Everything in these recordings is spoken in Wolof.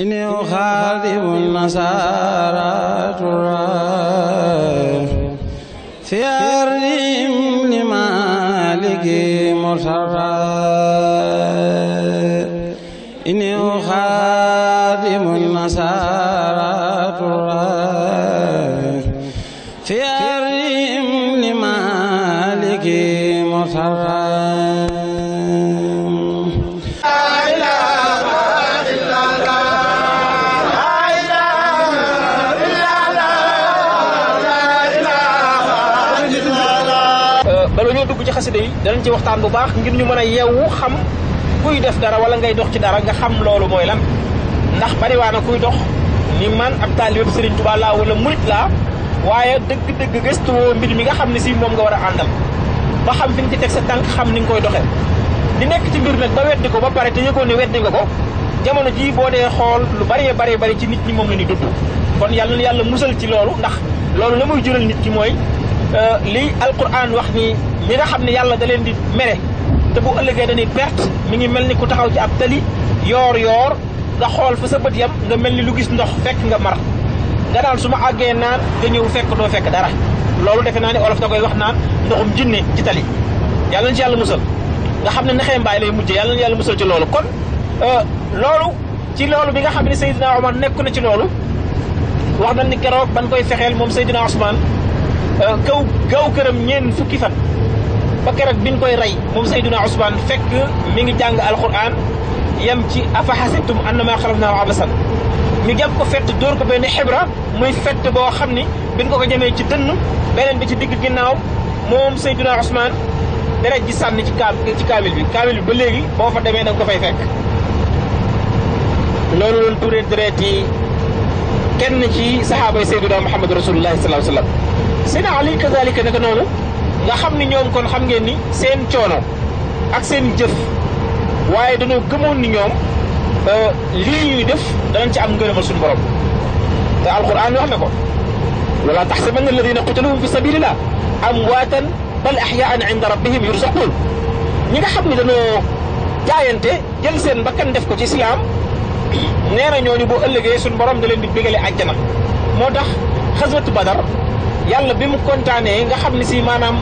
إني أخاذب النصارى ترى في أرضهم لمالك مصرى إني أخاذب النصارى ci waxtaan bu baax ngir ñu mëna yewu xam kuy def dara wala ngay dox ci dara nga xam loolu mooy lan ndax bari waana kuy dox ni man ab taalib serigne touba la wala mourid la waaye dëgg-dëgg gëstu woo mbir mi nga xam ne si moom nga war a àndal ba xam fi ci teg sa tànk xam ni nga koy doxee di nekk ci mbir nag ba weddi ko ba pare te yëgoon ne weddi nga ko jamono ji boo dee xool lu bari bari bari ci nit ñi moom la ni dudd kon yàlla yàlla musal ci loolu ndax loolu la muy jural nit ki mooy euh, li alquran wax ni li nga xam ne yàlla da leen di mere te bu ëllëgee dañuy perte mi ngi mel ni ku taxaw ci ab tali yoor yoor nga xool fa sa bët yam nga mel ni lu gis ndox fekk nga mar nga naan su ma àggee naan nga ñëw fekk doo fekk dara loolu defe naa ne olof da koy wax naan ndoxum jinne ci tali yàlla na ci yàlla musal nga xam ne naxee mbaay lay mujjee yàlla na yàlla musal ci loolu kon euh, loolu ci loolu bi nga xam ne Seydina Omar nekk na ci loolu wax nañ ni keroog ba koy fexeel moom Seydina Ousmane euh, kaw gaw këram ñeen fukki fan ba keroog biñ koy rey moom Seydina Ousmane fekk mi ngi jàng alquran yem ci afa xasibtum annama xalaqnaakum abasan ñu jëm ko fett dóor ko benn xibra muy fett boo xam ni biñ ko ko jëmee ci dënn beneen bi ci digg ginnaaw moom Seydina Ousmane deret ji sànni ci kaam ci kaamil bi kaamil bi ba léegi boo fa demee da ko fay fekk loolu loon tuure deret yi kenn ci saxaabay Seydina Muhammad rasulullahi sallallahu alayhi wa sallam Seydina Ali kazalika naka noonu nga xam ni ñoom kon xam ngeen ni seen coono ak seen jëf waaye dañoo gëmoon ni ñoom euh, lii ñuy def danañ ci am ngërëmal suñu borom te alquran wax na ko wala taxsabanna alladina qutiluhum fi sabilillah amwaatan bal axyaan inda rabbihim yursaquun ñi nga xam ni dañoo jaayante jël seen bakkan def ko ci islaam nee na ñooñu boo ëllëgee suñu borom da leen di bégale àjjana moo tax xaswatu badar yàlla bi mu kontaanee nga xam si manam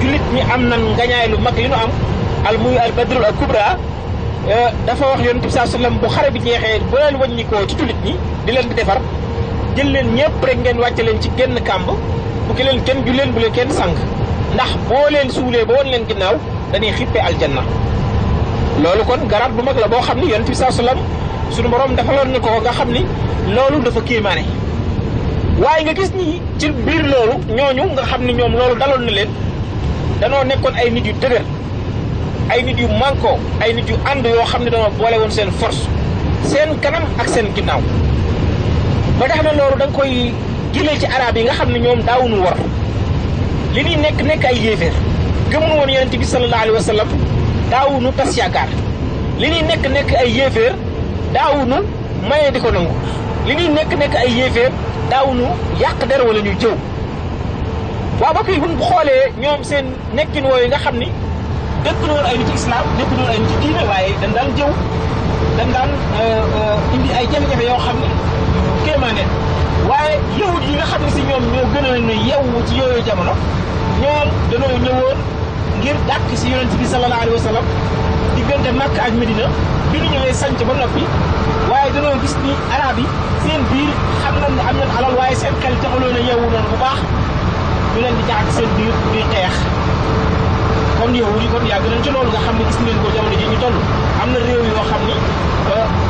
jullit ñi am nan ngañaay lu mag li am al muy al badrul al kubra eh, dafa wax yonent bi sallam bu xare bi jeexee bu leen ko ci jullit ñi di leen di defar jël leen ñëpp rek ngeen wàcce leen ci genn kàmb bu ki len kenn ju leen bu leen kenn sànq ndax boo leen dañuy kon garab bu mag la boo xam ni sallam suñu borom defaloon na ko nga xam ni loolu dafa kéemaane waaye nga gis ni ci biir loolu ñooñu nga xam ni ñoom loolu daloon na leen danoo nekkoon ay nit yu dëgër ay nit yu mànkoo ay nit yu ànd yoo xam ne danoo boole woon seen force seen kanam ak seen ginnaaw ba tax na loolu da nga koy gilee ci arab yi nga xam ne ñoom daawuñu war li ñuy nekk nekk ay yéeféer gëmunu woon yonent bi sallallahu alayhi wa sallam daawuñu tas yaakaar li ñuy nekk nekk ay yéeféer daawuñu mayee di ko nangu li ñuy nekk nekk ay yéeféer daawuñu yàq der wala ñuy jëw waaw ba fii bu ñu xoolee ñoom seen nekkin wooyu nga xam ni dëkk na woon ay nit ci islam dëkk na woon ay nit ci diine waaye dañ daan jëw dañ daan indi ay jafe-jafe yoo xam ne kéemaane waaye yahud yi nga xam ne si ñoom ñoo gënoon a yeewu ci yooyu jamono ñoom dañoo ñëwoon ngir dàkk si yonent bi sallallahu alayhi wa sallam diggante makk ak Medina bi ñu ñëwé sanc ba nopi waye dañu gis ni arab yi seen biir xam nañ ni am nañ alal waye seen xel taxuloo na yewu noonu bu baax ñu leen di jaxat seen biir di xeex kon yow yi kon yàgg nañ ci loolu nga xam ne gis ngeen ko jamono ji ñu toll am na réew yoo xam ni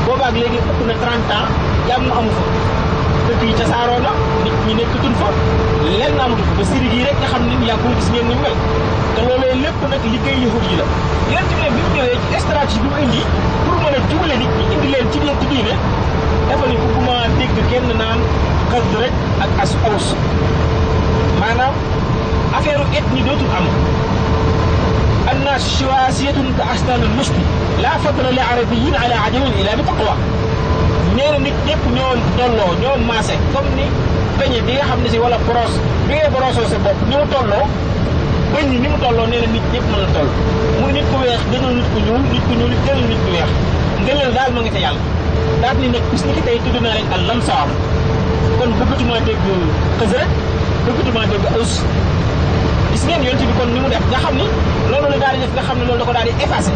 boobaak léegi ëpp na 30 ans yàgg jàmm amu fa dëkk yi tasaaroo na ñu nekkatuñ fa lenn amul ba siri yi rek nga xam ne yaa ko gis ngeen ni mel te loolee lépp nag liggéey yahud yi la yonent bi ne bi mu ñëwee ci stratégie bi mu indi pour mën a jubale nit ñi indi leen ci leen diine dafa ne bugguma dégg kenn naan xasd rek ak as aus maanaam affaire ethnie dootul am الناس شواسية كأسنان المشبي لا فضل لعربيين على عجم إلا بتقوى نير نيك نيب نيون دولو نيون ماسك كم ني peñe bi nga xam ne si wala brosse bi ngay brossoo sa bopp ni mu tolloo bëñ ni mu tolloo nee nit ñëpp mën a toll muy nit ku weex gënal nit ku ñuul nit ku ñuul gënal nit ku weex ngënal daal ma ngi ca yàlla daal ni nag bis ni ki tey tudd naa leen al lamsaar kon bëggatumaa dégg xës rek bëggatumaa dégg aus gis ngeen yonent bi kon ni mu def nga xam ni loolu la daal di def nga xam ne loolu da ko daal di effacé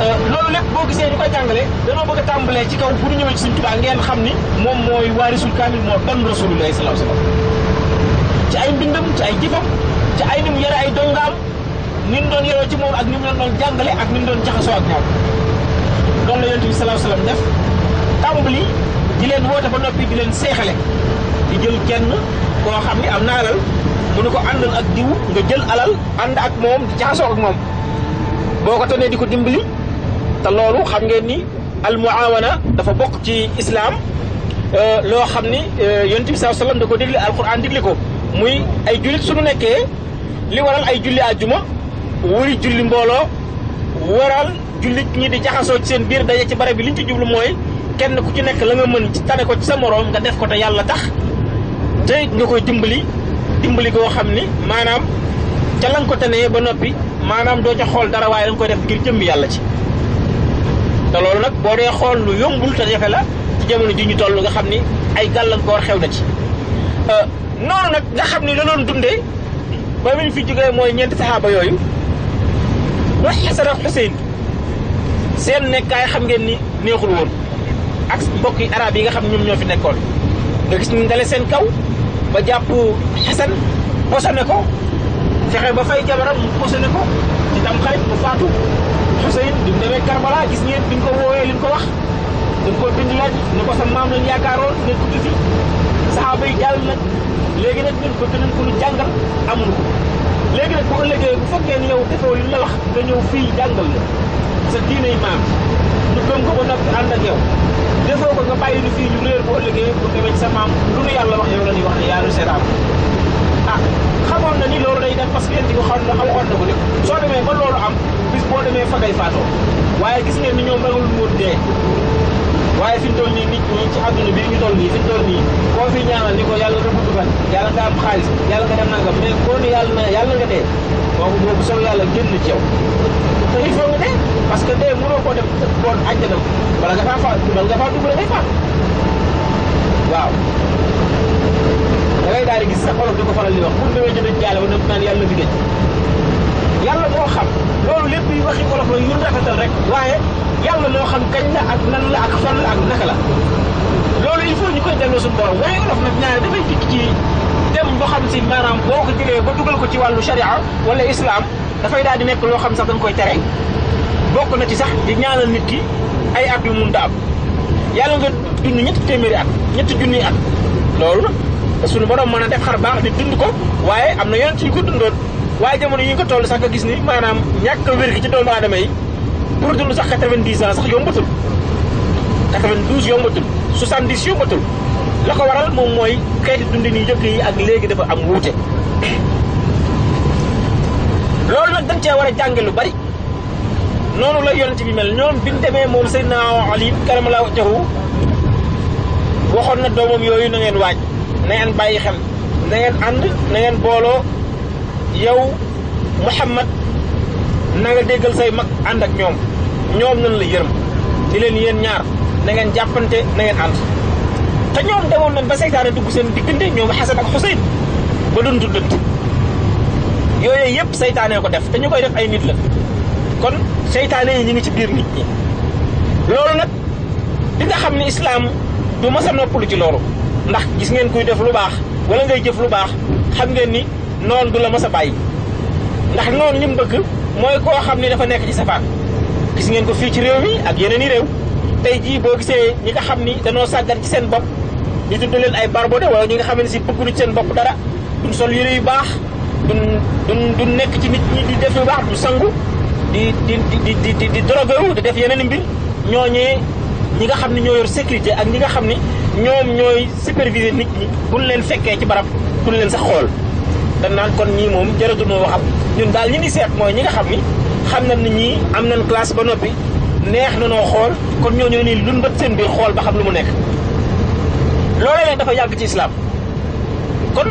Euh, loolu lépp boo gisee ñu koy jàngale danoo bëgg a tàmbalee ci kaw bu ñu ñëwee ci suñ Tuubaa ngeen xam ni moom mooy waarisul kaamil moo doon rasulullahi sallallahu alayhi wasallam ci ay mbindam ci ay jëfam ci ay ni mu yore ay dongaam ni mu doon yoroo ci moom ak ni mu leen doon jàngale ak ni mu doon jaxasoo ak ñoom loolu la yonent bi sallallahu alayhi wasallam di leen woote ba noppi di leen seexale di jël kenn koo xam ni am na alal ne ko àndal ak diw nga jël alal ànd ak moom di jaxasoo ak moom boo ko tonee di ko dimbali te loolu xam ngeen ni almuawana dafa bokk ci islaam euh, loo xam ni euh, yonent bi saa sallam da ko digle alquran digle ko muy ay jullit suñu nekkee li waral ay julli àjjuma wuri julli mbooloo waral jullit ñi di jaxasoo ci seen biir daje ci barab bi liñ ci jublu mooy kenn ku ci nekk la nga mën ci tane ko ci sa moroom nga def ko te yàlla tax te nga koy dimbali dimbali goo xam ni maanaam ca la ko ko tenee ba noppi maanaam doo ca xool dara waaye da nga def ngir jëmbi yàlla ci te loolu nag boo dee xool lu yombul te jafe la jamono ji ñu toll nga xam ni ay gàllankoor xew na ci. Euh, noonu xam ni la dundee ba bi ñu mooy ñeenti saxaaba yooyu wax Xasan seen nekkaay xam ngeen ni neexul woon ak mbokki arab yi nga xam ñoom ñoo fi nekkoon nga gis ñu dale seen kaw ba jàpp Xasan posone ko fexe ba fay jabaram mu posone ko ci tam xarit mu faatu. Hussein bi mu demee Karbala gis ngeen bi ñu ko woowee li ñu ko wax dañ ko bind laaj ne ko sa maam lañ yaakaaroon ne ko fi saxaaba yi jàll nag léegi ko ñu ko léegi nag bu ëllëgee bu fii jàngal la sa diine yi maam ñu gëm ko ba noppi ànd ak yow defoo ko nga bàyyi ni fii ñu réer bu ëllëgee bu demee ci sa maam lu nu yàlla wax yow la ñuy wax ne yaa nu seraam Ah, xamoon na ni loolu day def parce que yéen ko am xoon na ko demee ba loolu am bis boo demee fa ngay faatoo gis ngeen ni ñoom ragal woon dee waaye fi ñu bi ñu toll nii fi ñu koo fi ñaanal ni ko yàlla nga gudd fan yàlla nga am xaalis yàlla nga yàlla na yàlla nga dee kooku ci yow te il parce que dee mënoo koo dem boon àjjanam wala nga faa faat bala nga faa dugg dafay faat waaw dangay daal di gis sax olof di ko faral di wax pour ne ma jënd jaale wala naan lépp yi waxi olof la yu rafetal rek waaye yàlla moo xam kañ la la ak fan la ak naka la loolu il ñu koy delloo suñu borom waaye olof nag boo xam si maanaam boo ko jëlee ba dugal ko ci wàllu sharia wala islam dafay daal di loo xam sax dañ koy tere bokk na ci sax di ñaanal nit ki ay at yu mun a am yàlla nga dund ñetti téeméeri at ñetti junniy at loolu nag suñu borom mën a def xar baax di dund ko waaye am na yoon ci ko dundoon waaye jamono yi ñu ko toll sax nga gis ni maanaam ñàkk a wér gi ci doomu aadama yi pour dund sax 90 ans sax yombatul 92 yombatul 70 yombatul la ko waral moom mooy xeeti dundin yu njëkk yi ak léegi dafa am wuute. loolu dañ cee war a jànge lu bari noonu la yonent bi mel ñoom demee moom Seydina Ali karamallahu waxoon na doomam yooyu na ngeen na bàyyi xel na ànd na booloo yow Muhammad na nga déggal say mag ànd ak ñoom ñoom nañ la yërëm di leen yéen ñaar na ngeen jàppante na ngeen ànd te ñoom demoon ba seytaane dugg seen diggante ñoom Xasan ak Xuseyn ba doon tuddante yooyu yëpp seytaane ko def te ñu koy def ay nit la kon seytaane yi ñu ngi ci biir nit ñi loolu nag di nga xam ne islaam du mës a noppalu ci loolu ndax gis ngeen kuy def lu baax wala ngay jëf lu baax xam ngeen ni noonu du la mës a bàyyi ndax noonu li mu bëgg mooy koo xam ne dafa nekk ci safaan gis ngeen ko fii ci réew mi ak yeneen yi réew tey jii boo gisee ñi nga xam ni danoo sàggan ci seen bopp ñu tudd leen ay barbode wala ñi nga xam ne si bëgguñu ci seen bopp dara duñ sol yére yu baax duñ duñ duñ nekk ci nit ñi di def yu baax du sangu di di di di di drogué wu di def yeneen i mbir ñooñee ñi nga xam ne ñoo yor sécurité ak ñi nga xam ne ñoom ñooy superviser nit ñi buñ leen fekkee ci barab duñ leen sax xool dañ naan kon ñii moom jërëjëf noo waxam ñun daal ñi ni seet mooy ñi nga xam ni xam na ni ñii am nañ classe ba noppi neex na noo xool kon ñooñu ne nii luñ bët seen biir xool ba xam lu mu nekk. loolee leen dafa yàgg ci islam kon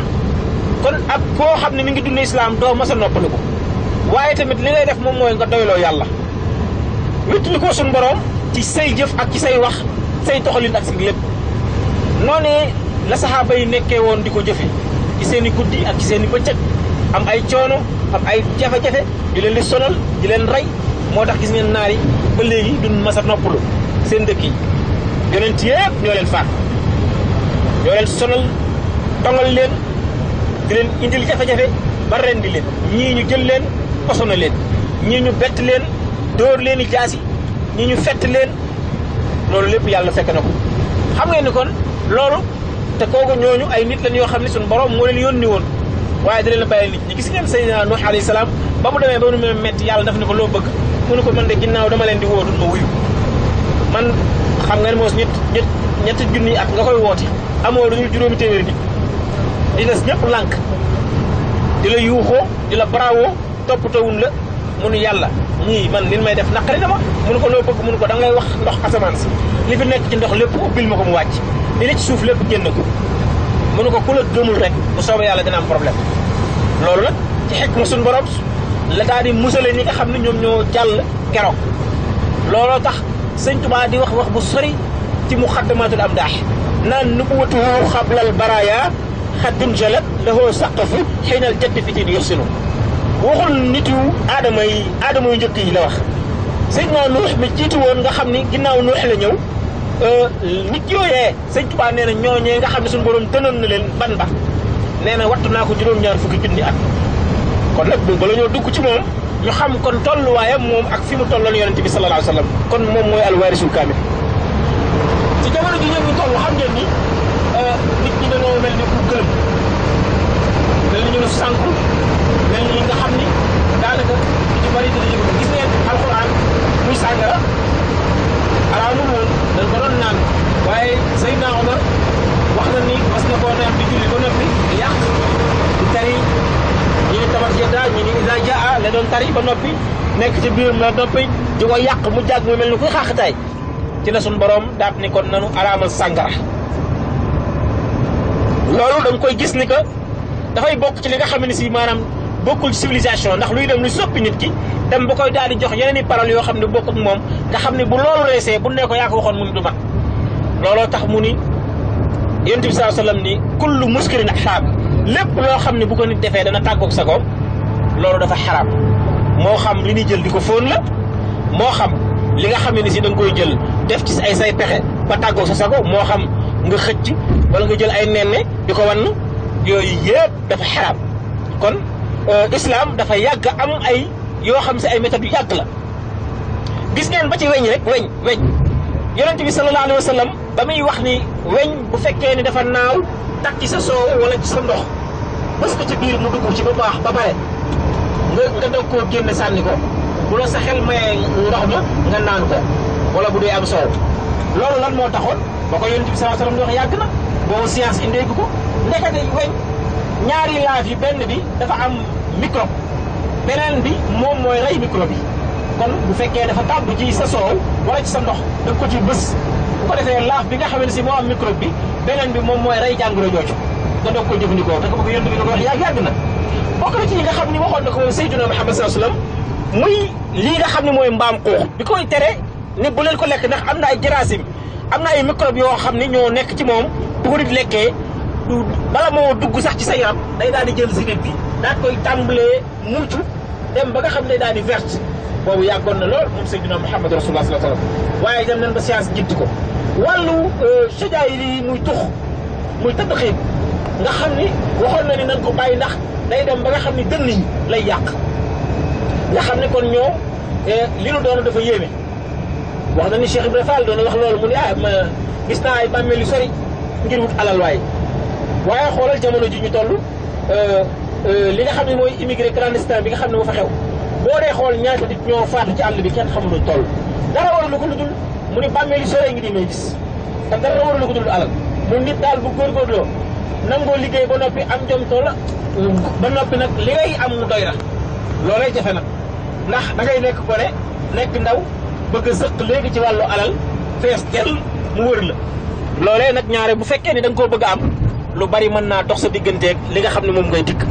kon ak koo xam ne mi ngi dundee islaam doo mas a noppalu ko waaye tamit li ngay def moom mooy nga doyloo yàlla ci say jëf ak ci say wax say toxalin ak si lépp noonee la saxaaba yi nekkee woon di ko jëfe ci seeni i guddi ak ci seeni i bëccëg am ay coono am ay jafe-jafe di leen di sonal di leen rey moo tax gis neen naar yi ba léegi duñ mas a noppalu seen dëkk yi ci yëpp ñoo leen faat ñoo leen sonal dongal leen di leen indil jafe-jafe ba rendi leen ñii ñu jël leen posona leen ñii ñu bett leen dóor leen i jaasi ñi ñu fett leen loolu lépp yàlla fekk na ko xam nga ni kon loolu te kooku ñooñu ay nit lañ yoo xam ne suñu boroom moo leen yónni woon waaye da leen a bàyyi nit ñi gis ngeen Seydina Nuux alayhi salaam ba mu demee ba mu ne metti yàlla daf ne ko loo bëgg mu ne ko man de ginnaaw dama leen di wootul ma man xam nga ne moos ñett ñett ñetti junni at nga koy wooti amoo lu ñu juróomi téeméeri nit di des ñëpp lànk di yuuxoo di la baraawoo toppatawun la munu yàlla ni man lin may def nakari dama munu ko loo bëgg munu ko da ngay wax ndox asaman ci li fi nekk ci ndox lépp ubbil ma ko mu wàcc li ci suuf lépp génn ko munu ko ku la gëmul rek bu soobee yàlla dina am problème loolu nak ci xikma sun borom la daal di musale ñi nga xamni ñom ñoo jàll kéro looloo tax sëñ Tuubaa di wax wax bu sori ci muqaddamatul am daax naan nubuwatuhu khablal baraya khadim jalat lahoo saqafu al-jadd fi tiin yuxsinu waxul nit yu aadama yi aadama yu njëkk yi la wax Seydina Nuux mi jiitu woon nga xam ni ginnaaw Nuux la ñëw euh, nit yooyee sëñ Tuubaa nee na ñooñee nga xam ne suñu borom dënoon na leen ban ba nee na wattu naa ko juróom-ñaar fukki junni at kon nag bu bala ñoo dugg ci moom ñu xam kon tolluwaayam moom ak fi mu tolloon yonent bi sallallahu alayhi wa sallam kon moom mooy alwaarisul kaamil ci jamono ji ñoom ñu toll xam ngeen ni euh, nit ñi dañoo mel ni ku gëlëm ci biir la noppi di ko yàq mu jàgg mu mel ni kuy xàqtaay ci la suñ boroom daat ni kon nanu araamal sàngara loolu danga koy gis ni que dafay bokk ci li nga xam ne si maanaam bokkul civilisation ndax luy dem lu soppi nit ki dem ba koy daal jox yeneen i paroles yoo xam ne bokkut moom nga xam ne bu loolu reesee bu ne ko yaa ko waxoon mu ni du mat looloo tax mu ni yonent bi sallallahu alayhi wasallam ni kullu muskirin lépp loo xam ne bu ko nit defee dana tàggoog sa loolu dafa xaraam moo xam li ni jël di ko fóon la moo xam li nga xamee ni si da nga koy jël def ci ay say pexe ba tàggoo sa sago moo xam nga xëcc wala nga jël ay nenne di ko wann yooyu yëpp dafa xaraam kon euh, islam dafa yàgg am ay yo xam si ay méthode yu yàgg la gis ngeen ba ci weñ rek weñ weñ yonent bi sallallahu Alaihi wa sallam ba muy wax ni weñ bu fekkee ni dafa naaw takki sa soow wala ci sa ndox parce que ci biir mu dugg ci ba baax ba pare nga nga dog koo génne sànni ko bu la sa xel mayee ndox ma nga naan ko wala bu dee am soow loolu lan moo taxoon ba ko yonent bi sallallahu alayhi wasallam di wax yàgg ko ndekete weñ ñaari laaf yi benn bi dafa am microbe beneen bi moom mooy rey kon bu fekkee dafa tàbbu ci sa soow wala ci sa ndox da ko ci bës bu ko defee laaf bi nga xam ne si moo am microbe bi beneen bi moom mooy rey jàngoro jooju nga doog ko jëfandikoo te ko bëgg yonent bi da yàgg yàgg na bokk na ci xam ni waxoon na ko moom Seydina Muhammad sallallahu alayhi wasallam muy lii nga xam ne mooy mbaam xuux bi koy tere ne bu leen ko lekk ndax am na ay jarasim am na ay microbe yoo xam ne ñoo nekk ci moom bu ko nit lekkee du bala moo dugg sax ci sa yaram day daal di jël zineb bi daal koy tàmbalee muntu dem ba nga xam ne daal di verte boobu yàggoon na lool moom Seydina Muhammad rasulullah sallallahu alayhi wasallam waaye dem nañ ba science jiitu ko wàllu euh, shajaay yi muy tux muy tëdd xiib nga xam ni waxoon na ni nañ ko bàyyi ndax day dem ba nga xam ni dënn yi lay yàq nga xam ne kon ñoo eh, li nu doon dafa yéeme wax na ni bi Ibrahima Fall doon wax loolu mu ne ah ma gis naa ay bàmmeel yu sori ngir wut alal waaye xoolal jamono ji ñu toll eh, eh, li nga xam ne mooy immigré clandestin bi nga xam ne moo fa xew boo dee xool ñaata nit ñoo faatu ci àll bi kenn xamul luñ toll dara waralu ko lu dul mu ne bàmmeel yu sori ngi di may gis te dara waralu ko dul alal mu nit daal bu góorgóorloo nangoo liggéey ba noppi am jom toola ba noppi nag li ngay am mu doy la loolay jafe nag ndax dangay nekk gone nekk ndaw bëgg a sëq léegi ci wàllu alal fees dell mu wër la loolee nag ñaare bu fekkee ni da koo bëgg am lu bari mën naa dox sa digganteeg li nga xam ne moom ngay dikk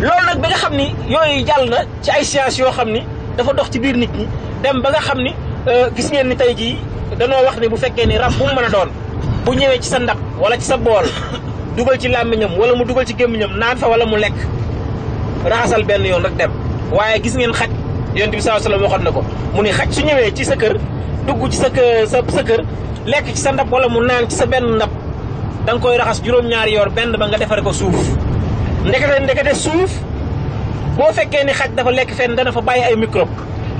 loolu nag bi nga xam ni yooyu jàll na ci ay science yoo xam ni dafa dox ci biir nit ñi dem ba nga xam ni euh, gis ngeen ni tey jii danoo wax ni bu fekkee ni rab bu mu mën a doon bu ñëwee ci sa ndab wala ci sa bool dugal ci làmmiñam wala mu dugal ci gémmiñam naan fa wala mu lekk raxasal benn yoon rek dem waaye gis ngeen xaj yonent bi sallallahu alayhi wasallam waxoon na ko mu ni xaj su ñëwee ci sa kër dugg ci sa kër sa kër lekk ci sa ndab wala mu naan ci sa benn ndab danga koy raxas juróom-ñaari yoor benn ba nga defare ko suuf ndekete ndekete suuf boo fekkee ni xaj dafa lekk fenn dana fa bàyyi ay microbe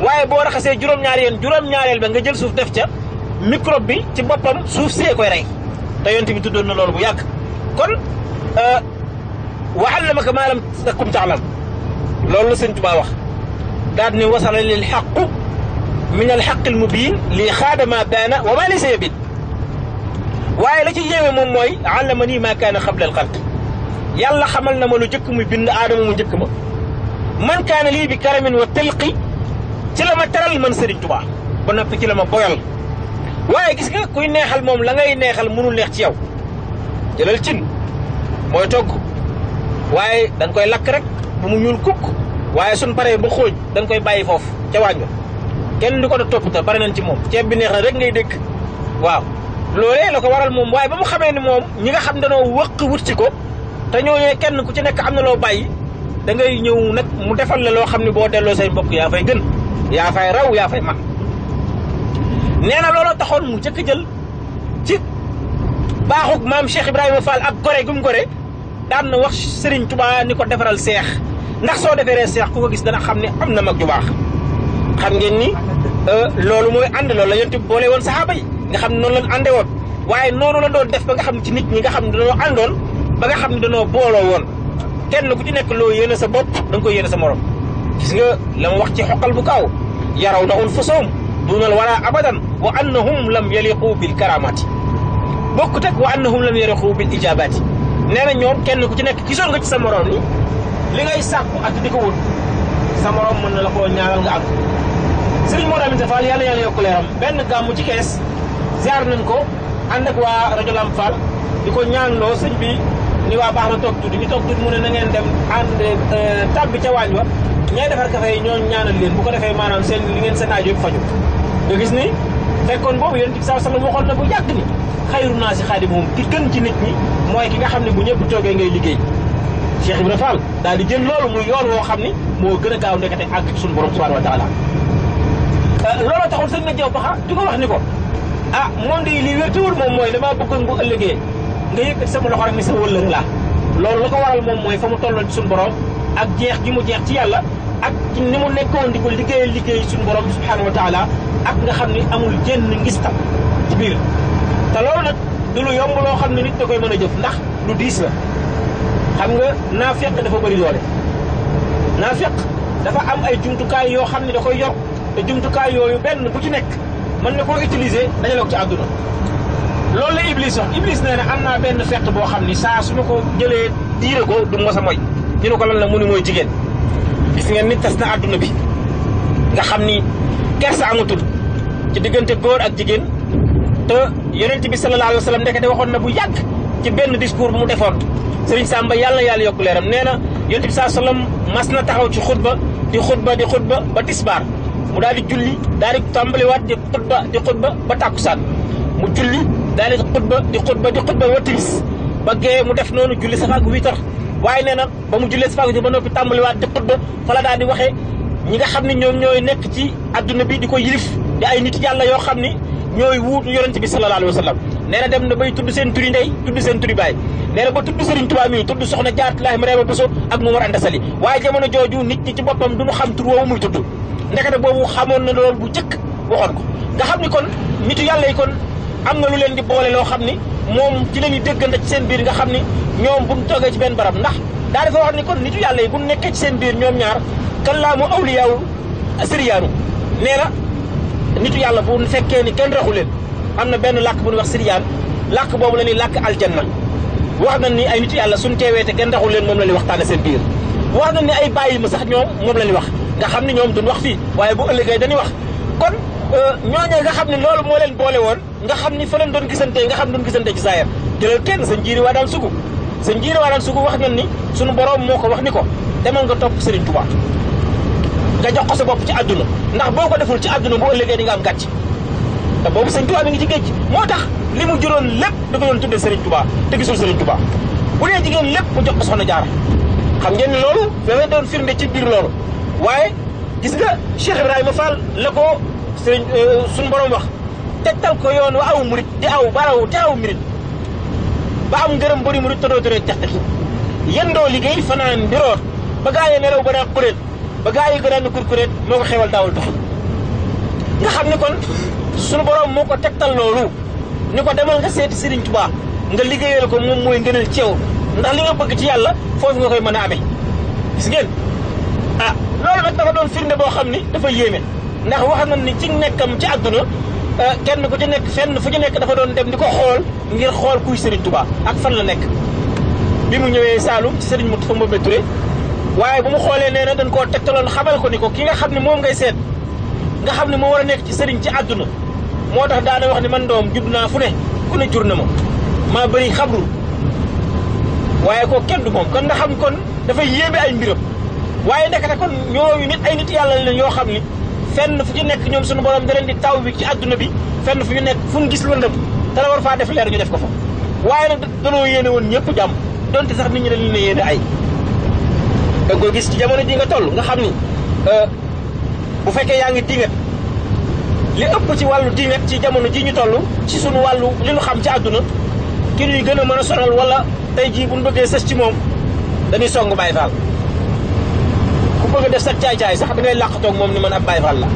waaye boo raxasee juróom-ñaari yoon juróom-ñaareel ba nga jël suuf def ca microbe bi ci boppam suuf see koy rey te yonent bi tuddoon na loolu bu yàgg kon wa allamaka maa lam takum taalam loolu la sëñ Tuubaa wax daal ni wasala lil xaqu min al xaq al mubiin li xaada maa baana wa maa laysa yabiin waaye la ci yéeme moom mooy allama nii maa kaana xabla al xalq yàlla xamal na ma lu njëkk muy bind aadama mu njëkk ma man kaana lii bi karamin wa tilqi ci la ma teral man sëriñ Tuubaa ba noppi ci la ma boyal waaye gis nga kuy neexal moom la ngay neexal mënul neex ci yow jëlal cin mooy togg waaye dañ koy lakk rek bu mu ñuul kukk waaye suñ paree ba xóoj dañ koy bàyyi foofu ca waañu kenn du ko da toppatoo pare nañ ci moom ceeb bi neex na rek ngay dégg waaw loolee la ko waral moom waaye ba mu xamee ni moom ñi nga xam danoo wëq wut ci ko te ñooñee kenn ku ci nekk am na loo bàyyi dangay ngay ñëw nag mu defal la loo xam ne boo delloo say mbokk yaa fay gën yaa raw yaa fay man nee na looloo taxoon mu jëkk jël ci baaxug maam Cheikh Ibrahima Fall ak gore gum gore daan na wax Serigne Touba ni ko defaral seex ndax soo defaree seex ko ko gis dana xam ne am na mag ju baax xam ngeen ni euh, loolu mooy ànd loolu la yonent bi boole woon saxaaba yi nga xam ne noonu lañ woon waaye noonu la doon def ba nga xam ne ci nit ñi nga xam ne dañoo àndoon ba nga xam ne dañoo booloo woon kenn ku ci nekk loo yéene sa bopp da nga koy yéene sa moroom gis nga la mu wax ci xoqal bu kaw yaraw na un fasoom duna al wala abadan wa annahum lam yaliqu bil karamati bokkut ak wa annahum lam yaliqu bil ijaabati nee na ñoom kenn ku ci nekk gisoon nga ci sa morom ni li ngay sàkku ak di ko wut sa morom mën na la koo ñaanal nga am sëriñ moo tamit Fall yàlla yàlla yokk benn gàmmu ci kees ziar nañ ko ànd ak waa rajo Lamp Fall di ko ñaanloo sëñ bi ni waa baax na toog tuuti ñu toog tuuti mu ne na ngeen dem ànd tàbbi ca waañ wa ñay defar kafe yi ñoo ñaanal leen bu ko defee maanaam seen li ngeen seen nga gis ni fekkoon boobu yonent bi saa sallam waxoon na bu yàgg ni xayru naa si xaadimuhum ki gën ci nit ñi mooy ki nga xam ne bu ñëpp toogee ngay liggéey Cheikh na Fall daal di jël loolu muy yoon woo xam ni moo gën a gaaw ndekete àgg ci suñu borom subhanahu wa taala euh, looloo taxoon na jaw baxa di ko wax ni ko ah moom de lii wértuwul mooy damaa bëggoon bu ëllëgee nga yëkkati sama ni sa wëllëg loolu la ko waral moom mooy fa mu tolloon ci suñu borom ak jeex gi mu jeex ci yàlla ak ni mu nekkoon di ko liggéeyal liggéey suñu borom bi subhanahu wa taala ak nga xam ni amul génn ngistal ci biir te loolu nag du lu yomb loo xam ne nit da koy mën a jëf ndax lu diis la xam nga naafeq dafa bëri doole naafeq dafa am ay jumtukaay yoo xam ne da koy yor te jumtukaay yooyu benn bu ci nekk mën na koo utiliser dajale ko ci àdduna loolu la iblis wax iblis nee na am naa benn fett boo xam ni saa su ma ko jëlee diire ko du mos a moy ñu ne ko lan la mu ne mooy jigéen gis ngeen ni tas na àdduna bi nga xam ni kersa amatul ci diggante góor ak jigéen te yonent bi sallallahu alayhi wa sallam ndekete waxoon na bu yàgg ci benn discours bu mu defoon Serigne Samba yàlla yàlla yokku leeram nee na yonent bi saa mas na taxaw ci xutba di xutba di xutba ba tisbaar mu daal di julli daal di tàmbaliwaat di xutba di xutba ba tàkkusaan mu julli daal di xutba di xutba di xutba ba timis ba gee mu def noonu julli safaak witar waaye nee na ba mu jullee si fago ji ba noppi tàmbaliwaat di xutba fa la daal di waxee ñi nga xam ne ñoom ñooy nekk ci adduna bi di ko yilif di ay nit yàlla yoo xam ni ñooy wuutu yonent bi sallallahu alayhi wa sallam nee na dem na bay tudd seen turi ndey tudd seen turi baay nee na ba tudd Serigne Touba mii tudd soxna jaaratullaahi mu reeba béso ak mu war a ndasali waaye jamono jooju nit ñi ci boppam du ñu xam tur woowu muy tudd ndekete boobu xamoon na loolu bu jëkk waxoon ko nga xam ni kon nitu yàlla yi kon amna lu leen di bolé lo xamni mom ci lañu ñuy ci seen biir nga xamni ni ñoom bu ñu ci ben barab ndax da dafa wax ni kon nitu yàlla yi bu nekk ci seen biir ñoom ñaar kallamu awliya siriyaanu nee na nitu yàlla bu fekke ni kenn raxu leen amna ben lak làkk bu wax siriyaan lak bobu la ñuy làkk aljanna wax na ni ay nitu yàlla suñu teewee te kenn raxu leen mom la ñuy waxtaane seen biir wax na ni ay bàyyi ma sax ñoom mom la ñuy wax nga xamni ne ñoom duñ wax fi waye bu ëllëgee dañuy wax kon ñoñe nga xamni loolu mo leen bolé won nga xam ni fa lañ doon gisantee nga xam doon gisantee ci saayar jëlal kenn sa njiiri waa daan sugu sa njiiri waa daan sugu wax nañ ni sunu borom moo ko wax ni ko demal nga topp Serigne Touba nga jox ko sa bopp ci àdduna ndax boo ko deful ci àdduna boo ëllëgee di nga am gàcc te boobu Serigne Touba mi ngi ci géej moo tax li mu juróon lépp da ko doon tuddee Serigne Touba te gisul Serigne Touba bu dee jigéen lépp mu jox ko soxna jaara xam ngeen ni loolu dafay doon firnde ci biir loolu waaye gis nga Cheikh Ibrahima Fall la ko Serigne euh, suñu borom wax tegtal ko yoon wa aw murit di aw baraw te aw murit ba am ngërëm bëri murit te doo tëree jaxte ki yendoo liggéey fanaan biroor ba gaa yi nelaw ba naan kuréet ba gaa yi gën a kurkuréet moo ko xewal daawul dox nga moo ko tegtal loolu ni ko demal nga seeti Serigne Touba nga liggéeyal ko moom mooy ngënal ci yow ndax li nga bëgg ci yàlla foofu nga koy mën a amee gis ngeen ah loolu nag dafa doon firnde boo xam ni dafa yéeme ndax wax na ni ci nekkam ci àdduna Euh, kenn ku ci nekk fenn fu ci nekk dafa doon dem di ko xool ngir xool kuy Serigne Touba ak fan la nekk. bi mu ñëwee Saalum ci Serigne Moustapha Mbaye Touré waaye bu mu xoolee nee na dañ koo tegtaloon xamal ko ni ko ki nga xam ne moom ngay seet nga xam ne moo war a nekk ci sëriñ ci àdduna moo tax daana wax ni man doom judd naa fu ne ku ne jur na ma maa bëri xabru waaye ko kenn du moom kon nga xam kon dafay yéeme ay mbiram waaye nekkate kon ñooñu nit ay la ñoo xam ni. fenn fu ci nekk ñoom suñu borom da leen di taw bi ci aduna bi fenn fu ñu nekk fu ñu gis lu ndam da la war fa def leer ñu def ko fa waye nak da no yene won ñepp jam donte sax nit ñi dañ ne yéene ay da go gis ci jamono ji nga toll nga xamni euh bu fekke yaangi ngi li ëpp ci walu dingat ci jamono ji ñu toll ci suñu walu li ñu xam ci aduna ki ñuy gëna mëna mën sonal wala tay ji bu ñu bëggee sës ci mom dañuy songu bàyyi faal bëgg def sa caay-caay sax da ngay ak moom ni man ab Baay Faal la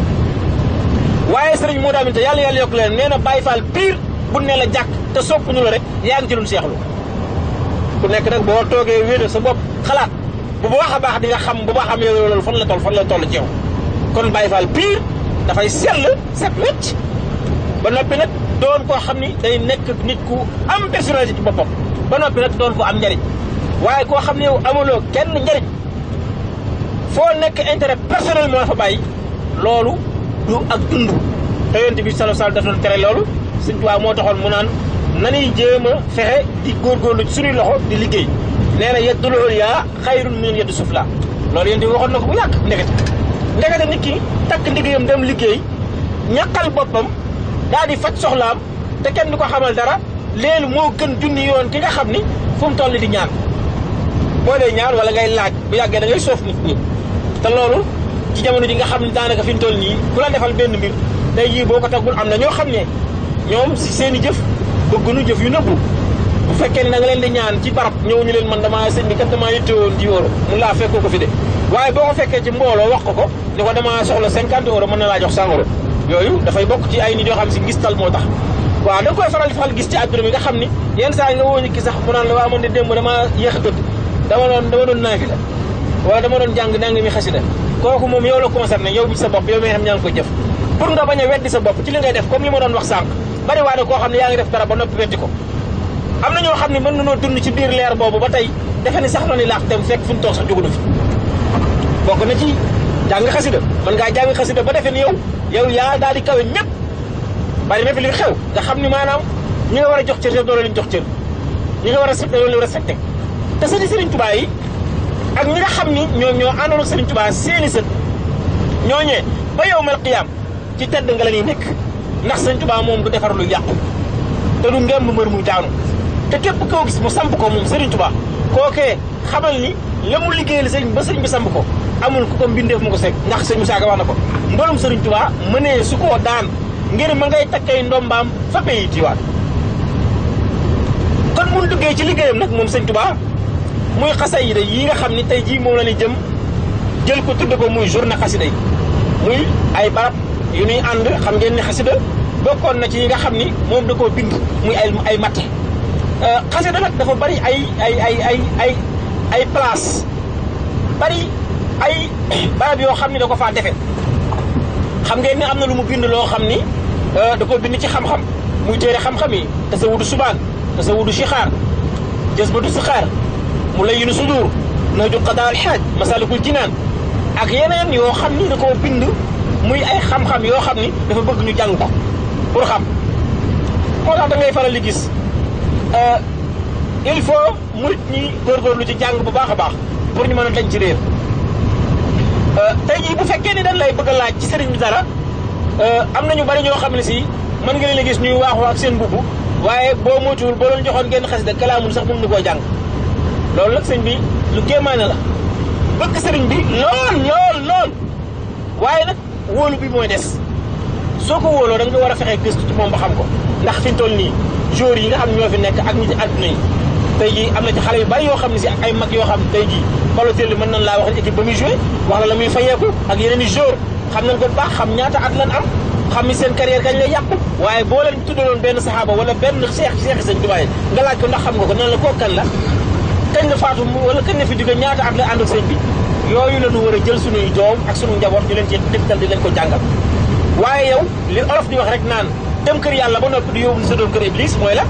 waaye sëriñ moo daaminte yàlla yàlla yokk leen nee na Baay Faal pire bu ne la jàkk te soppuñu la rek yaa ngi ci luñ seexlu ku nekk nag boo toogee wéetal sa bopp xalaat bu baax a baax di nga xam bu baax am yow loolu fan la toll fan la toll ci yow kon Baay fal pire dafay sell set wecc ba noppi nag doon koo xam ni day nekk nit ku am personnalité ci boppam ba noppi nag doon ko am njariñ waaye koo xam ne yow amuloo kenn njariñ foo nekk intérêt personnel moo la fa bàyyi loolu du ak dund te yonent bi sallallahu alayhi wa tere loolu Sëñ Tuubaa moo taxoon mu naan nanuy jéem a fexe di góor góorgóorlu ci suñuy loxo di liggéey nee na yeddul ulyaa xayrun min yeddu suflaa loolu yonent bi waxoon na ko bu yàgg ndekete ndekete nit ki takk liggéeyam dem liggéey ñaqal boppam daal di faj soxlaam te kenn du ko xamal dara léelu moo gën junni yoon ki nga xam ni fu mu toll di ñaan boo dee ñaan wala ngay laaj bu yàggee da ngay soof nit ñi te loolu ci jamono ji nga xam ne daanaka fi mu toll nii ku la defal benn mbir tey jii boo ko taggul am na ñoo xam ne ñoom si seen i jëf bëgguñu jëf yu nëbbu bu fekkee ne da nga leen di ñaan ci barab ñëw ñu leen man dama sëñ bi kat damaa yittewoon di euro mun laa fekkoo ko fi de waaye boo ko fekkee ci mbooloo wax ko ko ne ko damaa soxla cinquante euro mën na laa jox cent euro yooyu dafay bokk ci ay nit yoo xam si ngistal moo tax waaw da nga koy faral faral gis ci àdduna bi nga xam ni yenn saa nga woo ñu ki sax mu naan la waa man de démb damaa yéex a dama doon dama doon naafi la waaw dama doon jàng nanga mi xasida kooku moom yow la concerné yow bi sa bopp yow mi xam ñaa ngi ko jëf pour nga bañ a weddi sa bopp ci li ngay def comme li ma doon wax sànq bari waa ne koo xam ne yaa ngi ko am ñoo xam ne mën nañoo dund ci biir leer boobu ba tey defe ni sax la ni laax dem fekk fu ñu toog sax jógunu fi na ci jàng xasida mën ngaa jàng xasida ba defe ni yow yow yaa daal di kawe ñëpp bari na fi li xew nga xam ni maanaam ñi nga war a jox cër yow doo leen jox cër ñi nga war a respecté loolu la respecté te sëriñ Sëriñ Tuubaa yi ak ñi nga xam ni ñoom ñoo àndoon ak Serigne Touba seeni ñoo ñe ba yow mal qiyaam ci tedd nga la ñuy nekk ndax Serigne Touba moom du defar lu yàqu te du ngem bu mbër muy te képp koo gis mu samp ko moom Serigne Touba kookee xamal ni la mu liggéeyal sëriñ ba sëriñ bi samp ko amul ku ko mbindeef mu ko seeg ndax sëriñ Moussa ga wax na ko Serigne Touba mënee su ko daan ngir ma ngay takkay ndombaam fa pays tiwaat kon mun duggee ci liggéeyam nag moom Serigne Touba muy xasayida yi nga xam ni tey jii moom la ñu jëm jël ko tudd ko muy na xasida yi muy ay barab yu ñuy ànd xam ngeen ni xasida bokkoon na ci yi nga xam ni moom da koo bind muy ay ay matte euh, xasida nag dafa bari ay ay ay ay ay ay place bari ay barab yoo xam ni da ko faa defe xam ngeen ni am na lu mu bind loo xam ni euh, da koo bind ci xam-xam muy téere xam-xam yi tasawudu subaan tasawudu sixaar jës badu sixaar mulayyin sudur nawju qada al haj masalikul jinan ak yenen yo xamni da ko bind muy ay xam-xam yo xamni ni dafa bëgg ñu jang ko pour xam ko tax da ngay faral li gis il faut murit ñi lu ci jang bu baaxa baax pour ñu mëna dañ ci euh tay jii bu fekke ni dañ lay bëgg laaj ci sëriñ bi dara am na ñu bari ñoo xamni si man nga leen gis ñuy wax wax seen eh, mbubb waaye boo moytuwul bo doon joxoon ngeen xasida kalamul sax mën na koo loolu nag sëñ bi lu kéemaane la bëgg sëriñ bi lool lool lool waaye nag wóolu bi mooy des soo ko wóoloo da nga war a fexe gëstu ci moom ba xam ko ndax fi toll nii jour yi nga xam ne ñoo fi nekk ak ñi ci àdduna yi tey jii am na ci xale yu bari yoo xam ne si ak ay mag yoo xam tey jii Balotelli mën nañ laa wax ne équipe ba muy joué wax la la muy fayeeku ak yeneen i jour xam nañ ko baax xam ñaata at lan am xam ni seen carrière kañ lay yàqu waaye boo leen tuddaloon benn saxaaba wala benn seex seexi sëñ Tuubaa nga laaj ko ndax xam nga ko nan la kooku kan la kañ la faatu wala kañ la fi jóge ñaata at la ando seen bi yoyu la ñu war jël suñu doom ak suñu njabot ñu leen ci tektal di leen ko jangal waye yow li olof di wax rek naan dem kër yalla ba noppi di yow sa doom kër iblis moy la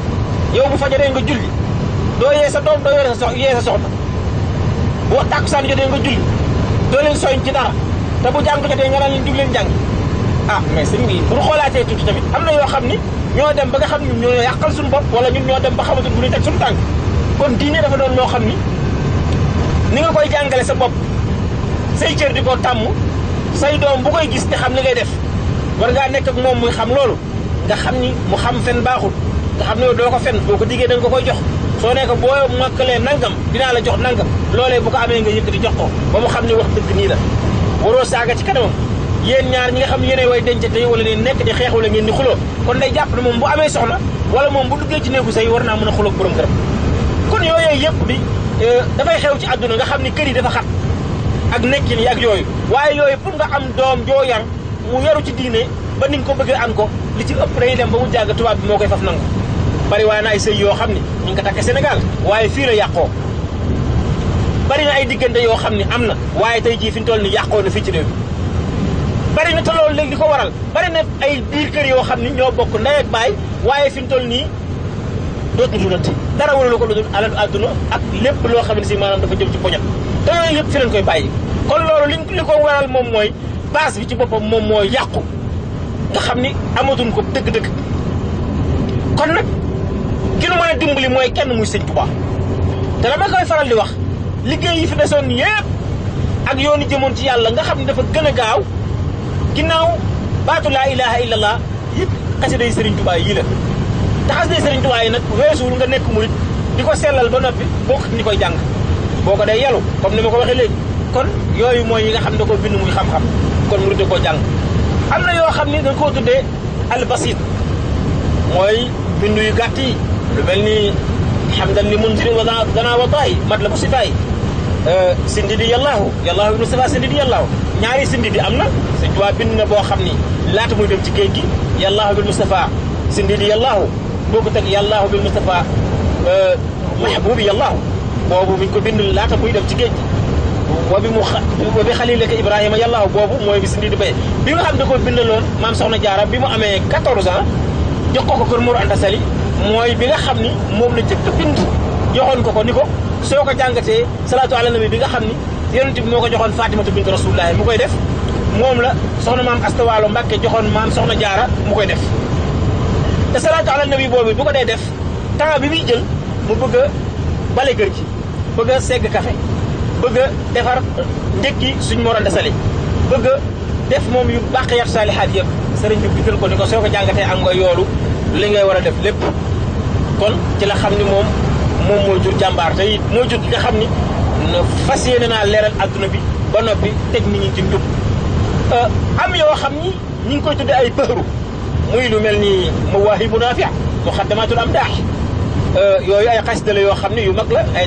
yow bu fajaree nga julli do yee sa doom do yore sa sox yee sa soxna boo tàkkusaan jotee nga julli do leen soñ ci dara ta bu jàng jotee nga lañu leen jug leen jàng ah mais seen bi pour xolaté tuuti tamit amna yo xamni ño ni dem ba nga xamni ño yakal suñu bop wala ñun ño dem ba xamante bu ñu suñu tank kon diine dafa doon loo xam ni ni nga koy jàngale sa bopp say cër di ko tàmm say doom bu koy gis te xam li ngay def war ngaa nekk ak moom muy xam loolu nga xam ni mu xam fen baaxul nga xam ne yow doo ko fen boo ko diggee da nga ko koy jox soo nekk boo màkkalee nangam dinaa la jox nangam loolee bu ko amee nga yëkkati jox ko ba mu xam ne wax dëgg nii la waroo saaga ci kanamam yéen ñaar ñi nga xam yéenay way dencante wala ne nekk di xeex wala ngeen di xuloo kon day jàpp ne moom bu amee soxna war naa mën a xuloo borom këram yooyu yëpp bi euh, dafay xew ci àdduna nga xam ni kër yi dafa xat ak nekkin yi ak yooyu waaye yooyu pour nga am doom joo yar mu yaru ci diine ba ni ko bëggee am ko li ci ëpp day dem ba mu jàgg tubaab bi moo koy faf nangu bari waa na ay sëy yoo xam ni ñu ngi ko takke senegal waaye fii la yàqoo bari na ay diggante yoo xam ni am na waaye tey jii fi ñu toll ni yàqoo na fii ci réew bari na te loolu léegi di ko waral bari na ay biir kër yoo xam ni ñoo bokk ndey baay waaye fi ñu toll nii dootu dunati dara wala ko lu dul alalu àdduna ak lépp loo xam ne si maanaam dafa jëm ci poñat te yooyu yëpp koy bàyyi kon loolu liñ li ko waral moom mooy base bi ci boppam moom mooy yàqu xam ni amatuñ ko dëgg nag ki dimbali mooy kenn muy sëñ Tuubaa te dama koy faral di wax liggéey yi fi desoon yëpp ak yoonu jëmoon ci yàlla nga xam ne dafa gën a gaaw ginnaaw baatu laa ilaha illallah yëpp xasida yi sëriñ Tuubaa yii la te xasida Sëriñ Tuubaa yi nag weesuwul nga nekk murit di ko sellal ba noppi bokk ni koy jàng boo ko day yalu comme ni ma ko waxee léegi kon yooyu mooy yi nga xam ne ko bind muy xam-xam kon murit da koo jàng am na yoo xam ni dañ koo tuddee albasit mooy bind yu gàtt yi lu mel ni xamdan li munzirin wa danaa wa taay mat la bu sifaay euh, sindi di yàllaahu yàllaahu ibnu sifa sindi di yàllaahu ñaari sindi di am na Sëriñ Tuubaa bind na boo xam ni laata muy ci géej gi yàllaahu ibnu Mustafa sindi di yàllaahu بوكتك يالله بالمصطفى آه، محبوب يالله بوبو من كل بين الله كوي دم تيجي وبمخ وبخليلك إبراهيم يالله بوبو موي بسندي دبي بيو هم دكوا بين اللون ما مسونا جارا بيو أمي 14 سنة آه. يكوكو كرمور عند سالي موي بيو هم ني موب نجيب تبين يهون كوكو نيكو سو كجانغة سي سلا تو على نبي بيو هم ني يهون تبي موكو يهون فاطمة تبين رسول الله موكو يدف موملا سونا مام أستوى على مبكي يهون مام سونا جارا موكو يدف te salaatu ala nabi boobu bu ko dee def temps bi muy jël mu bëgg bale kër gi bëgg a segg café bëgg a defar ndékki suñ moral desali bëgg def moom yu bàqiyaat saalihaat yëpp sëriñ bi bital ko ni ko soo ko jàngatee am nga yoolu li ngay war a def lépp kon ci la xam ni moom moom mooy jur jàmbaar te it mooy jur ki nga xam ni fas yéene naa leeral adduna bi ba noppi teg nit ñi ci njub euh, am yoo xam ni ñu ngi koy tudde ay përu muy lu mel ni mawaahibu naafi' muxaddamaatul amdaax yooyu ay xasida la yoo xam ne yu mag la ay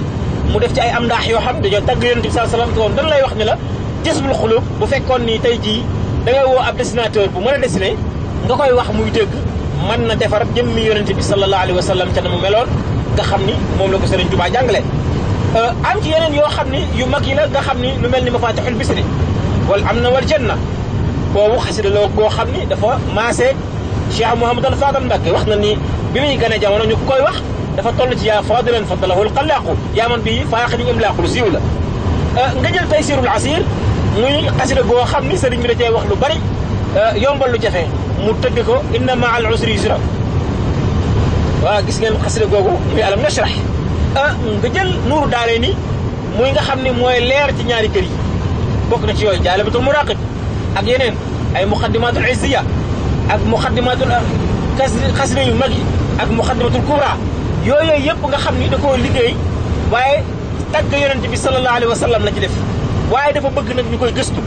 mu def ci ay amdaax yoo xam dañoo tàgg yonent bi sallallahu alayhi wa sallam dañ lay wax ni la jësbul xulub bu fekkoon ni tey jii da ngay woo ab dessinateur bu mën a dessiner nga koy wax muy dëgg mën na defar jëmmi yonent bi sallallahu alayhi wa sallam te na mu meloon nga xam ni moom la ko Sëriñ Tuubaa jàngale am ci yeneen yoo xam ni yu mag yi la nga xam ni lu mel ni mafatihul bisri wal amna wal janna boobu xasida la goo xam ni dafa maasee cheikh mouhamadal fadal Mbacké wax na ni bi muy gën a jamono ñu koy wax dafa toll ci yaa fadilan fadalahul xalaaqu yaa man bii faaxiriñ imlaaqu lu siiw la nga jël taysirul asir muy xasida goo xam ni sëriñ bi da cee wax lu bari yombal lu jafe mu tëgg ko inna ma al usri yusra waaw gis ngeen xasida googu muy alam nashrah nga jël nuuru daale ni muy nga xam ni mooy leer ci ñaari kër yi bokk na ci yooyu jaale bi tul muraqib ak yeneen ay muqaddimatul izziya ak muqaddimatul xasida yu mag yi ak muqaddimatul kubra yooyu yëpp nga xam ni da koo liggéey waaye tagg yonent bi sallallahu alayhi wa sallam la ci def waaye dafa bëgg nag ñu koy gëstu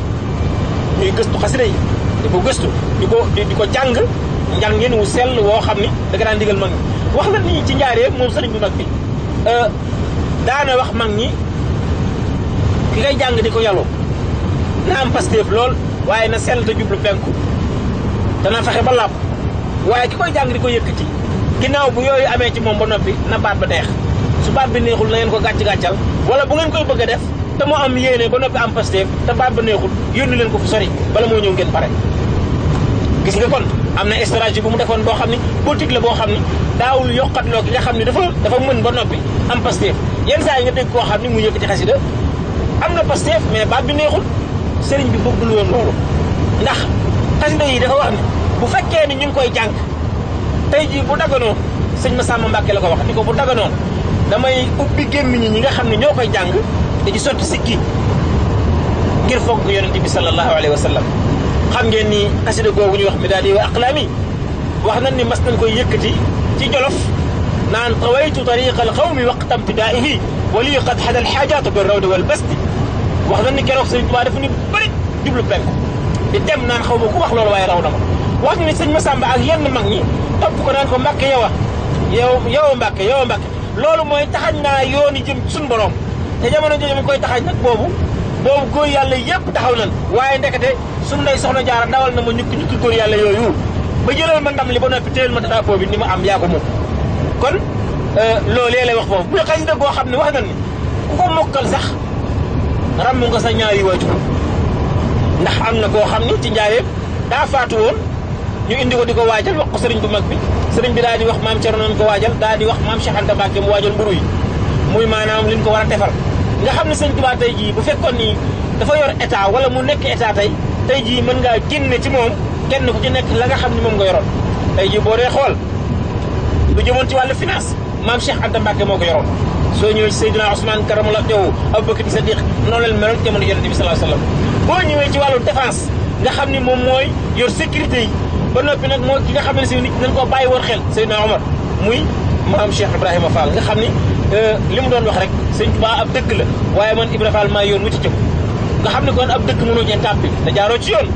ñuy gëstu xasida yi di ko gëstu di ko di ko jàng njàng ngeen wu sell woo xam ni da nga daan digal mag ñi wax la nit ñi ci njaaree moom sëriñ bi mag bi euh, daana wax mag ñi ki ngay jàng di ko yàllu na am pasteef lool waaye na sell te jublu penku dana fexé ba lap waye kiko koy jàng di ko yëkkati ginnaaw bu yoyu amé ci mom ba nopi na baat ba neex su baat bi neexul na ngeen ko gatch gatchal wala bu ngeen koy bëgg def te mo am yéene ba nopi am pasteef te baat ba neexul yónni leen ko fu sori bala mo ñew ngeen paré gis nga kon amna estrage bu mu defon bo xamni ni politique la bo xamni dawul yokkat yokkatloo ki nga xamni dafa dafa mën ba nopi am pasteef yeen say nga dégg ko xamni mu yëkkati xassida am na pasteef mais baat bi neexul serigne bi bëggul won lolu ndax xasida yi dafa wax ni bu fekkee ni ñu ngi koy jàng tey jii bu daganoo sëñ Massamba Mbacke la ko wax ni ko bu daganoo damay ubbi gémmiñi ñi nga xam ne ñoo koy jàng dañu sotti sikki ngir fonk yonente bi sallallahu alayhi wa sallam xam ngeen ni xasida googu ñuy wax mi daal di wa aqlaami wax nañ ni mas nañ koy yëkkati ci jolof naan tawaytu tariqa alqawmi waqta ibtidaa'ihi wa lii qad xada alxaajaatu bi rawdi wal basti wax nañ ni keroog sëriñ Tuubaa dafa ni bëri jublu penku di dem naan xaw ma ku wax loolu waaye raw na ma wax ñu ne sëñ Massamba ak yenn mag ñi topp ko naan ko Mbàkke yow a yow yow Mbàkke yow Mbàkke loolu mooy taxañ naa yooni jëm suñ borom te jamono jooju mi koy taxañ nag boobu boobu góor yàlla yëpp taxaw nan waaye ndekete suñ ndey soxna jaara ndawal na ma ñukki ñukki góor yàlla yooyu ba jëlal ma ndam li ba noppi téyel ma drapeau bi ni ma am yaa ko moom kon loolee lay wax foofu bu xañ da goo xam ne wax nan ni ku ko mokkal sax ràmm nga sa ñaari waajur ndax am na koo xam ni ci njaareem daa faatu woon ñu indi ko di ko waajal wax ko sëriñ bu mag bi sëriñ bi daal di wax maam Cerno nañ ko daal di wax maam Cheikh Anta Mbacke mu waajal mburu yi muy ko war defal nga ne sëriñ Tuubaa tey jii bu fekkoon ni dafa yor état wala mu nekk état tey tey jii mën ngaa génne ci moom kenn ku ci nekk la nga xam ni moom nga yoroon tey jii boo dee xool lu jëmoon ci wàllu finance maam Cheikh Anta Mbacke moo ko yoroon soo ñëwee ci Seydina Ousmane Karamullah Abubakar Siddiq noonu la meloon jamono Yonent bi sallallahu alayhi boo ñëwee ci wàllu défense nga xam ni moom mooy yor sécurité yi ba noppi nag moo ki nga xam ne si nit dañ koo bàyyi woon xel Seydina Omar muy maam Cheikh Ibrahima Fall nga xam ni li mu doon wax rek sëñ Tuubaa ab dëkk la waaye man Ibrahima Fall maa yoon wu ci jëm nga xam ne kon ab dëkk mënoo cee tàbbi te jaaroo ci yoon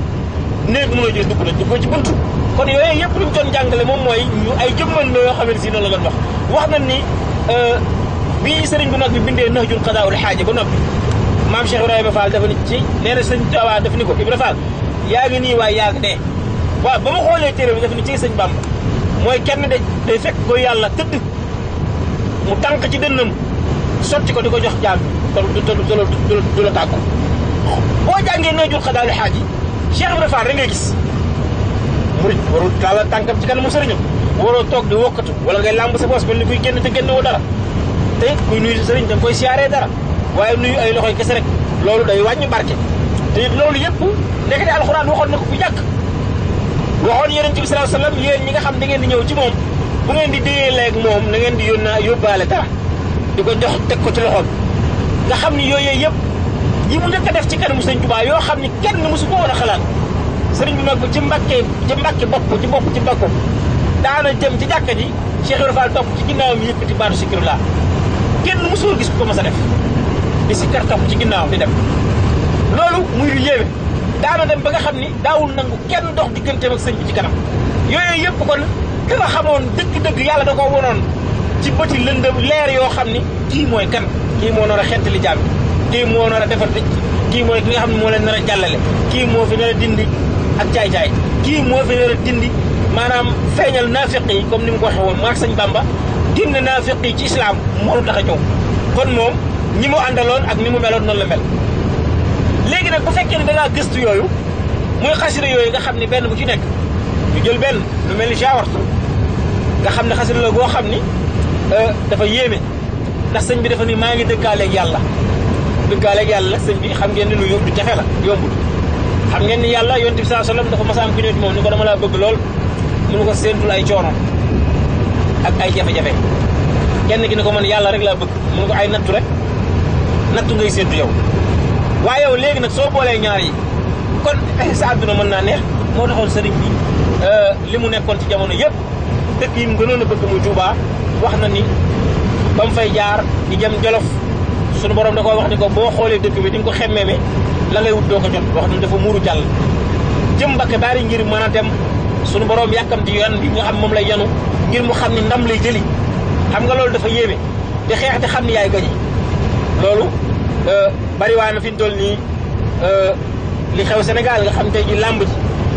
néeg mënoo cee dugg la dugg ko ci buntu kon yooyu yëpp li mu doon jàngale moom mooy ñu ay jëmmal la yoo xam ne si noonu la doon wax wax nañ ni bii sëriñ bu mag bi bindee Nahjul Qadaa wal Haaja ba noppi maam Cheikh Ibrahima Fall dafa ni ci nee na sëñ Tuubaa ni ko Ibrahima Fall yaa ngi nii waaye yaa ngi dee waaw ba ma xoolee téere bi daf ni ci sëñ Bamba mooy kenn de day fekk ko yàlla tëdd mu tànk ci dënnam sotti ko di ko jox jaam bi te du la du la tàggu boo jàngee nooy jur xadaali xaaj yi Cheikh Ibrahima rek ngay gis murit warul tàllal tànkam ci kanamu sëriñam waroo toog di wokkatu wala ngay làmb sa boos mel ni kuy génn te génn woo dara te kuy nuyu sëriñ danga koy siyaaree dara waaye nuyu ay loxoy kese rek loolu day wàññi barke te loolu yëpp nekk ne alxuraan waxoon na ko bu yàgg waxoon yonent bi sallallahu alayhi wasallam yéen ñi nga xam da ngeen di ñëw ci moom bu ngeen di déyee leeg moom na ngeen di yónnaa yóbbaale dara di ko jox teg ko ci loxoom nga xam ni yooyu yëpp yi mu njëkk a def ci kanamu sëñ Tuubaa yoo xam ni kenn mosu ko woon a xalaat sëriñ bi mag ci mbàkkee ci mbàkke bopp ci bopp ci mbàkko daana jëm ci jàkka ji Cheikh Ibrahima Fall topp ci ginnaawam yëkkati baatu sikkiru laa kenn mosul gis ko mas a def di si kartof ci ginnaaw di dem loolu muy lu yéeme daana dem ba nga xam ni daawul nangu kenn dox digganteem ak sëñ bi ci kanam yooyu yëpp kon ka nga xamoon dëgg-dëgg yàlla da ko wonoon ci bëti lëndëm leer yoo xam ni kii mooy kan kii moo nar a xettali jaam kii moo nar a defar kii mooy ki nga xam ne moo leen nar a jàllale kii moo fi nar dindi ak caay-caay kii moo fi nar a dindi maanaam feeñal naafiq yi comme ni mu ko waxee woon maak sëñ Bamba génn naafiq yi ci islaam moo tax a ñëw ñi mu andalon ak ni mu melon non la mel legui nak bu fekkene da nga gëstu yoyu moy xasida yoyu nga xamni ni benn bu ci nek ñu jël benn lu mel ni jawartu nga xamni ne la go xamni euh dafa yéme ndax sëñ bi dafa ni ma ngi dekkale ak yàlla dekkale ak yàlla sëñ bi xam ngeen ni lu yób du jafe la yombul xam ngeen ni yàlla yonent bi alayhi wasallam dafa ma a am ku ñëw mom ni ko dama la bëgg lool mënu ko sentul ay cioro ak ay jafe-jafe kenn ki ni ko man yàlla rek la bëgg mënu ko ay nattu rek nattu ngay séddu yow waaye yow léegi nag soo boolee ñaar yi kon sa àdduna mën naa neex moo taxoon sëriñ bi euh, li mu nekkoon ci jamono yëpp dëkk yi mu gënoon a bëgg muy Touba wax na ni ba fay jaar di jëm Jolof suñu da koy wax ni ko boo xoolee dëkk bi di nga ko xemmeeme la ngay wut doo ko jot wax na dafa muuru jàll jëm Mbakke bari ngir mën a dem suñu borom yàkkamti yoon bi nga xam moom lay yanu ngir mu xam ni ndam lay jëli xam nga loolu dafa yéeme di xeex te xam ni yaay gañe loolu euh, bariwaay na fi ñu toll nii euh, li xew Sénégal nga xam tey ji làmb ji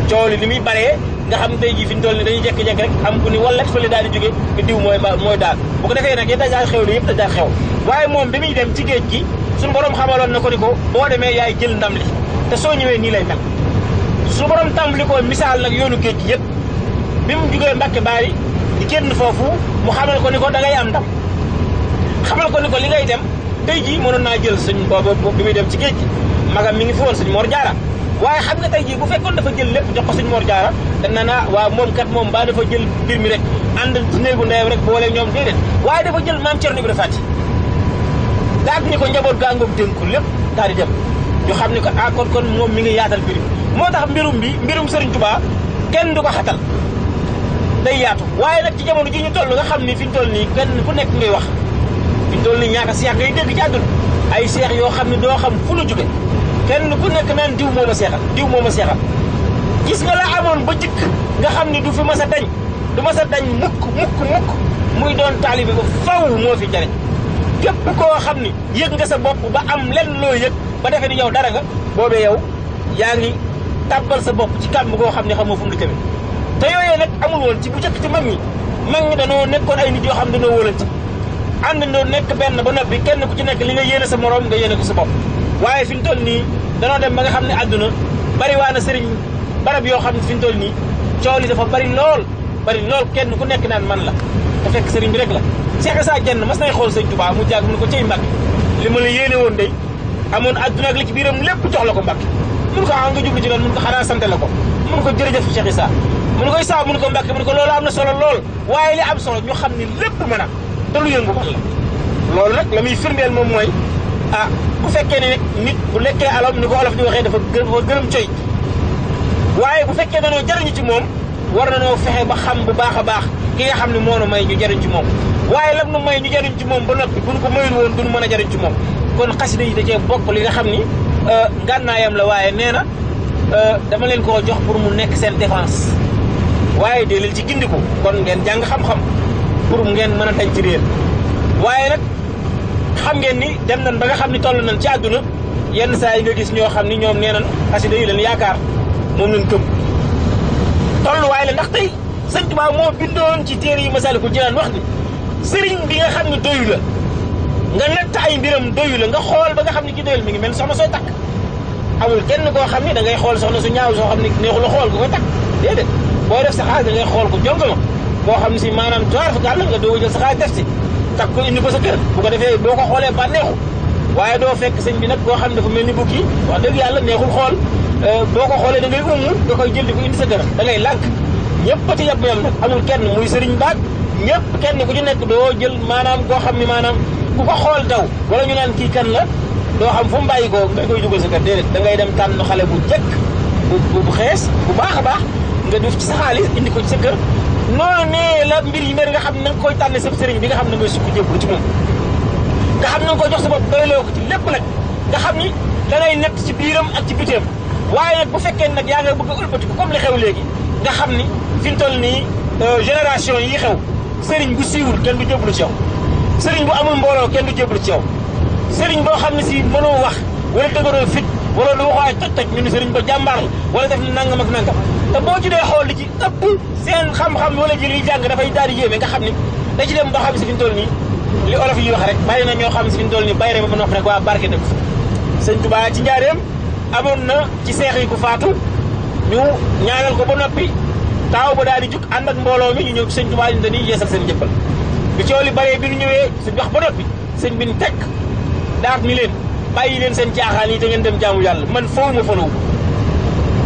coow li ni muy baree nga xam tey ji fi ñu toll nii dañuy jékki-jékki rek am ku ni wala fa li daal di jóge di diw mooy mooy daal bu ko defee nag yëpp daal xew li yëpp daal xew waaye moom bi muy dem ci géej gi suñu borom xamaloon na ko ni ko boo demee yaay jël ndam li te soo ñëwee nii lay mel suñu borom tàmbali ko misaal nag yoonu géej gi yëpp bi mu jugee Mbàkke Baari di génn foofu mu xamal ko ni ko da ngay am ndam xamal ko ni ko li ngay dem tey jii mënoon naa jël sëñ booba bi muy dem ci géej gi magam mi ngi fi woon sëñ Mor Jaara waaye xam nga tey jii bu fekkoon dafa jël lépp jox ko sëñ Mor Jaara dana naa ah, waa moom kat moom baa dafa jël mbir mi rek ànd ci néegu rek boole ñoom waaye dafa jël maam Cerno Ibra Faati daal ni ko njaboot gaa ngoog dénku lépp daal di dem ñu xam ne ko ah kon moom mi ngi yaatal mbir mi moo tax mbirum bi mbirum Sëriñ Tuubaa kenn du ko xatal day yaatu waaye nag ci jamono ji ñu toll nga xam ni fi ñu toll nii kenn ku nekk ngay wax fi ñu toll nii ñaata seex ngay dégg ci àdduna ay seex yoo xam ne doo xam fu la jóge kenn ku nekk naan diw moo a seexal diw moo ma seexal gis nga la amoon ba jikk nga xam ne du fi mas a dañ du mas a dañ mukk mukk mukk muy doon taalibi ba faw moo fi jariñ képp koo xam ni yëg nga sa bopp ba am lenn loo yëg ba defee di yow dara nga boobee yow yaa ngi tàbbal sa bopp ci kàmb koo xam ne xamoo fu mu dëkk te yooyee nag amul woon ci bu jëkk ci mag ñi mag ñi danoo nekkoon ay nit yoo xam ne danoo wóolante àndandoo nekk benn ba noppi kenn ku ci nekk li nga yéene sa morom nga yéene ko sa bopp waaye fi ñu toll nii danoo dem ba nga xam ne àdduna bari waa na sëriñ barab yoo xam ne fi ñu nii coow li dafa bari lool bari lool kenn ku nekk naan man la te fekk sëriñ bi rek la Cheikh Issa Dienne mas xool sëñ Touba mu jàgg mu ko cay Mbàkke li ma la yéene woon day amoon àdduna ak li ci lépp jox la ko Mbàkke mun ko am ah, ci loolu mun ko la ko mun ko jërëjëf Cheikh Issa mun ko Issa mun ko Mbàkke mun ko loolu am na solo lool waaye am solo ñu xam ne lépp mën a te lu yëngu ko loolu nag la muy firndeel moom mooy ah bu fekkee ne nag nit bu lekkee alal ni ko olof di waxee dafa dafa gërëm coy waaye bu fekkee danoo jariñu ci moom war na noo fexe ba xam bu baax a baax ki nga xam ne moo nu may ñu jariñ ci moom waaye lam nu may ñu jariñ ci moom ba noppi buñ ko mayul woon duñ mën a jariñ ci moom kon xasida yi da cee bokk li nga xam ni euh, gànnaayam la waaye nee na euh, dama leen koo jox pour mu nekk seen défense waaye dee leen ci gindiku kon ngeen jàng xam-xam pour ngeen mën a dañ ci réer waaye nag xam ngeen ni dem nañ ba nga xam ni toll nañ ci àdduna yenn saa yi nga gis ñoo xam ni ñoom nee nañ xasida yi leen yaakaar moom nañ lañ gëm waaye la ndax tey sëñ Tuubaa moo bindoon ci téere yi Masaalikul Jinaan wax ni sëriñ bi nga xam ne doyu la nga natt ay mbiram doyu la nga xool ba nga xam ne ci doyul mi ngi mel soxna sooy takk amul kenn koo xam ne da ngay xool soxna su ñaaw soo xam ne neexul a xool ko koy takk déedéet boo def sa xaalis da xool ko jonga boo xam ne si maanaam toor fa a nga doo jël sa xaalis def si takk sa kër bu ko defee boo ko xoolee bànneexu waaye doo fekk sëñ bi nag koo xam ne dafa mel ni bukki wax dëgg yàlla neexul xool euh, boo ko xoolee da ngay umul da koy jël di ko indi sa kër da ngay lànk ñëpp ci yàpp yam nag amul kenn muy sëriñ baag ñëpp kenn ku ci nekk doo jël maanaam koo xam ne maanaam ku ko xool daw wala ñu naan kii kan la doo xam fu mu bàyyi ko nga koy dugal sa kër déedéet da ngay dem tànn xale bu jëkk bu bu xees bu baax a baax nga def ci sa xaalis indi ko ci sa kër noonee la mbir yi mel nga xam ne na nga koy tànne sa sëriñ bi nga xam ne ngay sukk jébbalu ci moom nga xam ne na nga koy jox sa bopp doyloo ko ci lépp nag nga xam ni dangay nekk ci biiram ak ci biteem waaye bu fekkee nag yaa nga bëgg a comme xew léegi nga xam ni fi mu toll nii euh, génération yi xew sëriñ bu siiwul kenn du jébbalu si yow sëriñ bu amul mbooloo kenn du jébbalu ci yow sëriñ boo xam ne si mënoo wax wala dëgëroo fit wala lu waxoo ay toj toj ñu ni sëriñ ba jàmbaar la wala def na nangam ak nangam te boo ci dee xool li ci ëpp seen xam-xam wala ji li jàng dafay daal di yéeme nga xam ni da ci dem ba xam si fi nii li olof yi wax rek bari na ñoo xam si fi ñu toll nii bayre ba ma noppi nag na ko sëñ Tuubaa ci njaareem amoon na ci seex yi faatu ñu ko ba noppi taaw ba daal di jug ànd mbooloo mi ñu ñëw ci sëñ Tuubaa ñu dañuy yeesal seen njëppal bi coow li baree bi ñu ñëwee suñ wax ba noppi sëñ bi ñu tekk daat ni leen bàyyi leen seen caaxaan yi te ngeen dem jaamu yàlla man foofu ma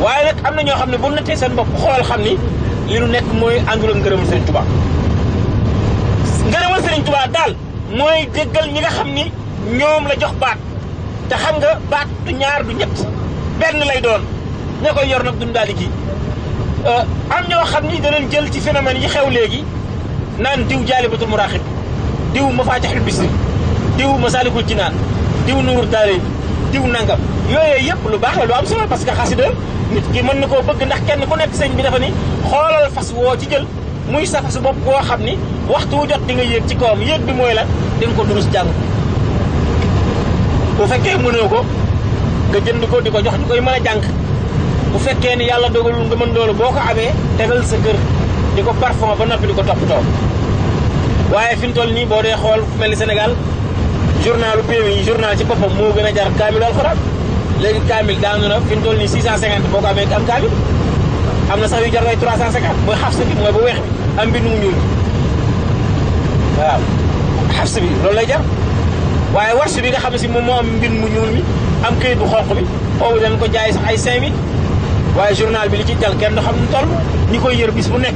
waaye nag am na ñoo xam ne bu nattee seen bopp xool xam ni li nekk mooy àndul ak ngërëmal seen Touba. ngërëmal Serigne Touba daal mooy déggal ñi nga xam ni ñoom la jox baat te xam nga baat du ñaar du ñett benn lay doon ña koy yor nag duñ daal di kii euh, am ñoo xam ni danañ jël ci phénomène yi xew léegi naan diw jaalibatul muraaxib diw ma faa jaxil bisri diw masaalikul jinaan diw nuurul daarayni diw nangam yooyu yëpp lu baax la lu am solo parce que xasida nit ki mën na koo bëgg ndax kenn ku nekk sëñ bi dafa ni xoolal fas woo ci jël muy sa fasu bopp boo xam waxtu wu jot di nga yéeg ci kawam yéeg bi mooy lan di nga ko durus jàng bu fekkee mënoo ko nga jënd ko di jox ñu koy mën bu fekkee ni yàlla dogalul nga mën loolu boo ko amee tegal sa kër di ko parfum ba noppi di ko toppatoo waaye fi mu toll nii boo dee fu mel Sénégal journalu PMI journal ci boppam moo gën a jar kaamil alxuraan léegi kaamil daanu na fi ni toll nii 650 boo ko amee am kaamil am na sax yu jar nay 350 mooy xafs bi mooy bu weex bi am bind mu ñuul bi loolu lay jar waaye warsu bi nga xam si moo am mbind mu ñuul mi am këyit bu xonq bi foofu dañ ko jaay sax ay 5000 waaye journal bi li ci tel kenn du xam nu toll ñi koy yër bis bu nekk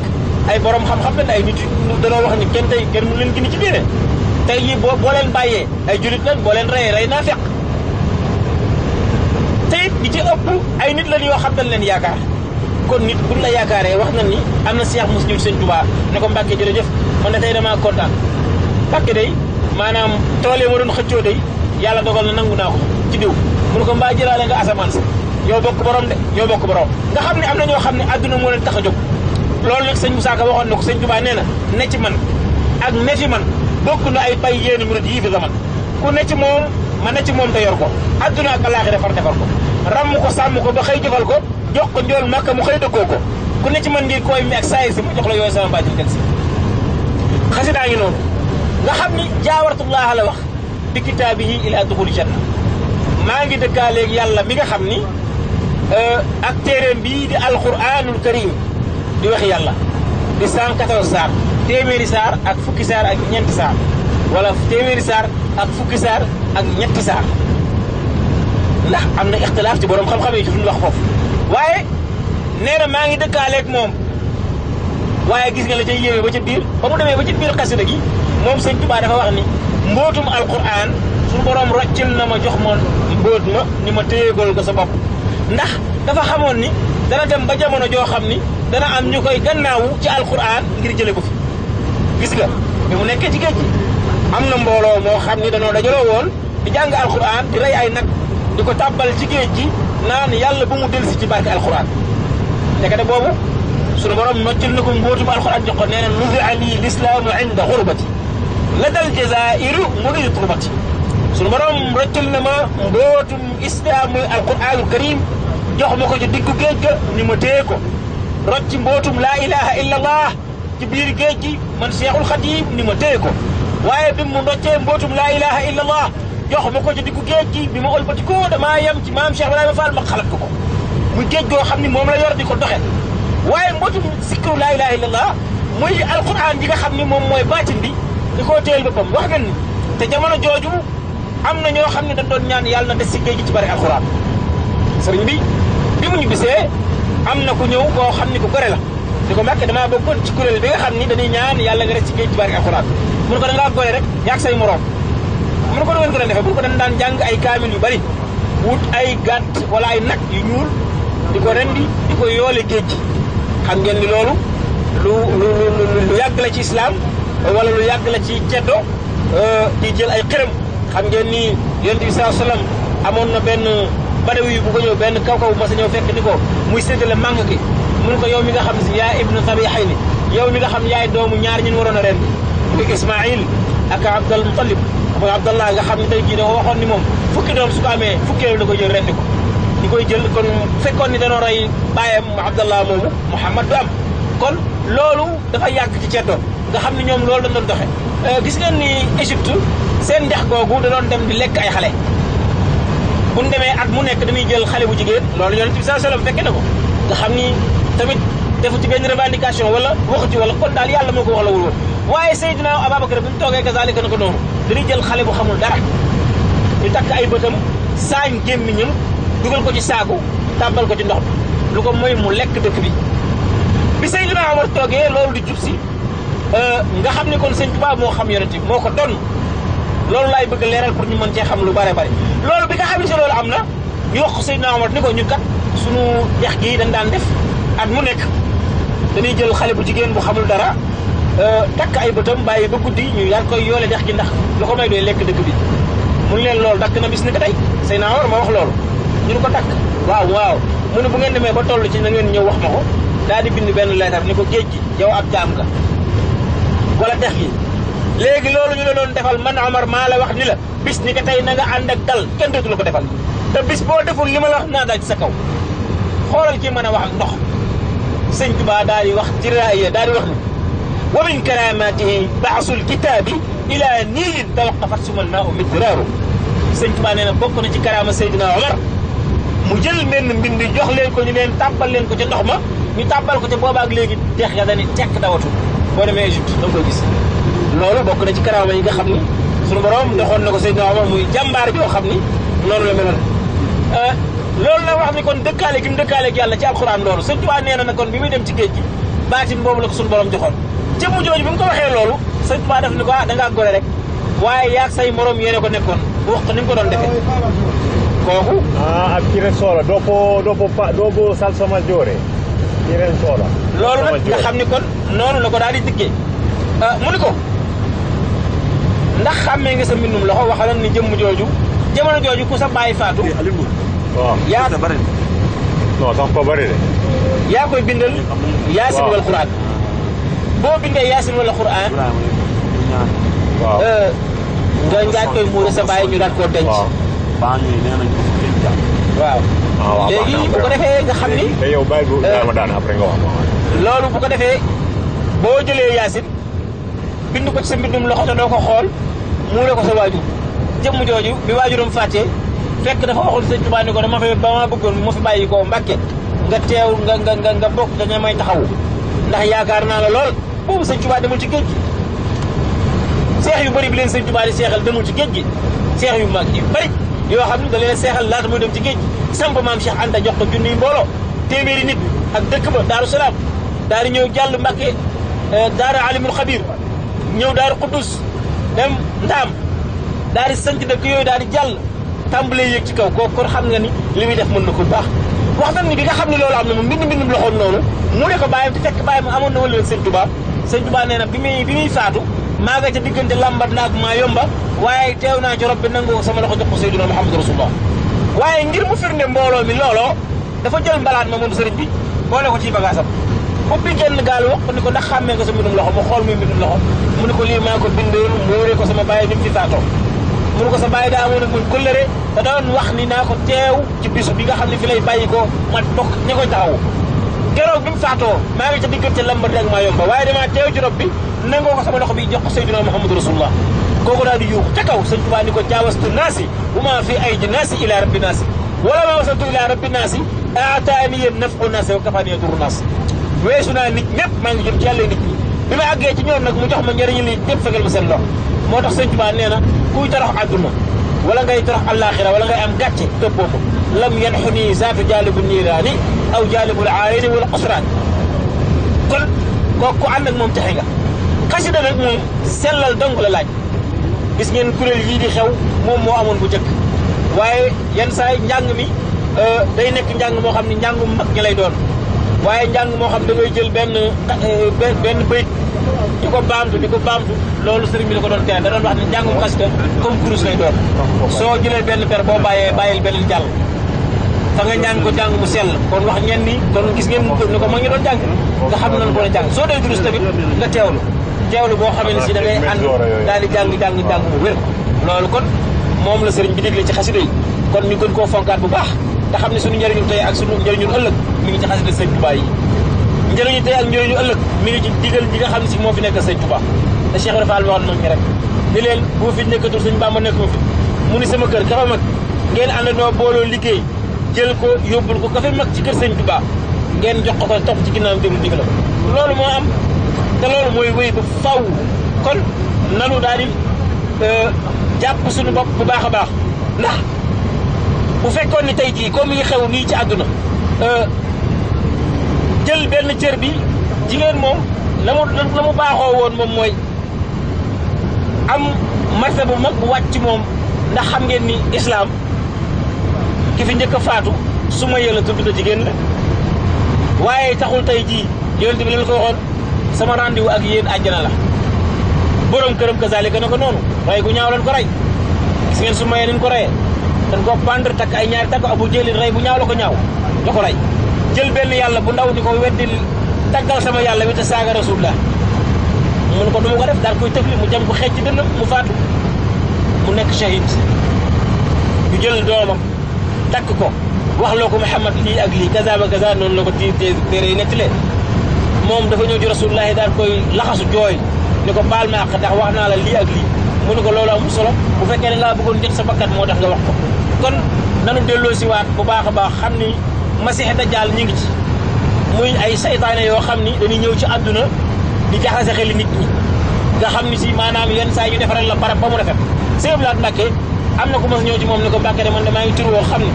ay borom xam-xam lañ ay nit danoo wax ni kenn tey kenn mënu leen gën ci biir tey jii boo boo leen bàyyee ay julit lañ boo leen reyee rey naa fekk te it li ci ëpp ay nit lañ yoo xam dañ leen yaakaar kon nit buñ la yaakaaree wax na ni am na seex muslim sëñ Tuubaa ne ko Mbàkke jërëjëf man de tey damaa kontaan Mbàkke day maanaam tool yi ma doon xëccoo day yàlla dogal na nangu naa ko ci diw mu ne ko mbaa jëlaale nga asamaan si ñoo bokk borom de ñoo bokk borom nga xam ne am na ñoo xam ne àdduna moo leen tax a jóg loolu nag sëñ Moussa Ka waxoon na ko sëñ Tuubaa nee na ne ci man ak ne fi man bokk na ay pay yéeni murid yii fi zaman ku ne ci moom ma ne ci moom ta yor ko adduna ak alaaxira far defar ko ràmm ko sàmm ko ba xëy jëfal ko jox ko njool màkka mu xëy dëkkoo ko ku ne ci man ngir koy mi ak saay si mu jox la yooyu sama bàjjil del si xasidaa ngi noonu nga xam ni jaawartullaaha la wax bi kitaabihi ilaa duxul janna maa ngi dëkkaa léegi yàlla mi nga xam ni euh, ak téeréem bii di alquranul karim di wax yàlla di 114 saar téeméeri saar ak fukki saar ak ñeenti saar wala téeméeri saar ak fukki saar ak ñetti saar ndax am na ixtilaaf ci borom xam-xam yi ci suñu wax foofu waaye nee na maa ngi dëkkaaleeg moom waaye gis nga la cay yéeme ba ca biir ba mu demee ba ci biir xasida gi moom sëñ Tuubaa dafa wax ni mbootum alquran suñu borom roccil na ma jox ma mbóot ma ni ma téyegal ko sa bopp ndax dafa xamoon ni dana dem ba jamono joo xam ni dana am ñu koy gannaaw ci alquran ngir jële ko fi gis nga bi mu nekkee ci géej gi am na mbooloo moo xam ni danoo dajaloo woon di jàng alxuraan di rey ay nag di ko tàbbal ci géej gi naan yàlla bu mu delsi ci barke alxuraan ndekete boobu sunu borom noccil na ko mbóotum alxuraan jox ko nee na nufi ali lislaamu inda xurbati la dal jazairu mu ngi turbati sunu borom roccil na ma mbóotum islaam muy alxuraanul karim jox ma ko ci diggu géej ga ni ma téye ko rocci mbóotum laa ilaha illa allah ci biir géej gi man Seexul Xadiim ni ma téye ko waaye bi mu ndoccee mbootum laa ilaha illa allah jox ma ko ci diggu géej gi bi ma ëlbati ko damaa yem ci maam Cheikh Ibrahima Fall ma xalaat ko ko muy géej goo xam ni moom la yor di ko doxee waaye mbootum sikkiru laa ilaha illa allah muy alquran gi nga xam ni moom mooy baatin bi di koo téyel boppam wax ngeen ni te jamono jooju am na ñoo xam ne dañ doon ñaan yàlla na des si géej gi ci bari alquran sëriñ bi bi mu ñu bisee am na ku ñëw koo xam ni ku gore la di ko mbàkke damaa bokkoon ci kuréel bi nga xam ni dañuy ñaan yàlla nga des ci géej ci barke alxuraan mu ne ko da ngaa goy rek yaag say moroom mu ne ko doon ko doon defee mu ne ko dañ daan jàng ay kaamil yu bari wut ay gàtt wala ay nag yu ñuul di ko rendi di ko yoole géej xam ngeen ni loolu lu lu lu yàgg la ci islaam wala lu yàgg la ci ceddo euh, di jël ay xërëm xam ngeen ni yonent bi saa sallam amoon na benn badawi bu ko ñëw benn kaw kaw bu mas a ñëw fekk di ko muy séddale màng gi mun ko yow mi nga xam si yaa ibnu Tabihayn yow mi nga xam yaay doomu ñaar ñun waroon a ren di Ismaïl ak Abdal Mutalib mooy Abdallah nga xam ne tey jii dafa waxoon ni moom fukki doom su ko amee fukkeelu da koy jël rendi ko di koy jël kon fekkoon ni danoo rey bàyyam Abdallah moomu Muhammad du am kon loolu dafa yàgg ci ceddoon nga xam ne ñoom loolu dañ doon doxe gis ngeen ni Égypte seen ndex googu da doon dem di lekk ay xale bu ñu demee at mu nekk dañuy jël xale bu jigéen loolu yonent bi sallallahu alayhi wasallam fekke na ko nga xam ni tamit defu ci benn revendication wala waxu ci wala kon daal yàlla moo ko wax la wul woon waaye Seydina Ababacar bi mu toogee kazaalika na ko noonu dañuy jël xale bu xamul dara ñu takk ay bëtam saañ gémmiñam dugal ko ci saaku tàmbal ko ci ndox lu ko mooy mu lekk dëkk bi bi Seydina Omar toogee loolu di jub si euh, nga xam ne kon sëñ Tuubaa moo xam yonent bi moo ko donn loolu laay bëgg leeral pour ñu mën cee xam lu bare bare loolu bi nga xam ne si loolu am na ñu wax Seydina Omar ni ko ñu kat sunu dex gi dañ daan def at mu nek dañuy jël xalé bu jigen bu xamul dara euh, tak ay bëtam baye ba guddi ñu yar koy yole dex gi ndax lu ko may doy lek dëkk bi mun leen lool dak na bis ni ko tey say naa war ma wax lool ñu ko tak waaw waaw mu ne bu ngeen demé ba tollu ci na ngeen ñew wax mako ko daal di bind ben lettre ni ko géej yow ak jam nga wala dex yi léegi loolu ñu la doon defal man Omar ma la wax ni la bis ni ka tay na nga and ak dal kën dootu la ko defal te bis bo deful lima la wax na daal ci sa kaw xolal ci mën wax ndox سنتبا داري وقت جرائية داري وقت ومن كراماته بعث الكتاب إلى نيل توقفت سم الماء مدراره سنتبا نينا بقنا جي كرامة سيدنا عمر مجل من من يخ لين كو نين تابال لين كو جي نخما ني تابال كو جي بوبا اك ليغي تيخ يا داني تيك داوتو بو ديمي ايجيبت دا كو غيس لولو بقنا جي كرامة ييغا خامني سونو بروم نخون نكو سيدنا عمر موي جو خامني لولو لا loolu la wax ni kon dëkkaale gi mu dëkkaale yàlla ci alxuraan loolu sëñ Tuubaa nee kon bi muy dem ci géej gi baatin boobu la ko suñu borom joxoon ko loolu sëñ Tuubaa def ni ko ah da rek waaye say morom yéene ko nekkoon wax ko ko doon defee kooku ah, ak soola doopo doopo doopo sal sama joore kiren soola loolu nag nga xam ni kon noonu la ko daal di dikkee ah, mu ni ko ndax xàmmee nga sa mbindum loxo la ni jëm jooju jamono jooju ku sa bàyyi faatu waaw yaa da bari non sax ko bari de yaa koy bindal yaasin wal quraan boo bindee yaasin wala quraan waaw euh, ngaa koy muure sa bàyyi ñu daal koo denc waaw loolu bu ko defee boo jëlee yaasin bind ko sa mbindum loxo te doo ko xool muure ko sa waajur jëmm jooju bi waajuram fàttee fekk dafa waxul sëñ Tuubaa ni ko dama fay ba ma bëggoon mu fi bàyyi koo nga teew nga nga nga nga bokk dañu may taxawu ndax yaakaar naa la lool boobu sëñ Tuubaa demul ci géej gi seex yu bëri bi leen sëñ Tuubaa seexal demul ci géej gi seex yu mag yu bari yoo xam ne da leen seexal laata muy dem ci géej gi samp maam Cheikh Anta jox ko junniy mbooloo téeméeri nit ak dëkk ba Daaru Salaam daal di ñëw jàll Mbàkke eh, daara alimul xabir ñëw daaru Quddus dem Ndaam daal di sanc dëkk yooyu daal di jàll tàmbalee yéeg ci kaw kooku kon xam nga ni li muy def mën na ko baax wax nañ ni bi nga xam ne loolu am na moom mbind mbindum loxoom noonu mu ne ko bàyyam te fekk bàyyam amoon na wala sëñ Tuubaa sëñ Tuubaa nee na bi muy bi maa nga ca diggante lambat naag maa yomba waaye teew naa ci rob bi nangu sama loxo jox ko Seydina Muhammad Rasulullah waaye ngir mu firnde mbooloo mi looloo dafa jël mbalaat ma moom sëriñ bi boole ko ci bagaasam ubbi genn gaal wax ko ni ko ndax xàmmee nga loxo mu xool muy mbindum loxo ko sama bàyyi ni mu fi faatoo mu ne ko sa bàyyi daa amoon ak man kóllëre te daan wax ni naa ko teew ci bisu bi nga xam ne fi lay bàyyi ko ma bokk ña koy taxawu keroog bi mu faatoo maa ngi ca diggante lamba ak maa yomba waaye damaa teew ci rob bi nangoo ko sama loxo bi jox ko Seydina Muhammadu Rasulullah kooku daal di yuuxu ca kaw sëñ Tuubaa ni ko jaawastu naasi bu maa fi ay di naasi ilaa rabbi naasi wala maa wasantu ilaa rabbi naasi aataaniya nafu naasi wa kafaaniya duru naasi weesu naa nit ñëpp maa ngi jëm ci yàlla nit ñi bi ma àggee ci ñoom nag mu jox ma njëriñu li ñëpp fegal ma seen loxo moo tax sëñ Tuubaa nee na kuy torox àdduna wala ngay tarax àllaaxira wala ngay am gàcce tëppoo ko lam yan xuni zaatu jaalibu niiraani aw jaalibul aarayni wala xusraan kon kooku ku ànd ak moom texe nga xasida nag moom sellal dong la laaj gis ngeen kuréel yii di xew moom moo amoon bu njëkk waaye yenn saa njàng mi euh, day nekk njàng moo xam ne njàngu mag ñi lay doon waaye njàng moo xam da ngay jël benn euh, benn benn bayit joko bambu baamtu di ko baamtu loolu bi la ko doon da wax comme kurus lay doon soo jëlee benn per boo bàyyee bàyyil beneen jàll fa nga ñaan ko jàng mu sell kon wax ñenn ni kon gis ngeen mu ne ko ma ngi doon jàng nga xam nañ ko la jàng soo tamit nga si da ngay di kon moom la sëriñ bi digle ci yi kon ñu gën koo fonkaat bu baax te xam suñu njëriñu tey ak suñu njëriñu ëllëg mi ngi ci njëriñu tey ak ñu ëllëg mi ngi ci digal bi nga xam ne si moo fi nekk sëñ Tuubaa te Cheikh Ibra Fall waxoon mag ñi rek ni leen bu ma fi nekkatul sëñ Bàmba nekkuma fi mu ni sama kër kafa mag ngeen àndandoo booloo liggéey jël ko yóbbul ko kafe mag ci kër sëñ Tuubaa ngeen jox ko ko topp ci ginnaaw déglu digal loolu moo am te loolu mooy wéy ba faw kon nanu daal di euh, jàpp suñu bopp bu baax a baax ndax bu fekkoon ni tey jii comme yi xew nii ci àdduna euh, jël benn cër bi jigéen moom la mu la mu baaxoo woon moom mooy am marché bu mag bu wàcc moom ndax xam ngeen ni islam ki fi njëkk a faatu su ma yëla tudd jigéen la waaye taxul tey jii yonente bi leen ko waxoon sama rendez-vous ak yéen àjjana la borom këram kazalika na ko noonu waaye gu ñaaw leen ko rey gis ngeen su mayee leen ko reyee dan ko pendre takk ay ñaari takk abu jëlin rey bu ñaaw la ko ñaaw la ko rey jël benn yàlla bu ndaw di ko weddil taggal sama yàlla wi te saaga rasulullah mu ne ko du ko def daal koy tëfli mu jam ko xeej ci dënnam mu faatu mu nekk shahid ñu jël doomam takk ko wax loo ko Muhammad lii ak lii gaza ba gaza noonu la ko ti téere yi nettalee moom dafa ñëw ci rasulullahi daal koy laxasu jooy ni ko baal ma àq ndax wax naa la lii ak lii mu ko loolu amul solo bu fekkee ne laa bëggoon jot sa bakkat moo tax nga wax ko kon nanu delloo si masiix dajjaal ñu ngi ci muy ay saytaane yoo xam ni dañuy ñëw ci àdduna di jaxase xel nit ñi nga xam ni si maanaam yenn saa ñu defaral la barab ba mu rafet sëñ Blaat am na ku mas ñëw ci moom ni ko Mbàkke de man damaa ngi tur woo xam ne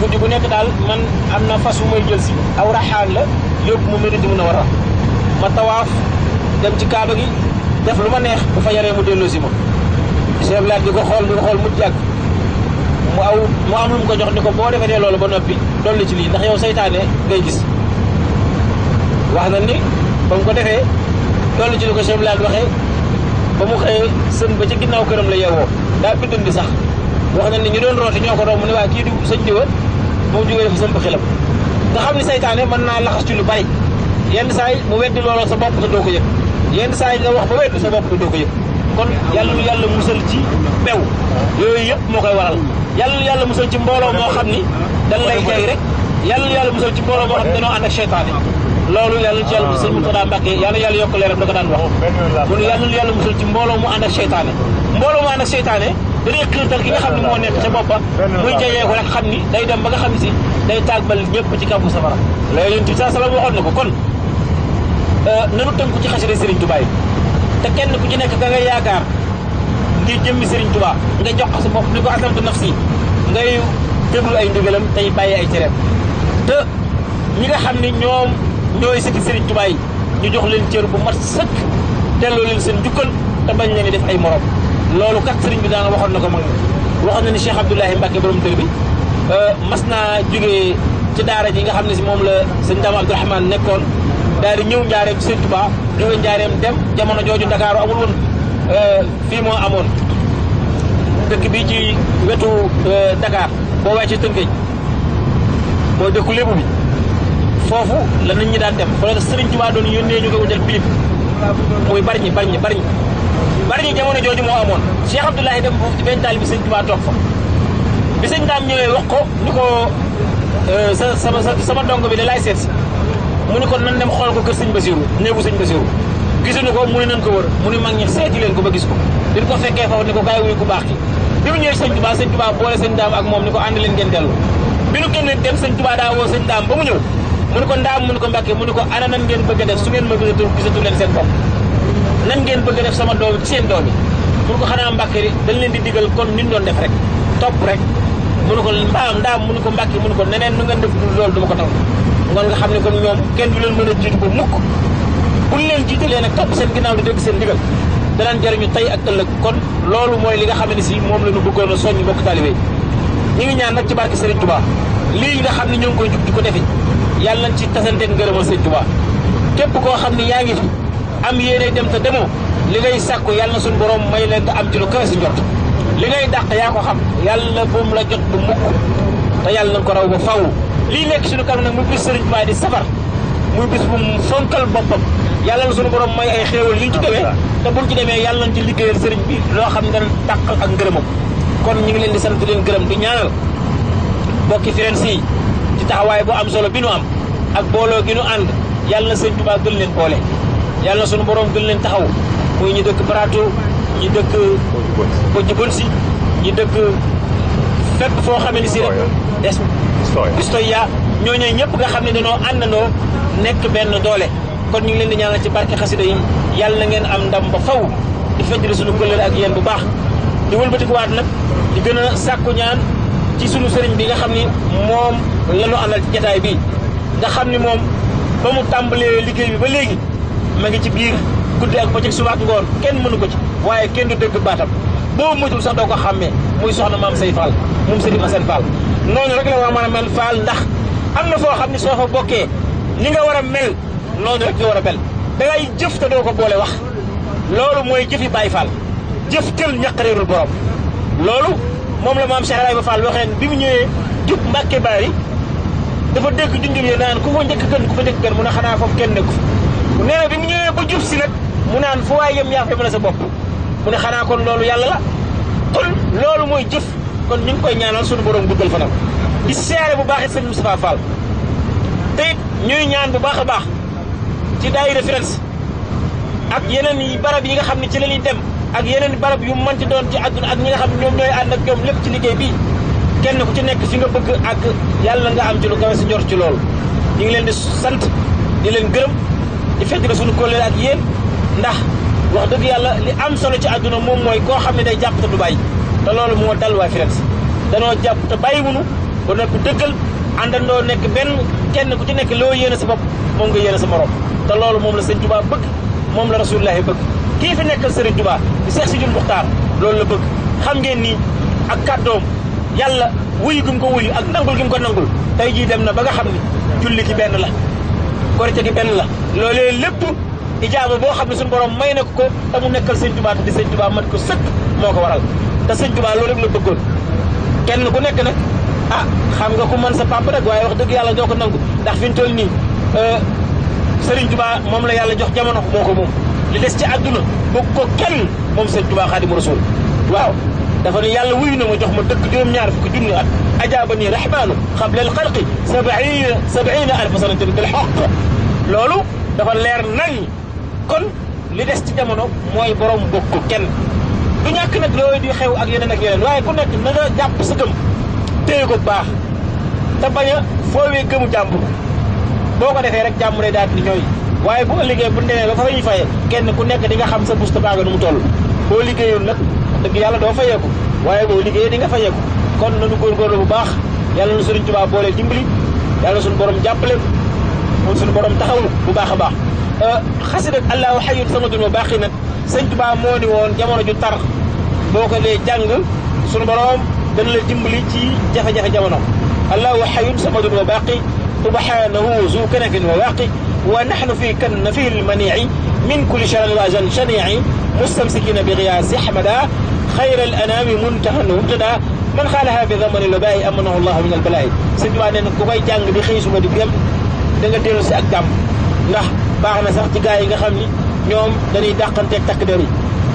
guddi gu nekk daal man am na fas wu may jël si aw raxaan la yóbbu mu mérite mun a war a ma tawaaf dem ci kaaba gi def lu ma neex bu fa yaree mu delloo si ma sëñ Blaat di ko xool di xool mu jàgg mu aw mu am mu ko jox ni ko boo defee loolu ba noppi dolli ci lii ndax yow seytaane ngay gis wax na ni ba mu ko defee dolli ci li ko chef laa waxee ba mu xëyee sën ba ci ginnaaw këram la yeewoo daa biddundi sax wax na ni ñu doon rooti ñoo ko doon mu ne waa kii du sëñ diwa moom jógee fa sëmb xilam nga xam ni seytaane mën naa laxas ci lu bari yenn saa yi mu weddi looloo sa bopp te doo ko yëg yenn saa yi nga wax ba weddi sa bopp te doo ko yëg kon yàlla nu yàlla musal ci bew yooyu yëpp moo koy waral yàlla nu yàlla musal ci mbooloo moo xam ni dañ lay jay rek yàlla nu yàlla musal ci mbooloo moo xam ne dañoo ànd ak seytaane loolu yàlla nu ci yàlla musal sëñ Mourtada Mbàkke yàlla yàlla yokk leeram da ko daan wax mun yàlla nu yàlla musal ci mbooloo mu ànd ak seytaane mbooloo mu ànd ak seytaane dañuy xiirtal ki nga xam ne moo nekk ca boppa muy jayee ko rek xam ni day dem ba nga xam si day tàggal ñëpp ci kàmbu safara la yéen tuuti saa salaam waxoon na ko kon euh, nanu tënku ci xasida Sëriñ te kenn ku ci nekk ka nga yaakaar ngir jëmmi Serigne Touba nga jox ko sa bopp ni ko aslamtu nafsi ngay déglu ay ndigalam tey bàyyi ay tereem te nga xam ne ñoom ñooy sëkki Serigne Touba yi ñu jox leen cër bu mat sëkk delloo leen seen jukkal te bañ leen def ay morom loolu kat bi daana waxoon na ko mag waxoon na ni Cheikh Abdoulahi Mbacke borom dër bi euh, mas naa jógee ci daara ji nga xam ne si moom la sëñ Dama Abdourahmane nekkoon daal di ñëw njaareem sëñ Tuubaa jóge njaareem dem jamono jooju Ndakaaru amul euh, fii moo amoon dëkk bi ci wetu euh, Dakar boo wàccee Tëngéej mooy dëkku lébu bi foofu la nit ñi daan dem fa la Sëriñ Tuubaa doon yónnee ñu koy wutal pilip muy barñi ñi barñi barñi jamono jooju moo amoon Cheikh Abdoulahi dem benn taal bi Sëriñ Tuubaa toog fa bi sëñ daam ñëwee wax ko ñu ko euh, sa sama sama bi da laay seet mu ni kon nan dem xool ko kër sëñ Basiru néegu sëñ Basiru gisuñu ko mu ne nañ ko wër mu ni mag ñi seeti leen ko ba gis ko diñ ko fekkee foofu ni ko gaay wuyu ku baax ki bi mu ñëwee sëñ Tubaa sëñ Tubaa boole sëñ daam ba mu ñëw mu ni ko ndaam mu ni ko mbàkke mu ni ko ana nan ngeen bëgg a def su ngeen ma gisatu gisatu leen seen bopp nan ngeen bëgg a def sama doom ci seen doom yi mu ni ko xanaa mbàkke dañ leen di digal kon niñ doon def rek topp rek mu ne ko mbaam ndaam mu ne ko mbàkki mu ne ko neneen nu nga def loolu du ma ko taw ngoon nga xam ne kon ñoom kenn du leen mën a jiitu ko mukk bu ñu leen jiitalee nag topp seen ginnaaw di dégg seen ndigal danaan jariñu tey ak ëllëg kon loolu mooy li nga xam ne si moom la ñu bëggoon a soññ mbokk taalibe ñu ngi ñaan nag ci barke Serigne Touba lii nga xam ne ñoo ngi koy jug di ko defe yàlla nañ ci tasanteeg ngërëmal Serigne Touba képp koo xam ne yaa ngi fi am yéene dem te demoo li ngay sàkku yàlla na suñu borom may leen te am ci lu kawe si njort li ngay dàq yaa ko xam yàlla bu mu la jot bu mukk te yàlla na ko raw ba faw lii nekk suñu kanam nag mu bis Sëriñ Tuubaa di safar muy bis bu mu fonkal boppam yàlla na suñu boroom may ay xéewal liñ ci demee te buñ ci demee yàlla nañ ci liggéeyal sëriñ bi loo xam nga dana ak ak ngërëmam kon ñu ngi leen di sant di leen gërëm di ñaanal bokki Firenze yi ci taxawaay bu am solo bi nu am ak booloo gi nu ànd yàlla na Sëriñ Tuubaa gën leen boole yàlla na suñu borom gën leen taxaw ñi dëkk ko jibon si ñi dëkk fépp foo xamee ni si rek es ñoo ñooñu ñëpp nga xam ne dañoo àndandoo nekk benn doole kon ñu ngi leen di ñaanal ci barke xasida yi yàlla na ngeen am ndam ba faw di fajjale suñu këllël ak yéen bu baax di wëlbatikuwaat nag di gën a sàkku ñaan ci sunu sëriñ bi nga xam ni moom lañu amal ci jataay bi nga xam ni moom ba mu tàmbalee liggéey bi ba léegi ma ci biir guddi ak bëccëg suba ak ngoon kenn mënu ko ci waaye kenn du dégg baatam boo mujjul sax doo ko xàmmee muy soxna maam say Fall moom Serigne Assane Fall noonu rek la war a mën a mel Fall ndax am na foo xam ne soo fa bokkee ni nga war a mel noonu rek nga war a mel dangay jëf te doo ko boole wax loolu mooy jëfi Baye Fall jëf tël ñaq réerul borom loolu moom la maam Cheikh Ibrahima Fall waxee bi mu ñëwee jub baa Bari dafa dégg junjub yi naan ku fa njëkk gën ku fa xanaa foofu kenn nekku fi nee bi mu ñëwee ba jub si nag mu naan fu waay yem yaa fa mën a sa bopp mu ne xanaa kon loolu yàlla la kon loolu mooy jëf kon ñu ngi koy ñaanal suñu borom guddal fanam di seere bu baax it sëñ Moustapha Fall te it ñuy ñaan bu baax a baax ci daayira Firenze ak yeneen barab yi nga xam ne ci la ñuy dem ak yeneen barab yu mën ci doon ci àdduna ak ñi nga xam ne ñoom ñooy ànd ak ñoom lépp ci liggéey bii kenn ku ci nekk fi nga bëgg ak yàlla nga am ci lu kawe sa njort ci loolu ñu ngi leen di sant di leen gërëm di fekk ne suñu kóllëre ak yéen ndax wax dëgg yàlla li am solo ci àdduna moom mooy koo xam ne day jàpp te du bàyyi te loolu moo dal waa si danoo jàpp te bàyyi wunu ba nekk dëggal àndandoo nekk benn kenn ku ci nekk loo yéene sa bopp moom nga yéene sa moroom te loolu moom la sëñ Touba bëgg moom la Rasulullahi bëgg kii fi nekkal Serigne Touba di si Sidil Muxtaar loolu la bëgg xam ngeen nii ak kàddoom yàlla wuyu gi mu ko wuyu ak nangul ko nangul tey jii dem na ba nga xam ni julli ki benn la korite gi benn la loolee lépp ijaaba boo xam ne suñu borom may na ko ko te mu nekkal sëñ Tuubaa te di sëñ Tuubaa man ko sëkk moo ko waral te sëñ Tuubaa loolu rek la bëggoon kenn ku nekk nag ah xam nga ku man sa papa rek waaye wax dëgg yàlla doo ko nangu ndax fi ñu nii euh, sëriñ Tuubaa moom la yàlla jox jamono moo ko moom li des ci àdduna bëgg ko kenn moom sëñ Tuubaa Xaadimu Rasuul waaw dafa ne yàlla wuyu na ma jox ma dëkk juróom-ñaar fukki junni at أجابني الرحمن قبل الخلق سبعين سبعين ألف سنة بالحق loolu dafa leer nañ kon li des ci jamono mooy borom bokk kenn du ñàkk nag loolu di xew ak yeneen ak yeneen waaye ku nekk na nga jàpp sa gëm téye ko baax te bañ a foowee gëmu jàmbur boo ko defee rek jàmm day daal di ñooy waaye bu liggéey bu demee ba fa ñuy faye kenn ku nekk di nga xam sa busta baaga nu mu toll boo liggéeyul nag dëgg yàlla doo fayeeku waaye boo liggéeyee di nga fayeeku kon nanu góorgóorlu bu baax yàlla na sëriñ Tuubaa boole dimbali yàlla na suñu borom jàppale moom suñu borom taxawul bu baax a baax xasida allahu xayun samatun wa baaxi nag sëñ Tuubaa ni woon jamono ju tar boo ko dee jàng suñu borom dana la dimbali ci jafe-jafe jamono allahu xayun samatun wa baaxi subhanahu zu kanafin wa waaqi wa naxnu fi kan nafi lmanici min kulli charin wa jan chanici mustamsikina bi xiyaasi xamada xayra al anaami muntahan mubtada man xaalaha bi zamani la bàyyi amanahu allah min al balaay sëñ bi nee na ku koy jàng di xëy suba di gëm da nga dellu si ak jàmm ndax baax na sax ci gaa yi nga xam ni ñoom dañuy dàqanteeg takk der yi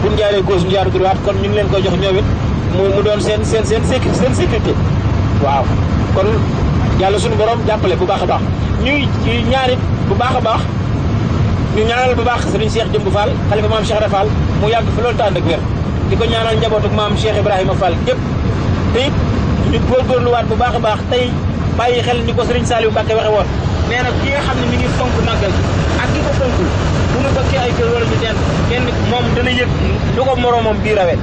buñ jaaree gauche ñu jaar droite kon ñu ngi leen koy jox ñoom it mu doon seen seen seen seen sécurité waaw kon yàlla suñu borom jàppale bu baax a baax ñuy ñaanit bu baax a baax ñu ñaanal bu baax sëriñ Cheikh Jëmb Fall xalifa maam Cheikh Ibra Fall mu yàgg fi loolu tànd ak wér di ko ñaanal njabootu maam Cheikh Ibrahima Fall gépp te it ñu góorgóorluwaat bu baax a baax tey bàyyi xel ni ko sëriñ Saliou Mbacke waxe woon nee na ki nga xam ne mi ngi fonk màggal ak ki ko fonkul bu ñu bëggee ay kër wala ñu teen kenn moom dana yëg lu ko moroomam bii rawe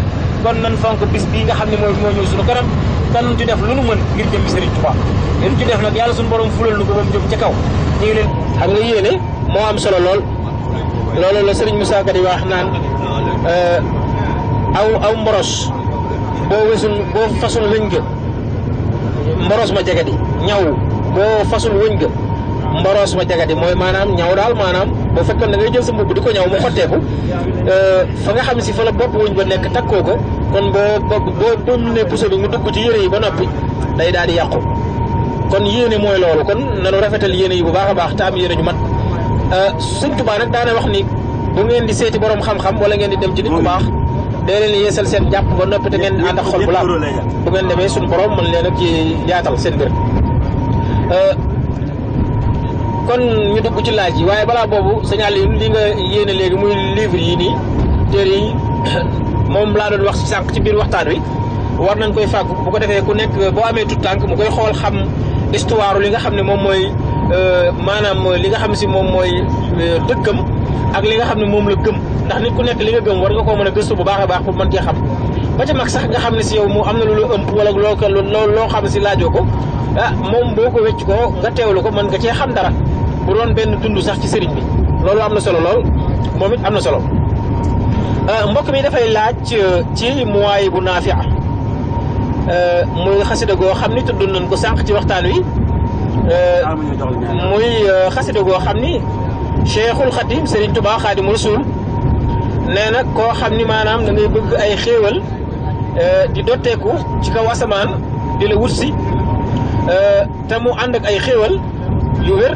kon nan fonk bis bii nga xam ne mooy moo ñëw suñu kanam tan ci def lu nu mën ngir jëm sëriñ Tuubaa lu ñu ci def nag yàlla suñu borom fulal lu ko bam jëm ci kaw ñu ngi leen xam nga yéene moo am solo lool loolu la sëriñ Moussa Ka di wax naan euh, aw aw mboros boo wesul boo fasul lëñ nga mboros ma jagadi ñaw boo fasul wëñ nga mboros ma jagadi mooy maanaam ñaw daal maanaam boo fekkoon da ngay jël sa mbubb di ko ñaw mu xotteeku euh, fa nga xam si fa bopp wëñ ba nekk takkoo ko kon boo boo dominé puso bi mu dugg ci yére yi ba noppi day daal di yàqu kon yéene mooy loolu kon nanu rafetal yéene yi bu baax a baax te am yéene ju mat euh, Sëñ Tuubaa nag daana wax nii bu ngeen di seeti boroom xam-xam wala ngeen di dem ci nit ku dee leen yeesal seen jàpp ba noppi te ngeen ànd ak xol bu laal bu ngeen demee suñu borom mën leen ak yaatal seen mbir euh, kon ñu dugg ci laaj yi waaye balaa boobu signal li nga yéene léegi muy livre yi nii téere yi moom laa doon wax ci sànq ci biir waxtaan wi war nañ koy fàggu bu ko defee ku nekk boo amee tout tànk mu koy xool xam histoire li nga xam ne moom mooy euh, maanaam li nga xam si moom mooy euh, dëkkam ak li nga xam ne moom la gëm ndax nit ku nekk li nga gëm war nga koo mën a gëstu bu baax a baax pour mën cee xam ba ca sax nga xam ne si yow mu am na lu la ëmp wala loo ko loo xam si laajoo ko ah moom boo ko wecc ko nga teewlu ko mën nga cee xam dara bu benn dund sax ci sëriñ bi loolu am na solo lool moom it am na solo ah, mbokk mi dafay laaj ci muwaay bu naafia ah. ah, muy xasida goo xam ni tudd nañ ko sànq ci waxtaan wi muy xasida goo xam ni cheikhul xatim Serigne Touba Xaadimu Rasuul nee na koo xam ni maanaam da ngay bëgg ay xéewal euh, di dotteeku ci kaw asamaan di la wut si euh, te mu ànd ak ay xéewal yu wér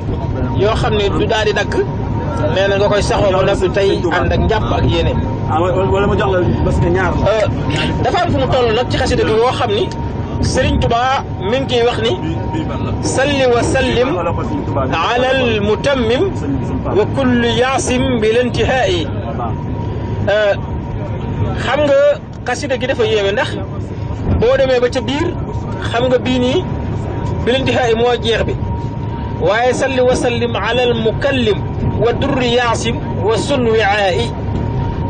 yoo xam ne du daal di dakk nee na nga koy saxoo ba noppi tey ànd ak njàpp ak yéene. Ah, euh, dafa am fu mu toll nag ci xasida bi woo xam ni. سرين تبا منك يوخني سلي وسلم على المتمم وكل ياسم بالانتهاء خمغ قصيدة كده في يمن دخ بودة ما بتشبير خمغ بيني بالانتهاء مواجه بي ويسلي وسلم على المكلم ودر ياسم وسن وعائي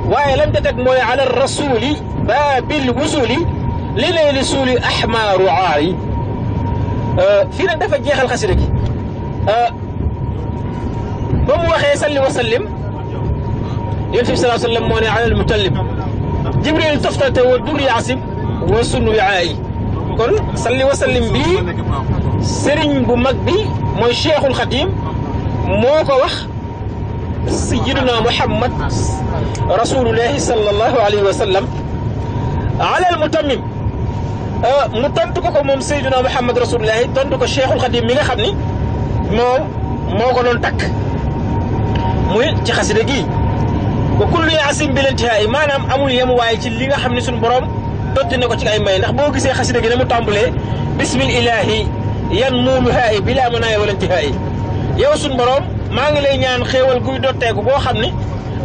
ولم تتك على الرسول باب الوصول لي لي سولي احمر وعاري أه، فينا دافا جيخال خسركي بوم أه، وخي صلي وسلم يوسف صلى الله عليه وسلم موني على المتلب جبريل تفتت ودوري عاصم وسن وعائي كون صلي وسلم بي سرين بو مك بي موي شيخ الخديم موكو وخ سيدنا محمد رسول الله صلى الله عليه وسلم على المتمم mu tontu ko ko moom Seydina Muhammad Rasulullahi tontu ko Cheikhul Khadim mi nga xam ni moom moo ko doon takk muy ci xasida gi ba kullu yaasim bi leen tihaay maanaam amul yem waaye ci li nga xam ne suñu borom dotti na ko ci ay may ndax boo gisee xasida gi ne mu tàmbalee bismil ilaahi yan muulu haayi bilaa manaaya wala intihaayi yow suñu borom maa ngi lay ñaan xéewal guy dotteeku boo xam ne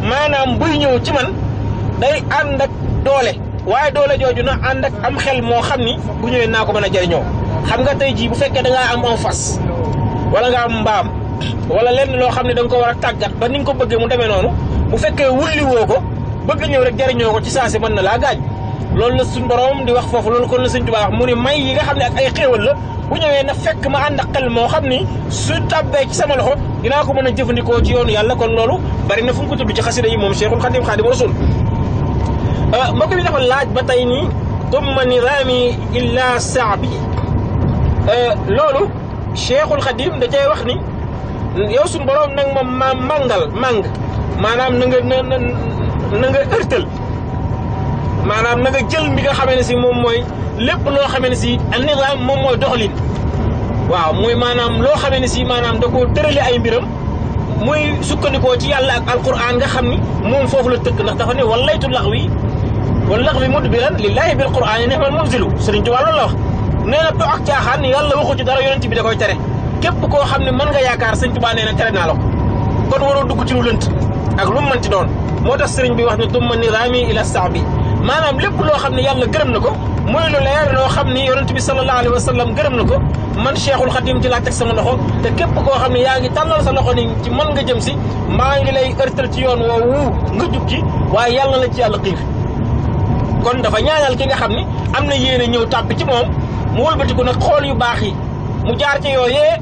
maanaam buy ñëw ci man day ànd ak doole waaye doole jooju na ànd ak am xel moo xam ni bu ñëwee naa ko mën a jëriñoo xam nga tey jii bu fekkee da am un fas wala nga am mbaam wala lenn loo xam ne da ko war a tàggat ba ni nga ko bëggee mu demee noonu bu fekkee wulli woo ko bëgg ñëw rek jëriñoo ko ci saasi mën na laa gaañ loolu na suñ borom di wax foofu loolu kon la suñ tubaab wax mu ne may yi nga xam ne ak ay xéewal la bu ñëwee na fekk ma ànd ak xel moo xam ni su tàbbee ci sama loxo dinaa a jëfandikoo ci na fu mu ko tudd ci xasida yi moom Cheikhul Khadim Khadim mbokk bi dafa laaj ba tey nii tumma nidaami illa saabi loolu cheikhul xadim da cay wax ni yow suñu borom nag ma ma màngal màng maanaam na nga na na nga ërtal maanaam na nga jël mi nga xamee ne si moom mooy lépp loo xamee ne si al nidaam moom mooy doxalin waaw mooy maanaam loo xamee ne si maanaam da ko tërale ay mbiram muy sukkandikoo ci yàlla ak alquran nga xam ni moom foofu la tëkk ndax dafa ne wallaytu lax wi kon wallaahi mudbiran lillahi bil qur'an qur'aani ni'mal munzilu sëriñ Tuubaa loolu wax neena na dox ak caaxaan yàlla waxu ci dara yonent bi da koy tere kep ko xam man nga yaakar sëriñ Tuubaa neena tere na la ko kon waro dugg ci lu leunt ak lu mu mënti doon moo tax sëriñ bi wax ne dumma nirami ila sa'bi manam lépp lo xam yàlla gërëm nako moy lu leer lo xamni ni bi sallallahu alayhi wasallam gërëm nako man cheikhul khadim ci la tek sama loxo te kep ko xamni yaangi tanal sa loxo ni ci man nga jëm ci ma ngi lay ërtal ci yoon wo wu nga jub ci waye yàlla la ci yàlla xiir kon dafa ñaanal ki nga xam ni am na yéene ñëw tàbb ci moom mu wëlbatiku nag xool yu baax yi mu jaar ci yooyee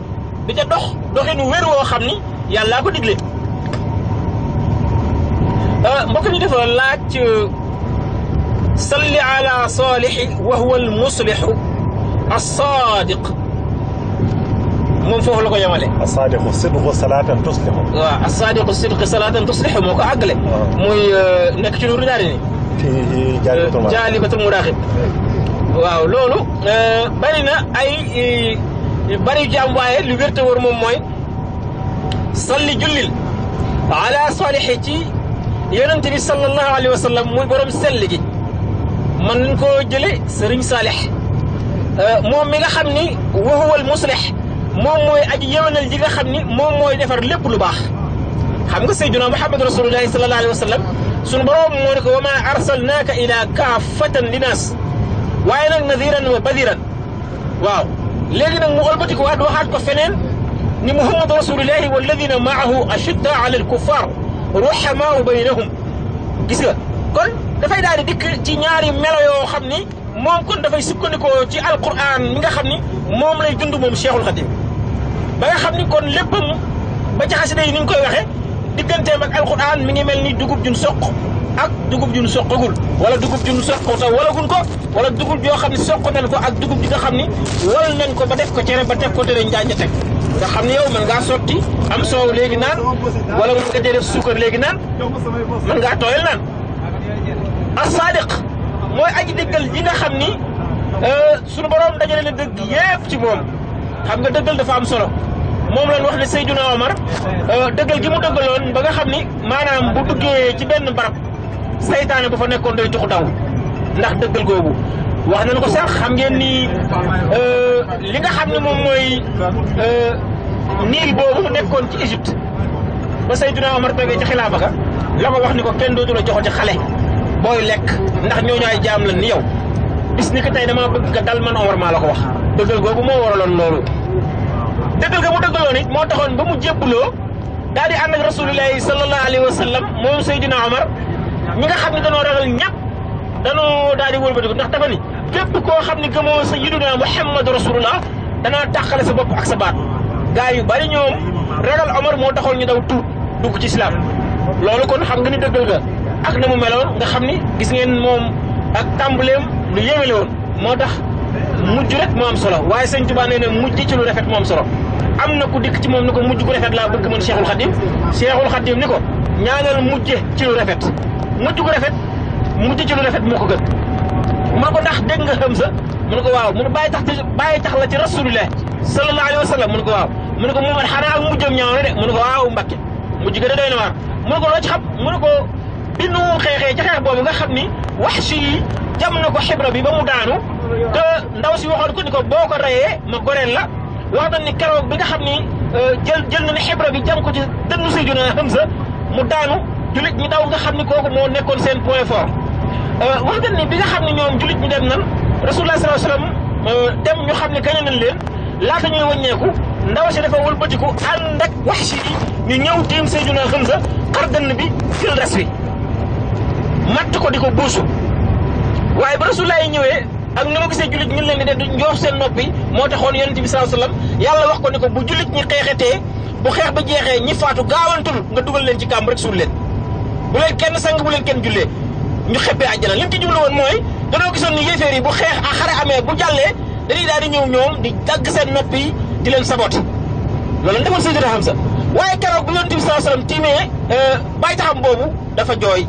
di ca dox doxinu wér woo xam ni yàllaa ko digle mbokk ñu dafa laaj salli ala saalixi wa huwa al muslixu assaadiq moom foofu la ko yemale assaadiqu sidqu salaatan tuslixu waaw assaadiqu sidqu salaatan tuslixu moo ko àggale mooy nekk ci lu daal ni جالبة المراقب واو لولو آه، بارينا اي آه، باري جام واي لوغرت ورم موي صلي جلل على صالحتي يونتي صلى الله عليه وسلم موي بروم سلغي من نكو جلي سيرن صالح آه، موم ميغا خامني وهو المصلح موم موي اجي يونال جيغا خامني موم موي ديفار لب لو باخ xam nga sayyiduna muhammad rasulullahi sallallahu alayhi wa sallam sunu borom moo ne ko wa maa arsalnaaka ila kaafatan linaas waaye nag nadiran wa badiran waaw léegi nag mu ëlbati ko waat waxaat ko feneen ni muhammad rasulullahi walladina maahu ashidda ala alkuffar ruhamaau baynahum gis nga kon dafay daal di dikk ci ñaari melo yoo xam ni moom kon dafay sukkandikoo ci alquran mi nga xam ni moom lay dund moom cheikhul xadim ba nga xam ni kon léppam ba ci xasida yi ni ñu koy waxe digganteem ak alquran mi ngi melni dugub jun sokk ak dugub jun sokkul wala dugub jun sokk taw wala guñ ko wala dugub yoo xamni sokk nañ ko ak dugub bi nga xamni wal nañ ko ba def ko cere ba def ko tere njaañ tek nga xamni yow man nga sotti am soow legi nan wala nga jere sukkar legi nan man nga toyel nan naan as-saadiq mooy aji dëggal yi nga xamni euh sunu borom dajale na dëgg yépp ci mom xam nga dëggal dafa am solo moom lañ wax ne Seydina Omar euh, dëggal gi mu dëggaloon ba nga xam ni maanaam bu duggee ci benn barab saytaane bu fa nekkoon day jox daw ndax dëggal googu. wax nañ ko sax xam ngeen nii euh, li nga xam ne moom mooy euh, niil boobu nekkoon ci Égypte ba Seydina Omar toogee ci xilaafa ga la ko wax ni ko kenn dootu la joxo ci xale booy lekk ndax ñooñu ay jaam lan ni yow bis ni ko tey damaa bëgg nga dal man Omar maa la ko wax dëggal googu moo waraloon loolu. dëggal ga mu dëggaloon it mo taxone ba mu jébbuloo daal di ànd ak rasulullah sallallahu alaihi wasallam sallam sayyidina umar Omar ñi nga xamni dañu ragal ñap dañu daal di wëlbatiku ndax dafa ni képp ko xamni ne gëmoo Seydina Muhammadu rasulullah dana takal sa bop ak sa baat gaay yu bari ñoom ragal umar mo taxone ñu daw tu dugg ci islam lolu kon xam nga ni deggal ga ak na mu meloon nga xamni gis ngeen mom ak tambulem lu yéwele woon moo tax mujj rek mo am solo waye sëñ touba neene na mujj ci lu rafet mo am solo am na ku dikk ci moom ni ko mujj gu rafet laa bëgg mën Cheikhul Khadim Cheikhul Khadim ni ko ñaanal mujje ci lu rafet mujj gu rafet mujj ci lu rafet moo ko gën ma ko ndax dégg nga xam sa mu ko waaw mu ne tax bàyyi tax la ci rasulullah sallallahu alayhi wa sallam ko waaw mu ne ko moom xanaa ak mujjam ñaaw na de mu ne ko waaw Mbacke mujj gën a doy na waar mu ko loo ci xam mu ko bi nu xeexee ci xeex boobu nga xam ni wax si yi jam na ko xibra bi ba mu daanu te ndaw si waxoon ko ni ko boo ko rayee ma goreel la wax nañ ni keroog bi nga xam ni jël jël na ni xibra bi jam ko ci dënnu Seydina Hamza mu daanu julit ñi daw nga xam ni kooku moo nekkoon seen point fort wax nañ ni bi nga xam ni ñoom julit ñi dem nan rasulullah sallallahu alayhi wasallam dem ñu xam ne gañe nañ leen laata ñuy wàññeeku ndaw si dafa wëlbatiku ànd ak wax si bi ñu ñëw tiim Seydina Hamza xar dënn bi fil res bi matt ko di ko buusu waaye ba rasulullah yi ñëwee ak ni ma gisee jullit ñu leen di def du njoox seen noppi moo taxoon yonent bi sallallahu alayhi wasallam yàlla wax ko ni ko bu jullit ñi xeexetee bu xeex ba jeexee ñi faatu gaawantul nga dugal leen ci kàmb rek suul leen bu leen kenn sang bu leen kenn jullee ñu xeppee àjjana li mu ci jublu woon mooy danoo gisoon ni yéeféer yi bu xeex ak xare amee bu jàllee dañuy daal di ñëw ñoom di dagg seen nopp yi di leen sabote loolu defoon Sayyidina Hamza waaye keroog bu yonent bi sallallahu alayhi wasallam tiimee euh, bàyyi taxam boobu dafa jooy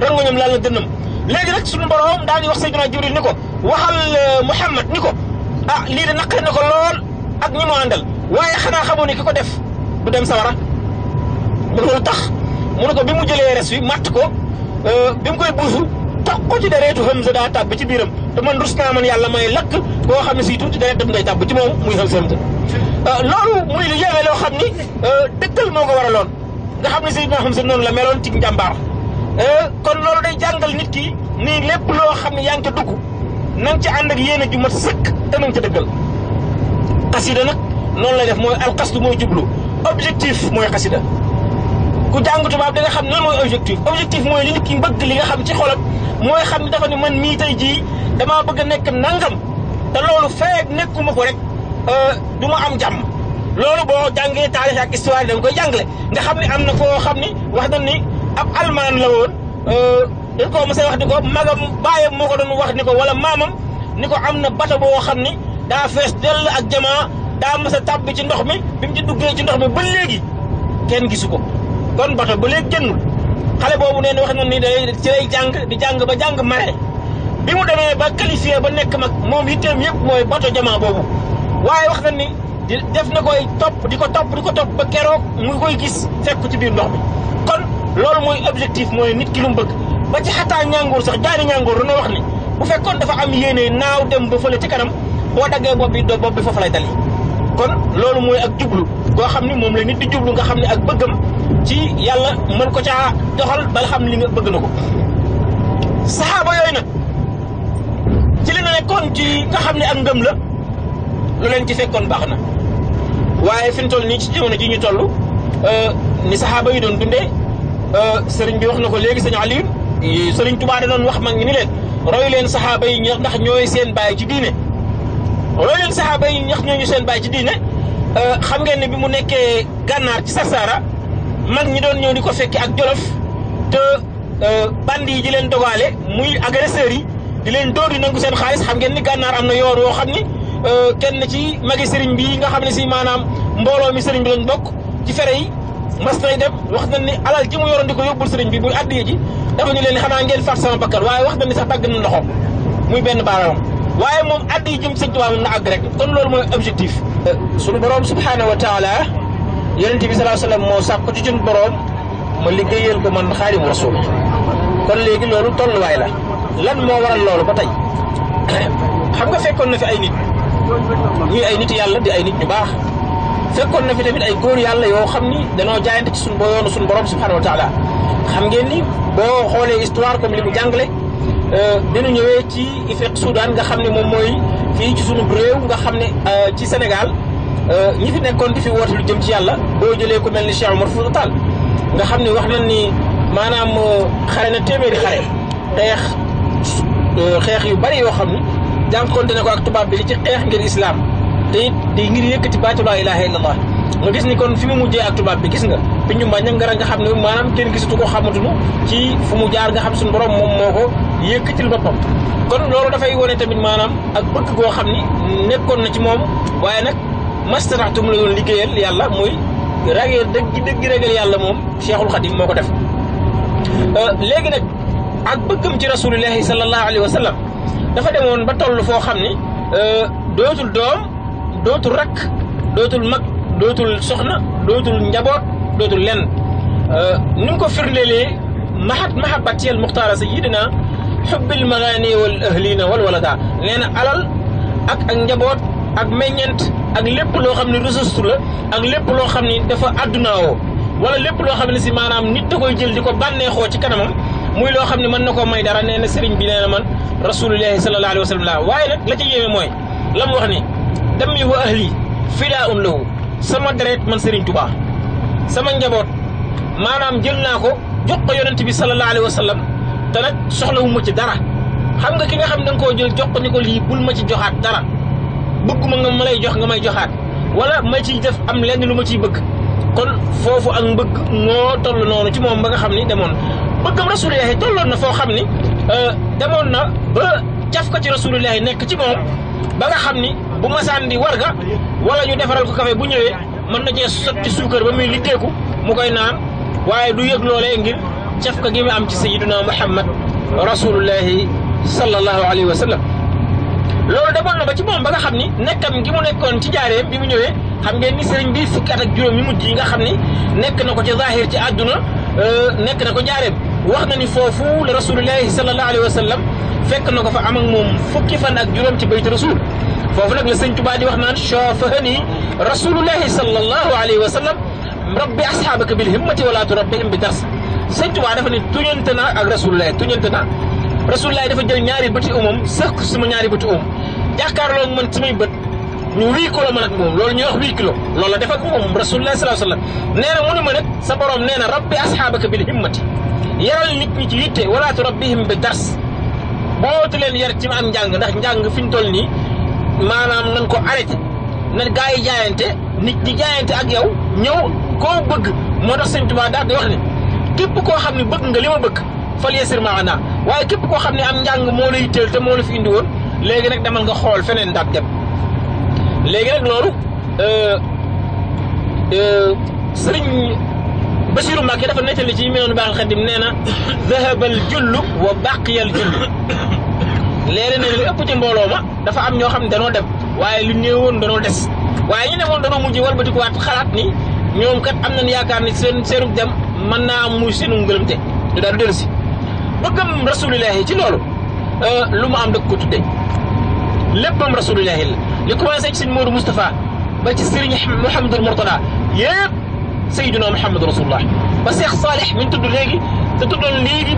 rangoñam laal na لجي لك سونو بروم داني واخ سيدنا جبريل نيكو وخال آه، محمد نيكو اه لي دا نقل نيكو لول اك ني مو اندال وايي خنا خاموني كيكو ديف بو ديم سوارا لول تخ مونوكو بيمو جيلي رس وي ماتكو ا آه، بيم كوي بوسو تاكو تي دريتو هم زدا تاب تي بيرم تو من رسنا من يالا ماي لك كو خامي سي توتي داي دم داي تاب تي موم موي هم سمت آه، لول موي لي ييغي لو خامي دكتل موكو ورا لول nga xamni sayyidna hamza non la meloon ci njambar Eh, kon loolu day jàngal nit ki nii lépp loo xam ne yaa ngi ca dugg na ci ànd ak yéene ju mat sëkk te na nga ca dëggal nag noonu lay def mooy alxasdu mooy jublu objectif mooy xasida ku jàng tubaab da xam lan mooy objectif objectif mooy li nit ki bëgg li nga xam ci xolam mooy xam ne dafa ne man mii tey jii damaa bëgg a nekk nangam te loolu feek nekkuma ko rek eh, du ma am jàmm loolu boo jàngee taarix ak histoire da nga koy jàngale nga xam ne am na foo xam ne wax ab almaan la woon euh, dañ koo mos a wax ni ko magam baayam moo ko doon wax ni ko wala maamam ni ko am na bato boo xam ni daa fees dell ak jamaa daa mos a tàbbi ci ndox mi bi mu ci duggee ci ndox mi ba léegi kenn gisu ko kon bato ba léegi génnul xale boobu nee na wax na ni day ci lay jàng di jàng ba jàng mare bi mu demee ba qualifié ba nekk mag moom yitteem yëpp mooy bato jamaa boobu waaye wax na ni di def na koy topp di ko topp di ko topp ba keroog mu koy gis fekk ci biir loolu mooy objectif mooy nit ki lu mu bëgg ba ci xataa ñàngoor sax jaani ñàngoor dana wax ni bu fekkoon dafa am yéene naaw dem ba fële ci kanam boo daggee bopp bi bopp bi foofu lay dali kon loolu mooy ak jublu goo xam ni moom la nit di jublu nga xam ne ak bëggam ci yàlla mën ko ca doxal bala xam li nga bëgg na ko saxaaba yooyu nag ci li na ci nga xam ne ak ngëm la lu leen ci fekkoon baax na waaye fi ñu toll nii ci jamono ji ñu toll euh, ni saxaaba yi doon dundee Euh, seriñ bi wax na ko léegi sëñ Aliou sëriñ Tuubaa da doon wax mag ñi ni leen roy leen saxaaba yi ñax ndax ñooy seen baay ci diine roy yi ñax ñooñu seen bàyyi ci diine euh, xam ngeen ne bi mu nekkee gànnaar ci Sarsara mag ñi doon ñoo di ko fekkee ak Jolof te euh, bandi yi di leen dogaale muy agresseurs yi di leen dóor di nangu seen xaalis xam ngeen ni gànnaar am na yoon woo xam ni kenn ci magi sëriñ bi nga xam ne si maanaam mbooloo mi sëriñ bi lañ bokk ci fere yi mas nay dem wax nañ ni alal ji mu yoroon di ko yóbbul sëriñ bi buy addiye ji dafa ñu leen ni xanaa ngeen faat sama bakkan waaye wax nañ ni sax dagg na loxoom muy benn baaraamam waaye moom addiye jëm sëñ Tuubaa moom na àgg rek kon loolu mooy objectif suñu boroom subhaanahu wa taala yonent bi salaa sallam moo sàkku ci jun boroom ma liggéeyal ko man xaadimu rasul kon léegi loolu tolluwaay la lan moo waral loolu ba tey xam nga fekkoon na fi ay nit ñuy ay nit yàlla di ay nit ñu baax fekkon na fi tamit ay góor yàlla yo xamni dano jaayante ci suñ boo yoonu suñ borom subhanahu wa taala xam ngeen ni bo xolé histoire comme limu jangale euh dinu ñewé ci ifeq Soudan nga xamni mom moy fi ci sunu rew nga xamni ci Sénégal euh ñi fi nekkon di fi wote lu jëm ci yàlla bo jëlé ko melni Cheikh Omar Fouta tal nga xamni wax nañ ni manam xare na téméri xare xex xex yu bari yo xamni jankonté jànkoonte na ko ak tubab bi ci xex ngir islam. te it di ngir yëkkati baatu laa ilaaha illallah nga gis ni kon fi mu mujjee ak tubaab bi gis nga pinju mbàññam nga xam ne maanaam kenn gisatu ko xamatunu ci fu mu jaar nga xam suñu borom moom moo ko yëkkatil boppam kon loolu dafay wone tamit maanaam ak bëgg goo xam ni nekkoon na ci moom waaye nag mastanaxtum la doon liggéeyal yàlla muy ragee dëgg dëgg yàlla moom Cheikhul Khadim moo ko def euh, léegi nag ak bëggam ci rasulillahi sallallahu alayhi wa sallam dafa demoon ba toll foo xam ni euh, dootul dootul rak dootul mag dootul soxna dootul njaboot dootul lenn ni mu ko firndelee mahat yel muxtaara sa yi sayidina xubbil magaani wal ahlina wal walada nee na alal ak ak njaboot ak meññent ak lépp loo xam ne ressource la ak lépp loo xam ne dafa àddunaawoo wala lépp loo xam ne si maanaam nit da koy jël di ko bànneexoo ci kanamam muy loo xam ne mën na koo may dara nee na sëriñ bi nee na man rasulullahi sallallahu alayhi wa sallam laa waaye nag la ca yéeme mooy la mu wax ni dammi wa ahli fidaa'un um lahu sama deret man Serigne Touba sama njaboot maanaam jël naa ko jox ko yonent bi sallallahu alayhi wa sallam te nag soxlawuma ci dara xam nga ki nga xam da koo jël jox ko ni ko lii bul ma ci joxaat dara bëgguma nga ma lay jox nga may joxaat wala ma ciy def am lenn lu ma ciy bëgg kon foofu ak mbëgg moo toll noonu ci moom ba nga xam ni demoon bëggam rasulillahi tolloon na foo xam ni euh, demoon na ba jaf ko ci rasulillahi nekk ci moom ba nga xam ni bu masaan di warga wala ñu defaral ko café bu ñëwee mën na jee sotti suukar ba muy liddeeku mu koy naan waaye du yëg loolee ngir cafka gi mu am ci sayyiduna muhammad rasulullahi sallallahu alayhi wa sallam loolu demoon na ba ci moom ba nga xam ni nekkam gi mu nekkoon ci jaareem bi mu ñëwee xam ngeen ni sëriñ bi fukki at ak juróom yi mujj yi nga xam ni nekk na ko ci zahir ci àdduna euh, nekk na ko jaareem wax na ni foofu la rasulullahi sallallahu alayhi wa fekk na ko fa am ak moom fukki fan ak juróom ci bayt rasul foofu nag la sëñ Tuubaa di wax naan shafahani rasulullahi sallallahu alayhi wa sallam rabbi asxaabaka bil himmati wala turabbihim bi dars sëñ Tuubaa dafa ne tuñante naa ak rasulullahi tuñante naa rasulullahi dafa jël ñaari bëti umam sëx ko suma ñaari bëti umam jàkkaarloo man samay bët ñu huit kilo man ak moom loolu ñuy wax huit kilo loolu la def ak moom rasulullah salaa sallam nee na mu ne ma nag sa borom nee na rabbi asxaabaka bil himmati yaral nit ñi ci yitte wala turabbihim bi dars boo leen yar ci am njàng ndax njàng fi ñu toll nii maanaam nan ko arrêté na gaa yi jaayante nit ñi jaayante ak yow ñëw koo bëgg moo tax Sëñ Tuubaa daal di wax ne képp koo xam ne bëgg nga li ma bëgg fal yasir maana waaye képp koo xam ne am njàng moo lay yitteel te moo la fi indi léegi nag demal nga xool feneen daal dem léegi nag loolu euh, euh, sëriñ بشير ما كده فنيت اللي جي منه بعد خدمنا ذهب الجل وبقي الجل ليرنا الأب تنبولو ما دفع من يوم دنو دب واي لنيون دنو دس واي ينا من دنو مجيوال بتكو خلاتني نيوم كت أمنا نيا كان سن سن دم منا موسين نقلم تي دار درسي بكم رسول الله تلولو أه، لما أم دك كتو دي لبم رسول الله لكم أنا سيكسين مور مصطفى بچ سيرني محمد المرتضى يب sayyiduna muhammad rasulullah ba Seex Saalix mi ñu tudd léegi te tuddoon léegi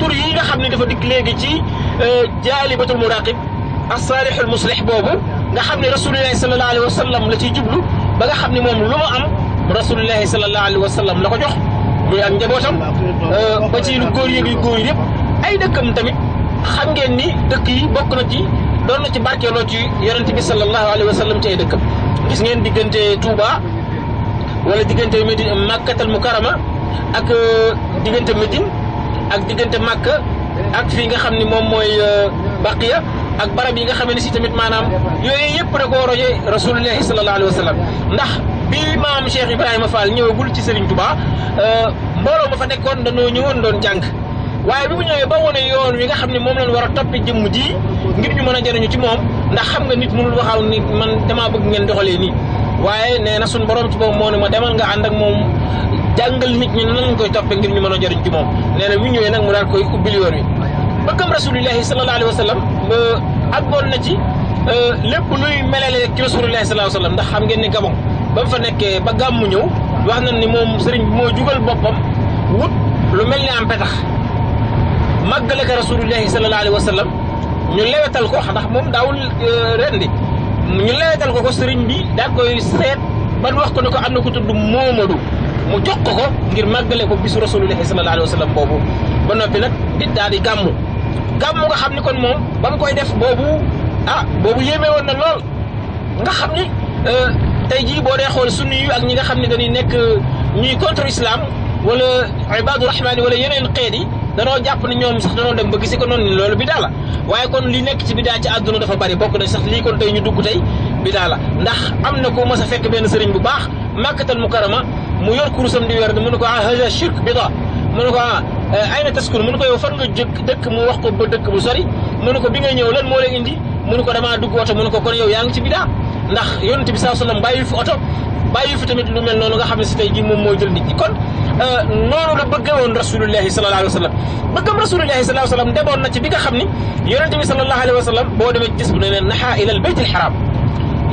tur yi nga xam ne dafa dikk léegi ci jaalibatul muraqib as-saalixul muslix boobu nga xam ne rasulillahi sallallahu alayhi wa sallam la ciy jublu ba nga xam ne moom lu mu am rasulillahi sallallahu alayhi wa sallam la ko jox muy ak njabootam ba ci lu góor yéeg yu góor yëpp ay dëkkam tamit xam ngeen ni dëkk yi bokk na ci doon na ci barkeeloo ci yonente bi sallallahu alayhi wa sallam ci ay dëkkam gis ngeen diggante Touba wala diggante Medina Makkatal Mukarrama ak euh, diggante Medine ak diggante màkk ak fii nga xam ni moom mooy euh, Baqiya ak barab yi nga xam ne si tamit maanaam yooyu yëpp da koo roje rasulullahi sallallahu alayhi wa sallam ndax bi maam Cheikh Ibrahima Fall ñëwagul ci Serigne Touba euh, mbooloo ma fa nekkoon dañoo ñëwoon doon jàng waaye bi mu ñëwee ba wane yoon wi nga xam ne moom lañ war a toppi jëmm ji ngir ñu mën a jëriñu ci moom ndax xam nga nit mënul waxaal ni man damaa bëgg ngeen doxalee nii waaye nee na suñ borom ci moom moo ne ma demal nga ànd ak moom jàngal nit ñi nan koy toppee ngir ñu mën a jëriñ ci moom nee na ñëwee nag mu daal koy ubbil yoon wi. ba kam rasulillahi sallallahu alayhi wa sallam euh, àggoon na ci euh, lépp luy melale ci rasulillahi sallallahu alayhi ndax xam ngeen ni gabon ba mu fa nekkee ba gàmmu ñëw wax nañ ni moom sëriñ moo jugal boppam wut lu mel ni am petax màggale ko rasulillahi sallallahu alayhi wa sallam ñu lewetal ko ndax moom daawul euh, rendi ñu leetal ko ko sëriñ bi daal koy seet ban wax ko ne ko am na ko tudd Momadou mu jox ko ko ngir màggale ko bisu rasulullahi sallallahu alayhi wa sallam boobu ba noppi nag di daal di gàmmu gàmmu nga xam ne kon moom ba mu koy def boobu ah boobu yéeme woon na lool nga xam ni euh, tey jii boo dee xool sunni yu ak ñi nga xam ne dañuy nekk euh, ñuy contre islam wala ibadu rahmaani wala yeneen xeet yi danoo jàpp na ñoom sax danoo dem ba gisi ko noonu loolu bidaa waaye kon li nekk ci bidaa ci àdduna dafa bari bokk na sax lii kon tey ñu dugg tey bidaa ndax am na koo mas a fekk benn sëriñ bu baax màkkatal mukarama mu yor mu ne ko ah haja shirk bidaa mu ne ko ah eh, ay na taskun mu ko yow fan nga jëkk dëkk mu wax ko ba dëkk bu sori mu ne ko bi nga ñëw lan moo la indi mu ne ko dama dugg oto mu ne ko kon yow yaa ngi ci bidaa ndax yonent bi saa sallam bàyyi fi oto bàyyi fi tamit lu mel noonu nga xamni ne si tey jii moom jël nit ñi kon nonu la bëgg woon rasulullahi sallallahu alayhi wasallam sallam bëggam rasulullahi sallallahu alayhi wasallam debon na ci bi nga xamni yaronte bi sallallahu alayhi wasallam bo demé ci gis bu ne leen ila al bayt al haram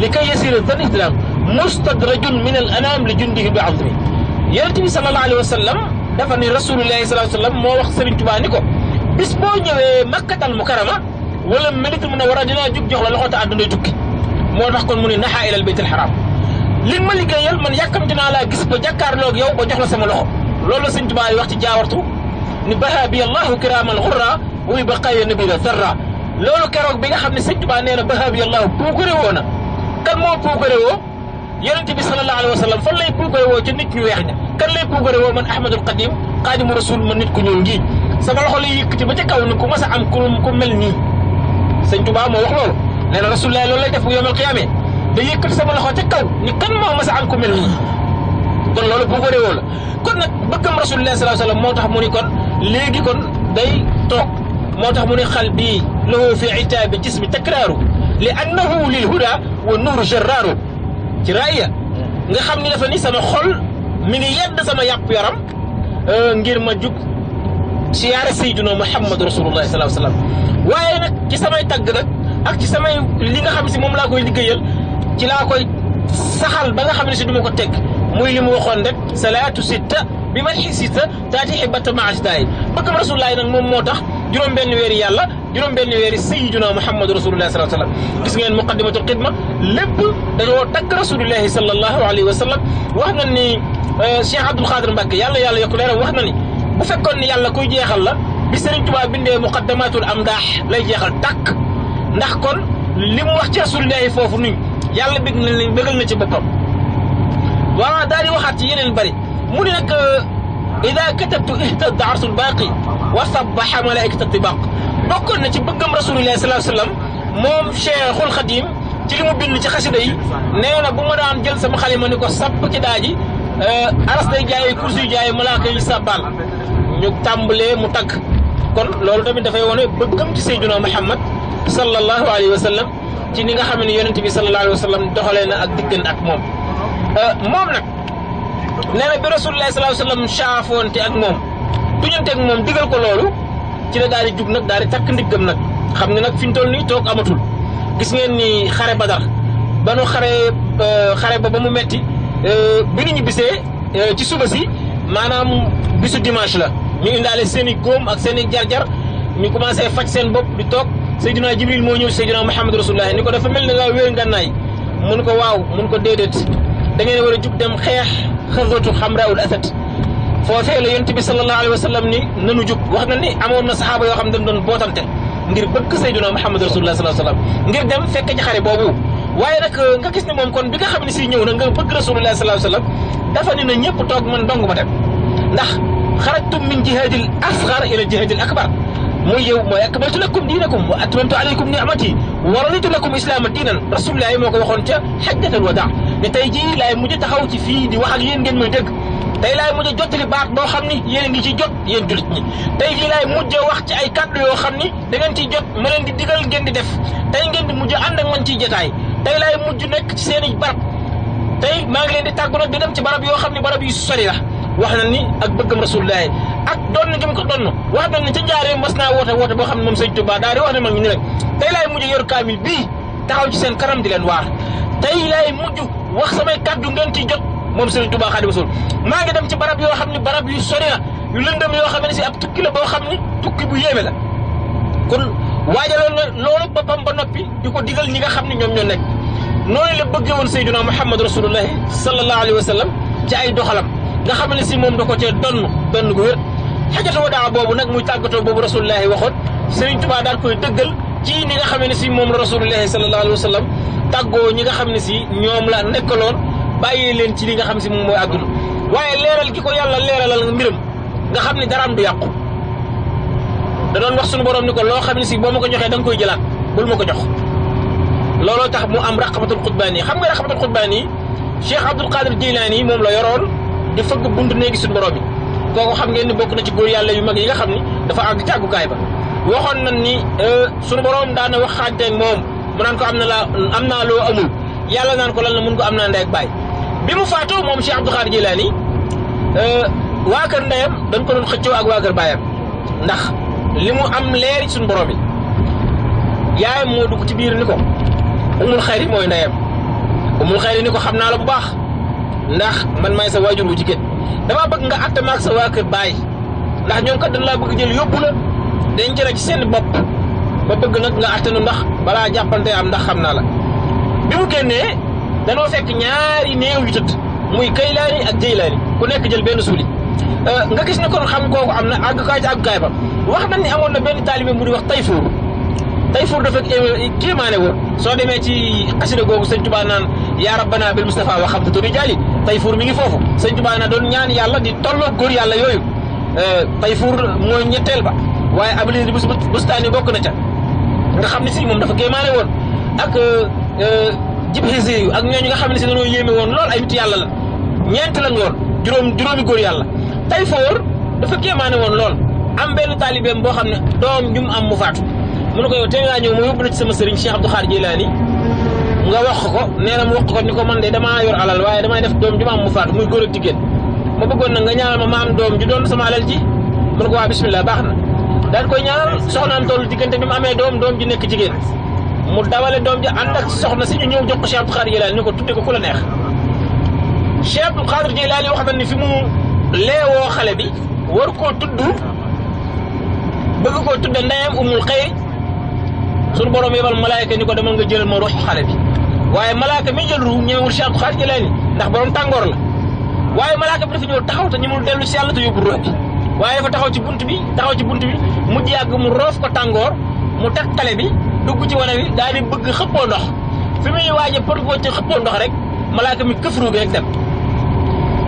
likay kay yasira islam mustadrajun min al anam li jundihi bi azmi yonente bi sallallahu alayhi wa sallam dafa ne rasulullahi sallallahu alayhi wa sallam moo wax Sëriñ Tuubaa ni ko bis boo ñëwee makkatal mukarama wala medit mun a war a dinaa jug jox la loxo te àdduna tukki moo tax kon mu ne naxaa ila al bayt al haram li nga ma liggéeyal man yàkkamti naa laa gis ba jàkkaarloog yow ba jox la sama loxo loolu la sëñ Tuubaa yi wax ci jaawartu ni baha bi allahu kiraaman xurra wuy ba xaye nabila sarra loolu keroog bi nga xam ne sëñ Tuubaa nee na baha bi allahu puukare woo na kan moo puukare woo yonente bi sallallahu alayhi wa sallam fan lay puukare woo ci nit ñu weex ña kan lay puukare woo man ahmadul qadim xaadimu rasul man nit ku ñuul ngii sama loxo lay yëkkati ba ca kaw ni ku mas a am ku mel nii sëñ Tuubaa moo wax loolu nee na rasulullah loolu lay def bu yoomal qiyaamee ba yëkkati sama loxo ca kaw ni kan moo mas a am ku mel nii kon loolu bu bëri woo la kon nag bëggam rasulullah sallallahu alayhi wasallam moo tax mu ni kon léegi kon day toog moo tax mu ni xal bii lahu fi itaabi jismi takraaru li annahu lil huda wa nuuru jarraaru ci raaya nga xam ni dafa ni sama xol mi ngi yedd sama yàpp yaram ngir ma jug siyaare sayyiduna muhammad rasulullah sallallahu alayhi wasallam waaye nag ci samay tagg nag ak ci samay li nga xam si moom laa koy liggéeyal ci laa koy saxal ba nga xam ne si du ma ko teg muy li mu waxoon rek salaatu sitta bi ma xisita taati xibata maasdaay bëggam rasulullahi nag moom moo tax juróom-benn weeri yàlla juróom-benn weeri sayiduna muhammadu rasulullahi salaa sallam gis ngeen muqaddimatul xidma lépp dañoo takk rasulullahi sallallahu alayhi wa sallam wax na ni Cheikh Abdul Xaadir Mbàkke yàlla yàlla yokku leeram wax na ni bu fekkoon ni yàlla kuy jeexal la bi Sëriñ Tuubaa bindee muqaddamatul amdaax lay jeexal tàkk ndax kon li mu wax ci rasulullahi foofu nuñ yàlla bëgg na leen bëggal na ci boppam wala daal di waxaat ci yeneen bari mu ne nag ida katabtu ihtadda arsul baaqi wa sabaxa malaikata tibaq bokkoon na ci bëggam rasulillahi salaa sallam moom cheikhul xadim ci li mu bind ci xasida yi nee na bu ma daan jël sama xalima ni ko sapp ci daaji aras day jaay kursi yu jaay malaaka yi sabbal ñu tàmbalee mu tagg kon loolu tamit dafay wone bëggam ci Seydina Muhammad sallallahu alayhi wa sallam ci ni nga xam ne yonent bi sallallahu alayhi wa sallam doxalee na ak diggan ak moom euh, moom nag nee na bi rasulullah sallallahu alayhi wa sallam saafoonte ak moom duñante moom digal ko loolu ci la daal di jug nag daal di takk ndiggam nag xam ne nag fi ñu toll nii toog amatul gis ngeen ni xare ba Badar ba nu xare euh, xare ba ba mu metti euh, bi ñu ñibbisee ci suba si maanaam bisu dimanche la ñu indaale seen i góom ak seen i jar-jar ñu commencé faj seen bopp di toog سيدنا جبريل مو نيو سيدنا محمد رسول الله نيكو دا mel ne laa wéer ngànnaay mun ko waaw mun ko déedéet da ngeen war a jug dem xeex xasatu xamraul asad foofee la yonent bi sallallahu alayhi wa sallam ni nanu jug wax na ni amoon na saxaaba yoo xam dañ doon bootante ngir bëkk sayyiduna Muhammad Rasulullah sallallahu alaihi wasallam ngir dem fekk ci xare boobu waaye nag nga gis ni mom kon bi nga xam ne si ñëw na nga bëgg Rasulullah sallallahu alaihi wasallam dafa ni na ñëpp tok man dong ba dem ndax kharajtum min jihadil asghar ila jihadil akbar ميوم أكملت لكم دينكم وأتممت عليكم نعمتي ورضيت لكم إسلام دينا رسول الله moo ko waxoon ca xajjatal wadaa ne tey jii laay mujj taxaw ci fii di wax ak yéen ngeen may dégg tey laay mujj jottali baat boo xam ni yéen a ngi ci jot yéen jullit ñi tey jii laay mujj wax ci ay kàddu yoo xam ni da ngeen ciy jot ma leen di digal ngeen di def tey ngeen di mujj ànd ak man ciy jotaay tey laay mujj nekk ci seen i barab tey maa ngi leen di tàggu nag di dem ci barab yoo xam ni barab yu sori la wax na ni ak bëggam rasulullah ak donn gi mu ko donn wax nañ ne ca njaaree mas naa woote woote boo xam ne moom sëñ Tuba daal di wax ne man ni rek tey laay mujj yor kaamil bii taxaw ci seen kanam di leen waar tey laay mujj wax samay kàddu ngeen ci jot moom sëñ Tuba Xaadimu Rasuul maa ngi dem ci barab yoo xam ne barab yu sori la yu lëndëm yoo xam ne si ab tukki la boo xam ni tukki bu yéeme la kon waajaloon na loolu boppam ba noppi di ko digal ñi nga xam ne ñoom ñoo nekk noonu la bëggee woon Seydina Muhammad Rasulullahi sallallahu alayhi wa sallam ci ay doxalam nga xam ne si moom da ko cee donn donn gu wér حجر وداع بابو نك موي تاغوت بابو رسول الله واخوت سيرن توبا دال كوي دغال تي نيغا خامني سي موم رسول الله صلى الله عليه وسلم تاغو نيغا خامني سي نيوم لا نيكالون بايي لين تي ليغا خامسي موم موي ادو واي ليرال كيكو يالا ليرال لا ميرم غا خامني دارام دو ياكو دا دون واخ سونو بوروم نيكو لو خامني سي بومو كو جوخي دنج كوي جيلات بول موكو جوخ لولو تاخ مو ام رحمه القطباني خمغا رحمه القطباني شيخ عبد القادر الجيلاني موم لا يورون دي فك بوند نيغي سونو بوروم kooku xam ngeen ni bokk na ci góor yàlla yu mag yi nga xam ni dafa àgg ci àggukaay ba waxoon na ni euh, sunu borom daan na wax xaajteeg moom mu naan ko am na la am naa loo amul yàlla naan ko lan la mun ko am na ndey baay bi mu faatoo moom Cheikh Abdou Khadre Jilaani euh, waa kër ndeyam dañ ko doon xëccoo ak waa kër baayam ndax li mu am leeri suñu borom yi yaayam moo dugg ci biir ni ko umul xayri mooy ndeyam umul xayri ni ko xam naa la bu baax ndax man maay sa waajur wu jigéen damaa bëgg nga àtte maag sa waa kër baay ndax ñoom kat dañ laa bëgg jël yóbbu la denc la ci seen bopp ba bëgg nag nga àttanu ndax balaa jàppante am ndax xam naa la bi mu génnee danoo fekk ñaari néew yu tëdd muy kaylaani ak jëylaani ku nekk jël benn suuli euh, nga gis ne kon xam kooku am na àggukaay ci àggukaay ba wax nañ ni amoon na benn taalibe mu di wax tayfur tey fur dafa mané wo so démé ci xasida gogou seigne touba nan ya rabana bil mustafa wa xabdatu rijaali tay fur mi ngi fofu seigne touba na don ñaan yalla di gor yalla yoyu euh tay fur moy ñettel ba waye ablis bus bustani bokk na ca nga xamni ne si moom dafa mané won ak euh yu ak ñoo nga xamni ne si dañoo won woon lool ay nitu yalla la ñeent la ngor juroom juroomi gor yalla tay fóor dafa mané won lool am benn taalibeem bo xam doom ñum am mu faatu mu ne ko yow tey ngaa ñëw ma yóbbu la ci sama sëriñ Cheikh Abdou Khadre Jilani nga wax ko nee na mu wax ko ni ko man de damaa yor alal waaye damay def doom ju ma am mu faatu muy góor ak jigéen ma bëggoon nag nga ñaanal ma ma am doom ju doon sama alal ji mu ne ko waa bisimilah baax na daal koy ñaanal soxnaam toll diggante bi mu amee doom doom ji nekk jigéen mu dawale doom ji ànd ak soxna si ñu ñëw jox ko Cheikh Abdou Khadre Jilani ni ko tudde ko ku la neex Cheikh Abdou Khadre Jilani wax na ni fi mu leewoo xale bi war koo tudd bëgg koo tudd ndeyam umul xëy suñu borom yebal malaayka ni ko demal nga jëlal ma ruuxu xale bi waaye malaayka mi jël ruux ñëwul Cheikh Abdou Khadre Jilani ndax borom tàngoor la waaye malaayka bi dafa ñëw taxaw te ñemul dellu si yàlla te yóbbu ruux bi waaye dafa taxaw ci bunt bi taxaw ci bunt bi mu yàgg mu roof ko tàngoor mu teg xale bi dugg ci wane bi daal di bëgg xëppoo ndox fi muy waaj a pour ko ci xëppoo ndox rek malaayka mi këf ruugi rek dem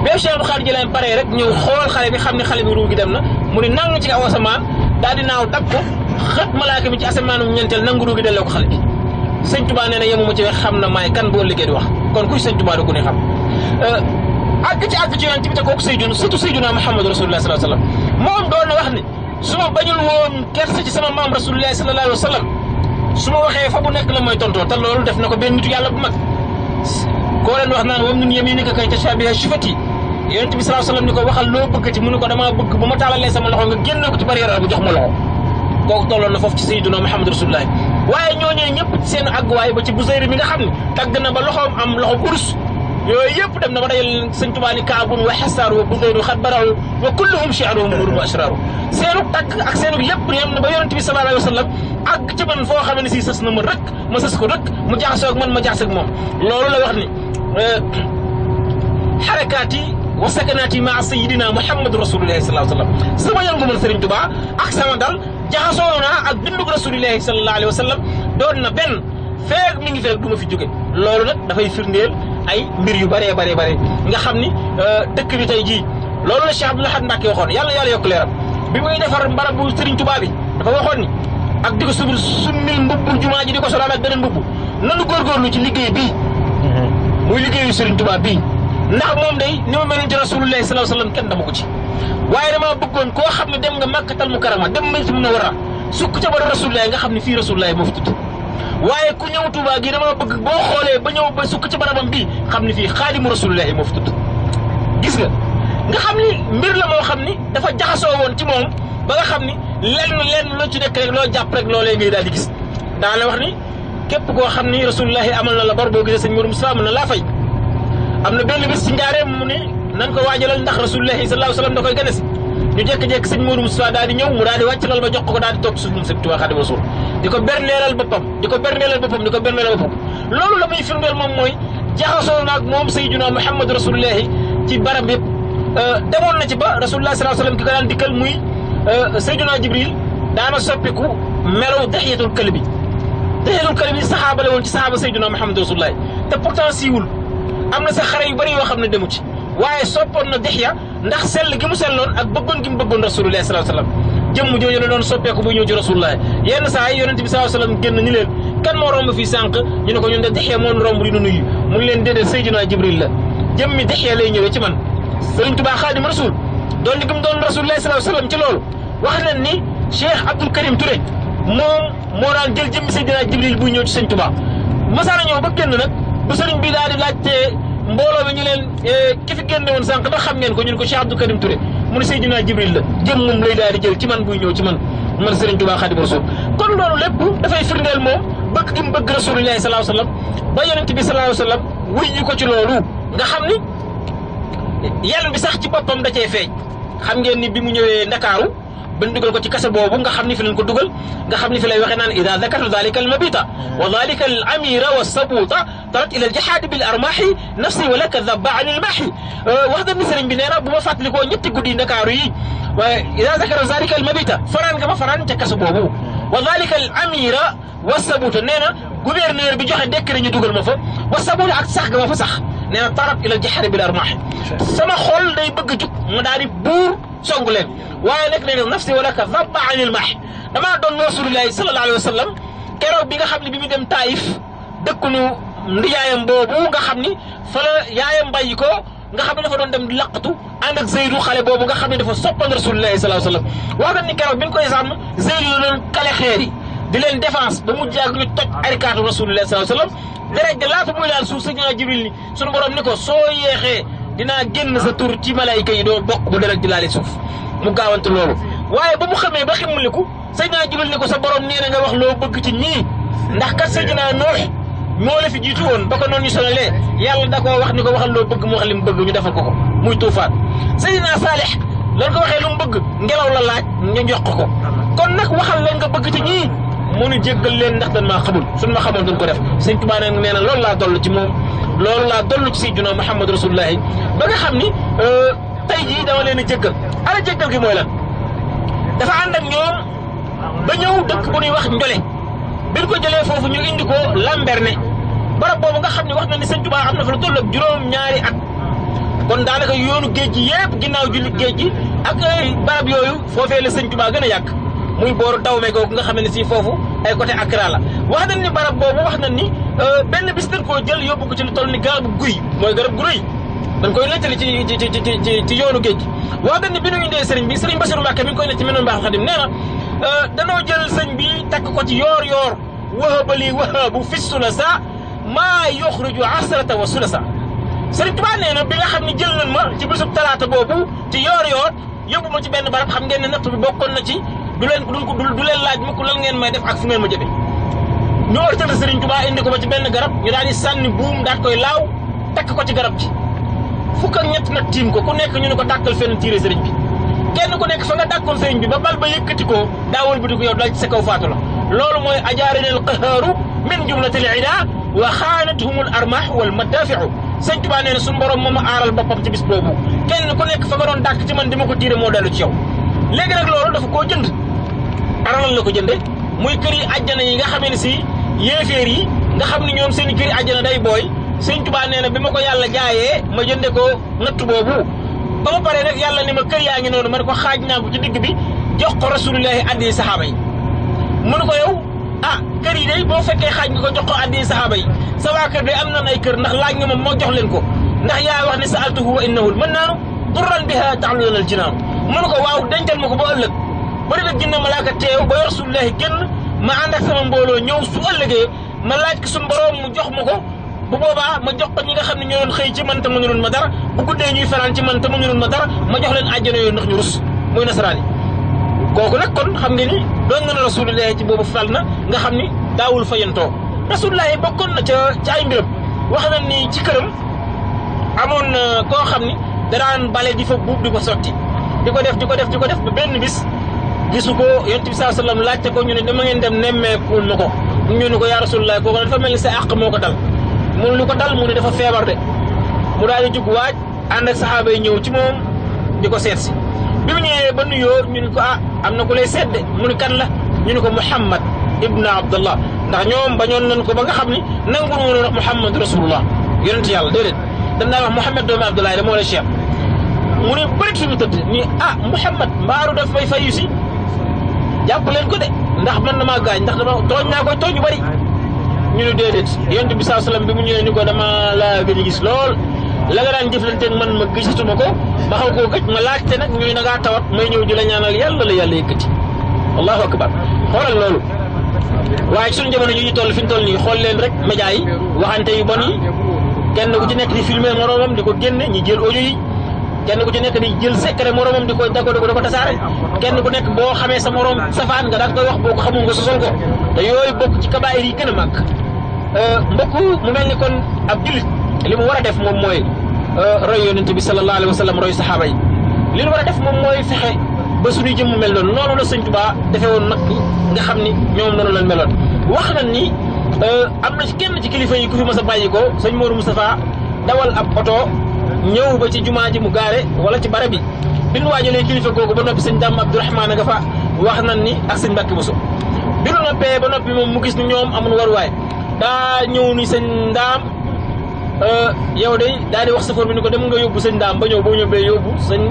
bépp Cheikh Abdou Khadre Jilani paree rek ñëw xool xale bi xam ne xale bi ruugi dem na mu ni nangu ci aw asamaan daal di naaw tag ko xat malaaka mi ci asamaanum ñeenteel nangu ruugi delloo ko xale bi sëñ tubaa nee na yemu mu ci xam na maay kan boo liggéey di wax kon kuy sëñ tubaa xam euh, àgg ci àgg ci yonent bi te kooku sayyiduna surtout sayyiduna Muhammadu rasulullah sallallahu alayhi wa sallam moom doon na wax ni su ma bañul woon kersa su ma waxee fa bu nekk la mooy tontoo te loolu def na ko benn nitu yàlla bu ma koo leen wax naan moom ñun yem yi ni ko kay tashabiha shifati yonent bi sallallahu alayhi ma taalalee sama loxo nga génne ko ci barrière bu jox ma loxo kooku tolloon na foofu ci sayyiduna Muhammad rasulullah waaye ñooñee ñëpp ci seen àgguwaay ba ci Busayri mi nga xam ne tagg na ba loxoom am loxoom urus yooyu yëpp dem na ba dajal sëñ Tuubaa ni kaabun wa xasaaru wa Busayru xat baraw wa kulluhum shi'ruhum nuurun wa asraaru seenu tagg ak seenu yëpp yem na ba yonent bi sallallahu alayhi wa sallam ak ci man foo xam ne si sës na ma rëkk ma sës ko rëkk mu jaxasoo ak man ma jaxasoo ak moom loolu la wax ni xarakaat yi wa sakanaat yi maa sayyidina Muhammad rasulullahi sallallahu alayhi wa sallam sama yëngu man sëriñ Tuubaa ak sama dal jaxasoo naa ak dundug rasulillahi sallallahu alayhi wa sallam doon na benn feeg mi ngi fi rek du ma fi jóge loolu nag dafay firndeel ay mbir yu bëree bëree bëri nga xam ni euh, dëkk bi tey jii loolu la Cheikh Abdoul Ahad Mbacké waxoon yàlla yàlla yokk leeram bi muy defar mbarabu Sëriñ Tuubaa bi dafa waxoon ni ak di ko subul summil mbubb jumaa ji di ko solaal ak beneen mbubb nanu góorgóorlu ci liggéey bii mhm. muy liggéeyu Sëriñ Tuubaa bii ndax moom day ni ma mel ci Rasulullahi sallallahu alayhi wa kenn dama ko ci waaye damaa bëggoon koo xam ne dem nga màkkatal mu karama dem masi a war a sukk ca bar rasulullaay nga xam ne fii rasulullaay moo fi tudd waaye ku ñëw Tuubaa gi dama bëgg boo xoolee ba ñëw ba sukk ci barabam bii xam ne fii xaadimu rasulullahi moo fi tudd nga nga xam ni mbir la moo xam ni dafa jaxasoo woon ci moom ba nga xam ni lenn lenn loo ci nekk rek loo jàpp rek loolee ngay daal di gis daana wax ni képp koo xam ni rasulullahi amal na la bor boo gisee sëñ Mourou Moussa mën na laa fay am na benn bis ci njaareem mu ne nan ko waajalal ndax rasulullahi sallallahu alaihi wasallam da koy gane ñu jékki-jékki sëñ Mourou Moustapha daal di ñëw mu daal di wàcc lal ba jox ko daal di tok suuf moom sëñ Tuubaa Xaadimu diko di bopam diko boppam di ko berneelal boppam loolu la muy firndeel moom mooy jaxasoo naag moom Muhammad rasulullahi ci barab yëpp demoon na ci ba rasulullah sallallahu alayhi wa sallam daan dikkal muy Seydina Jibril daana soppiku melaw daxiyatul kalbi daxiyatul kalbi saxaaba la woon ci saxaaba Seydina Muhammad rasulullahi te pourtant siiwul am na xare yu bëri yoo xam demu ci waye soppoon na Dihya ndax sel gi mu selloon ak bëggon gi mu bëggon rasulullah sallallahu alaihi wasallam jëmm jooju la doon soppeeku bu ñëw ci rasulullah yenn saa yi yonente bi sallallahu alaihi wasallam génn ñu leen kan mo romb fi sank ñu ne ko ñun de Dihya mo romb di nuyu mu leen dede sayyidina Jibril la jëm mi Dihya lay ñewé ci man Sëriñ Tuubaa khadim rasul doon gi mu doon rasulullah sallallahu alaihi wasallam ci lool wax nañ ni Cheikh abdul Karim Touré mom mo daan jël jëm sayyidina Jibril bu ñëw ci Sëriñ ma sa ñëw ba kenn nak bu serigne bi daal di laajtee mbooloo mi ñu leen eh, ki fi génne woon sànq xam ngeen ko ñun ko Cheikh Abdou Karim Touré mu ne Seydina Jibril la jëm moom lay daal di jël ci man buy ñëw ci man man Serigne Touba Khadim Rasoul kon loolu lépp dafay firndeel moom bëgg gi mu bëgg Rasulullahi sallallahu alayhi wasallam ba yonent bi sallallahu alayhi wasallam wuyu ko ci loolu nga xam ni yàlla bi sax ci boppam da cee feeñ xam ngeen ni bi mu ñëwee Ndakaaru بندقل كتي كسر بوابون غخمني في لنكو دقل غخمني في لأيوخي نان إذا ذكر ذلك المبيتة وذلك العميرة والصبوطة طرت إلى الجحاد بالأرماحي نفسي ولك الذبع عن الماحي وهذا مثل بنيرا بوفات لكو نيت قدين دكاروي وإذا ذكر ذلك المبيتة فران كما فران تكسر بوابو وذلك العميرة والصبوطة نينا غوبيرنير بجوخي دكري ني دقل مفو والصبوطة أكتساخ كما فسخ nee na tarab ila jaxari bil armaaxi sama xol day bëgg a jug mu daal di buur song leen waaye nag nee na nafsi walaka dabba anil maaxi damaa doon rasulullahi sallallahu alayhi wa sallam keroog bi nga xam ne bi mu dem taayif dëkkunu ndijaayam boobu nga xam ni fa la yaayam bàyyi ko nga xam ne dafa doon dem laqatu ànd ak Zeydu xale boobu nga xam ne dafa soppan rasulullahi sallallahu alayhi wa sallam wax na ni keroog bi ñu koy sàmm Zeydu la doon kale xeer yi di leen défense ba mujj ak ñu toj arikaatu rasulullah sallallahu alayhi wasallam deret ja laata muy laal suuf sañaa jibril ni sunu borom ni ko soo yeexee dinaa génn sa tur ci malayka yi doo bokk bu deret ji laale suuf mu gaawante loolu waaye ba mu xamee ba ximmuliku sañaa jibril ni ko sa borom nee na nga wax loo bëgg ci ñii ndax kat naa noox moo la fi jiitu woon ba ko noonu ñu sonalee yàlla da koo wax ni ko waxal loo bëgg mu wax li mu bëgg ñu defal ko ko muy tuufaan sayyidina Saalix lan ko waxee lu mu bëgg ngelaw la laaj ñu jox ko kon nag waxal lan nga bëgg ci ñii moo mënu jéggal leen ndax dañ maa xamul suñ ma xamoon duñ ko def sëñ Tuubaa nee lool na loolu laa dollu ci moom loolu laa dollu ci Sayyidinaa Muhammad Rasulullaahi ba nga xam ni euh, tey jii dama leen a jéggal gi mooy la dafa ànd ak ñoom ba ñëw dëkk bu ñuy wax njole biñ ko jëlee foofu ñu indi ko Lamberne barab boobu nga xam ne wax na ni sëñ Tuubaa am na fa lu toll ak juróom-ñaari at kon daanaka yoonu géej gi yëpp ginnaaw julli géej gi ak barab yooyu foofee la sëñ Tuubaa gën a yàgg muy booru dawme gog nga xamné ci fofu ay côté Accra la wax nañ ni barab bobu wax nañ ni benn bis dañ ko jël yóbbu ko ci ni tolni garab guuy moy garab gu rëy dañ koy nettali ci ci ci ci ci ci yoonu géej gi. wax nañ ni binu ñu sëriñ bi sëriñ Bassirou Mbacke mi ngi koy nekk ci meneen mbaaxu xadim néna euh dañu jël sëriñ bi tak ko ci yor yor wahabali wahabu fi sulasa ma yukhruju asrata wa sulasa sëriñ tuba néna bi nga xamni jël nañ ma ci bisub talata bobu ci yor yor yobuma ci benn barab xam ngeen ne natt bi bokkon na ci du leen du leen laaj mukk lan ngeen may def ak fu ngeen ma jëmee ñu ërtal Sëriñ Tuubaa indi ko ba ci benn garab ñu daal di sànni buum daal koy laaw takk ko ci garab ji fukk ka ñett na tiim ko ku nekk ñu ne ko tàkkal fenn tiire sëriñ bi kenn ko nekk fa nga tàkkoon sëriñ bi ba bal ba yëkkati ko daawal buti ko yow dal ci sa kaw faatu la loolu mooy ajaarinel qahaaru min jumlatil ida wa xaanathumul armah wal ma sëñ Tuubaa nee na suñu borom mooma aaral boppam ci bis boobu kenn nekk fa nga doon dàkk ci man di ma ko tiire moo dellu ci yow léegi loolu dafa koo jënd aralal la ko jënde muy kër yi àjjana yi nga xamee ne si yéeféer yi nga xam ni ñoom seen kër yi àjjana day booy sëñ Tuubaa nee na bi ma ko yàlla jaayee ma jënde ko natt boobu ba ma pare rek yàlla ne ma kër yaa ngi noonu ma ne ko xaaj naa ko ci digg bi jox ko rasulullahi addi saxaaba yi mënu ko yow a ah, kër yi day boo fekkee xaaj nga ko jox ko addi saxaaba yi sa waa kër day am na ay kër ndax laaj nga moom moo jox leen ko ndax yaa wax ne sa altuhu wa innahul mën naanu durran biha taxlulanal jinaanu mënu ko waaw dencal ma ko ba ëllëg bëri na jinne malaaka teew ba yor suuf leex génn ma ànd ak sama mbooloo ñëw su ëllëgee ma laaj ko suñu mu jox ma ko bu boobaa ma jox ko ñi nga xam ne ñoo doon xëy ci man te mënuloon ma dara bu guddee ñuy fanaan ci ma dara ma jox leen àjjana yooyu ndax ñu rus muy kooku nag kon xam nga ni doon na rasulullah ci boobu fal na nga xam ni daawul fayantoo rasulullah bokkoon na ca ci ay mbiram wax na ni ci këram amoon koo xam ni danaan bale di fa buub di ko sotti di ko def di ko def di ko def ba benn bis gisu ko yonent bi saa sallam laajte ko ñu ne dama ngeen dem nemmeekul ma ko ñu ne ko yaa rasulullah kooku dafa mel ni sa àq moo ko dal mun lu ko dal mu ne dafa feebar de mu daal di jug waaj ànd ak saxaaba yi ñëw ci moom di ko seet si bi mu ñëwee ba nuyoo ñu ne ko ah am na ku lay seet de mu ne kan la ñu ne ko Muhammad ibn Abdullah ndax ñoom bañoon nañ ko ba nga xam ni nangu woon na Muhammad rasulullah yonent yàlla déedéet dañ daan wax Muhammad doomu Abdullah da moo lay cheikh mu ne bërit fi mu tëdd ni ah Muhammad mbaaru daf fay fayu si jàpp leen ko de ndax man damaa gaañ ndax dama tooñ naa ko tooñ ñu bari ñu ne déedéet yonent bi saa salaam bi mu ñëwee ni ko dama laa gëj gis lool la nga daan jëflanteeg man ma gisatuma ko ma xaw koo gëj ma laajte nag ñuy na ngaa tawat may ñëw di la ñaanal yàlla la yàlla yëkkati allahu akbar xoolal loolu waaye suñu jamono ñu ñu toll fi ñu toll nii xool leen rek média yi waxante yu bon yi kenn ku ci nekk di filmer moroomam di ko génne ñi jël audio yi kenn ku ci nekk di jël secret moromam di koy daggo daggo da ko tasaare kenn ku nekk boo xamee sa morom safaan nga daal koy wax boo ko xamul nga sosol ko te yooyu bokk ci kabaayir yi gën a màgg euh, mbokk mu mel ni kon ab jullit li mu war a def moom mooy euh, roy yonente bi sallallahu alayhi wa sallam roy saxaaba yi li ñu war a def moom mooy fexe ba suñuy jëm mu mel noonu noonu la sëñ Tuubaa defee woon nag nga xam ni ñoom noonu lañ meloon wax nañ ni euh, am na ci kenn ci kilifa yi ku fi mas a bàyyi ko sëñ Mourou Moustapha dawal ab oto ñëw ba ci jumaa ji mu gaare wala ci barab bi bi nu waajalee kilifa googu ba noppi sëñ Dame Abdourahmane nga fa wax nan ni ak sëñ Mbàkke so bi nu noppee ba noppi moom mu gis ni ñoom amul waruwaay daa ñëw ni sëñ Dame euh, yow de daa di wax safoor bi ni ko dem nga yóbbu sëñ Dame ba ñëw boo ñëwee yóbbu sëñ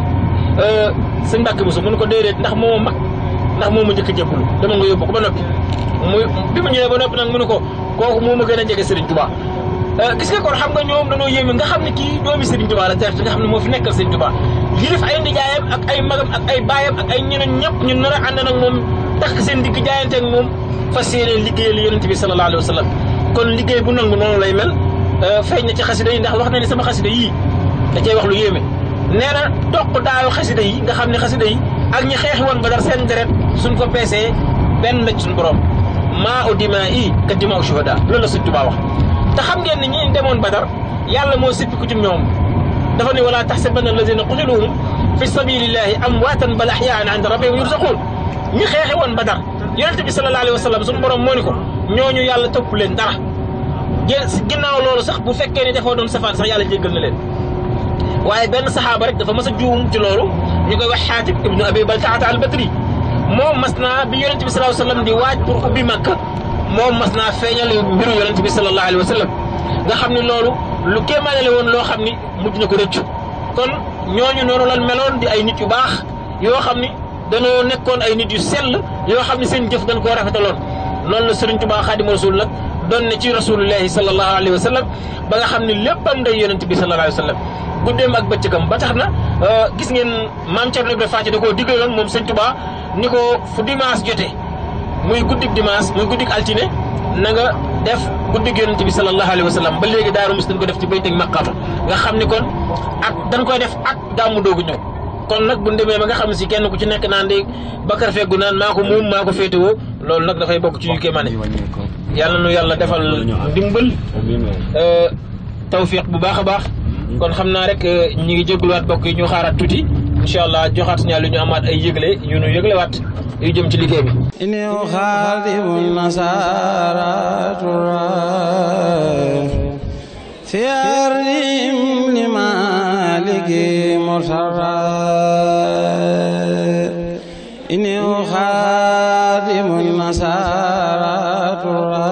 euh, sëñ Mbàkke Buso mu ne ko déedéet ndax moo mag ndax moo ma njëkk a jébbalu dama ko ba noppi muy bi ñëwee ba noppi nag mu ne ko kooku moo ma gën a jege Sëriñ Tuubaa Euh, gis nga kon xam nga ñoom dañoo yéeme nga xam ne kii doomi Serigne Touba la certes nga xam ne moo fi nekkal Serigne Touba li def ay nijaayam ak ay magam ak ay baayam ak ay ñeneen ñëpp ñu nar a ànd nag moom takk seen digg jaayante ak moom fas yéene liggéeyal yonent bi sallallahu alayhi wa sallam kon liggéey bu mel euh, feeñ na ci xasida yi ndax wax na ne sama xasida yii da cay wax lu yéeme nee na toq daayu xasida yi nga xam ne xasida yi ak ñi xeex woon ba dar seen deret suñ ko peesee benn nañ ci boroom borom maa u i ka dima u shuhada loolu la Serigne Touba te xam ngeen ni ñi demoon badar yàlla moo sippiku ci ñoom dafa ne wala taxsabanna alladina qutiluhum fi sabilillahi amwaatan bal ahyaan inda rabbihim yurzaquun ñi xeexe woon badar yonente bi sallallahu alayhi wa sallam suñu borom moo ni ko ñooñu yàlla topp leen dara ginnaaw loolu sax bu fekkee ne dafoo doon safaan sax yàlla jéggal na leen waaye benn saxaaba rek dafa mas a juum ci loolu ñu koy wax xaatib ibnu abi baltaata al badri moom mas naa bi yonente bi sallallahu alayhi wa sallam di waaj pour ubbi makka moom mas naa feeñal mbiru yonent bi sallallahu alayhi wa sallam nga xam ni loolu lu kéemaane la woon loo xam ni mujj na ko rëccu kon ñooñu noonu lan meloon di ay nit yu baax yoo xam ni danoo nekkoon ay nit yu sell yoo xam ni seen jëf dañ koo rafetaloon noonu la Sëriñ Tuubaa Xaadimu Rasuul nag doon ne ci rasulullahi sallallahu alayhi wa sallam ba nga xam ne léppam day yonent bi sallallahu alayhi wa sallam guddeem ak bëccëgam ba tax na euh, gis ngeen maam Thierno Ibrahima Faty da koo digaloon moom sëñ Tuubaa ni ko fu dimanche jotee muy guddik dimanche muy guddik altine na nga def guddik yonent bi sallallahu alayhi wa sallam ba léegi daaru mus ko def ci bayteg maqama nga xam ni kon ak dañ koy def ak gàmmu doogu ñëw kon nag bu demee ba nga xam ne si kenn ku ci nekk naan di bakar feggu naan maa ko muum maa ko féetewoo loolu nag dafay bokk ci yu kéemaane yàlla nu yàlla defal dimbal euh, tawfiq bu baax a baax mm-hmm. kon xam naa rek euh, ñi ngi jégluwaat bokk yi ñu xaaraat tuuti insha allah joxaat ñaa lu ñu amaat ay yëgle yu nu yëgle waat yu jëm ci liggéey bi ini uxaadibu nasaratura fi ardim li maliki murtara ini uxaadibu nasaratura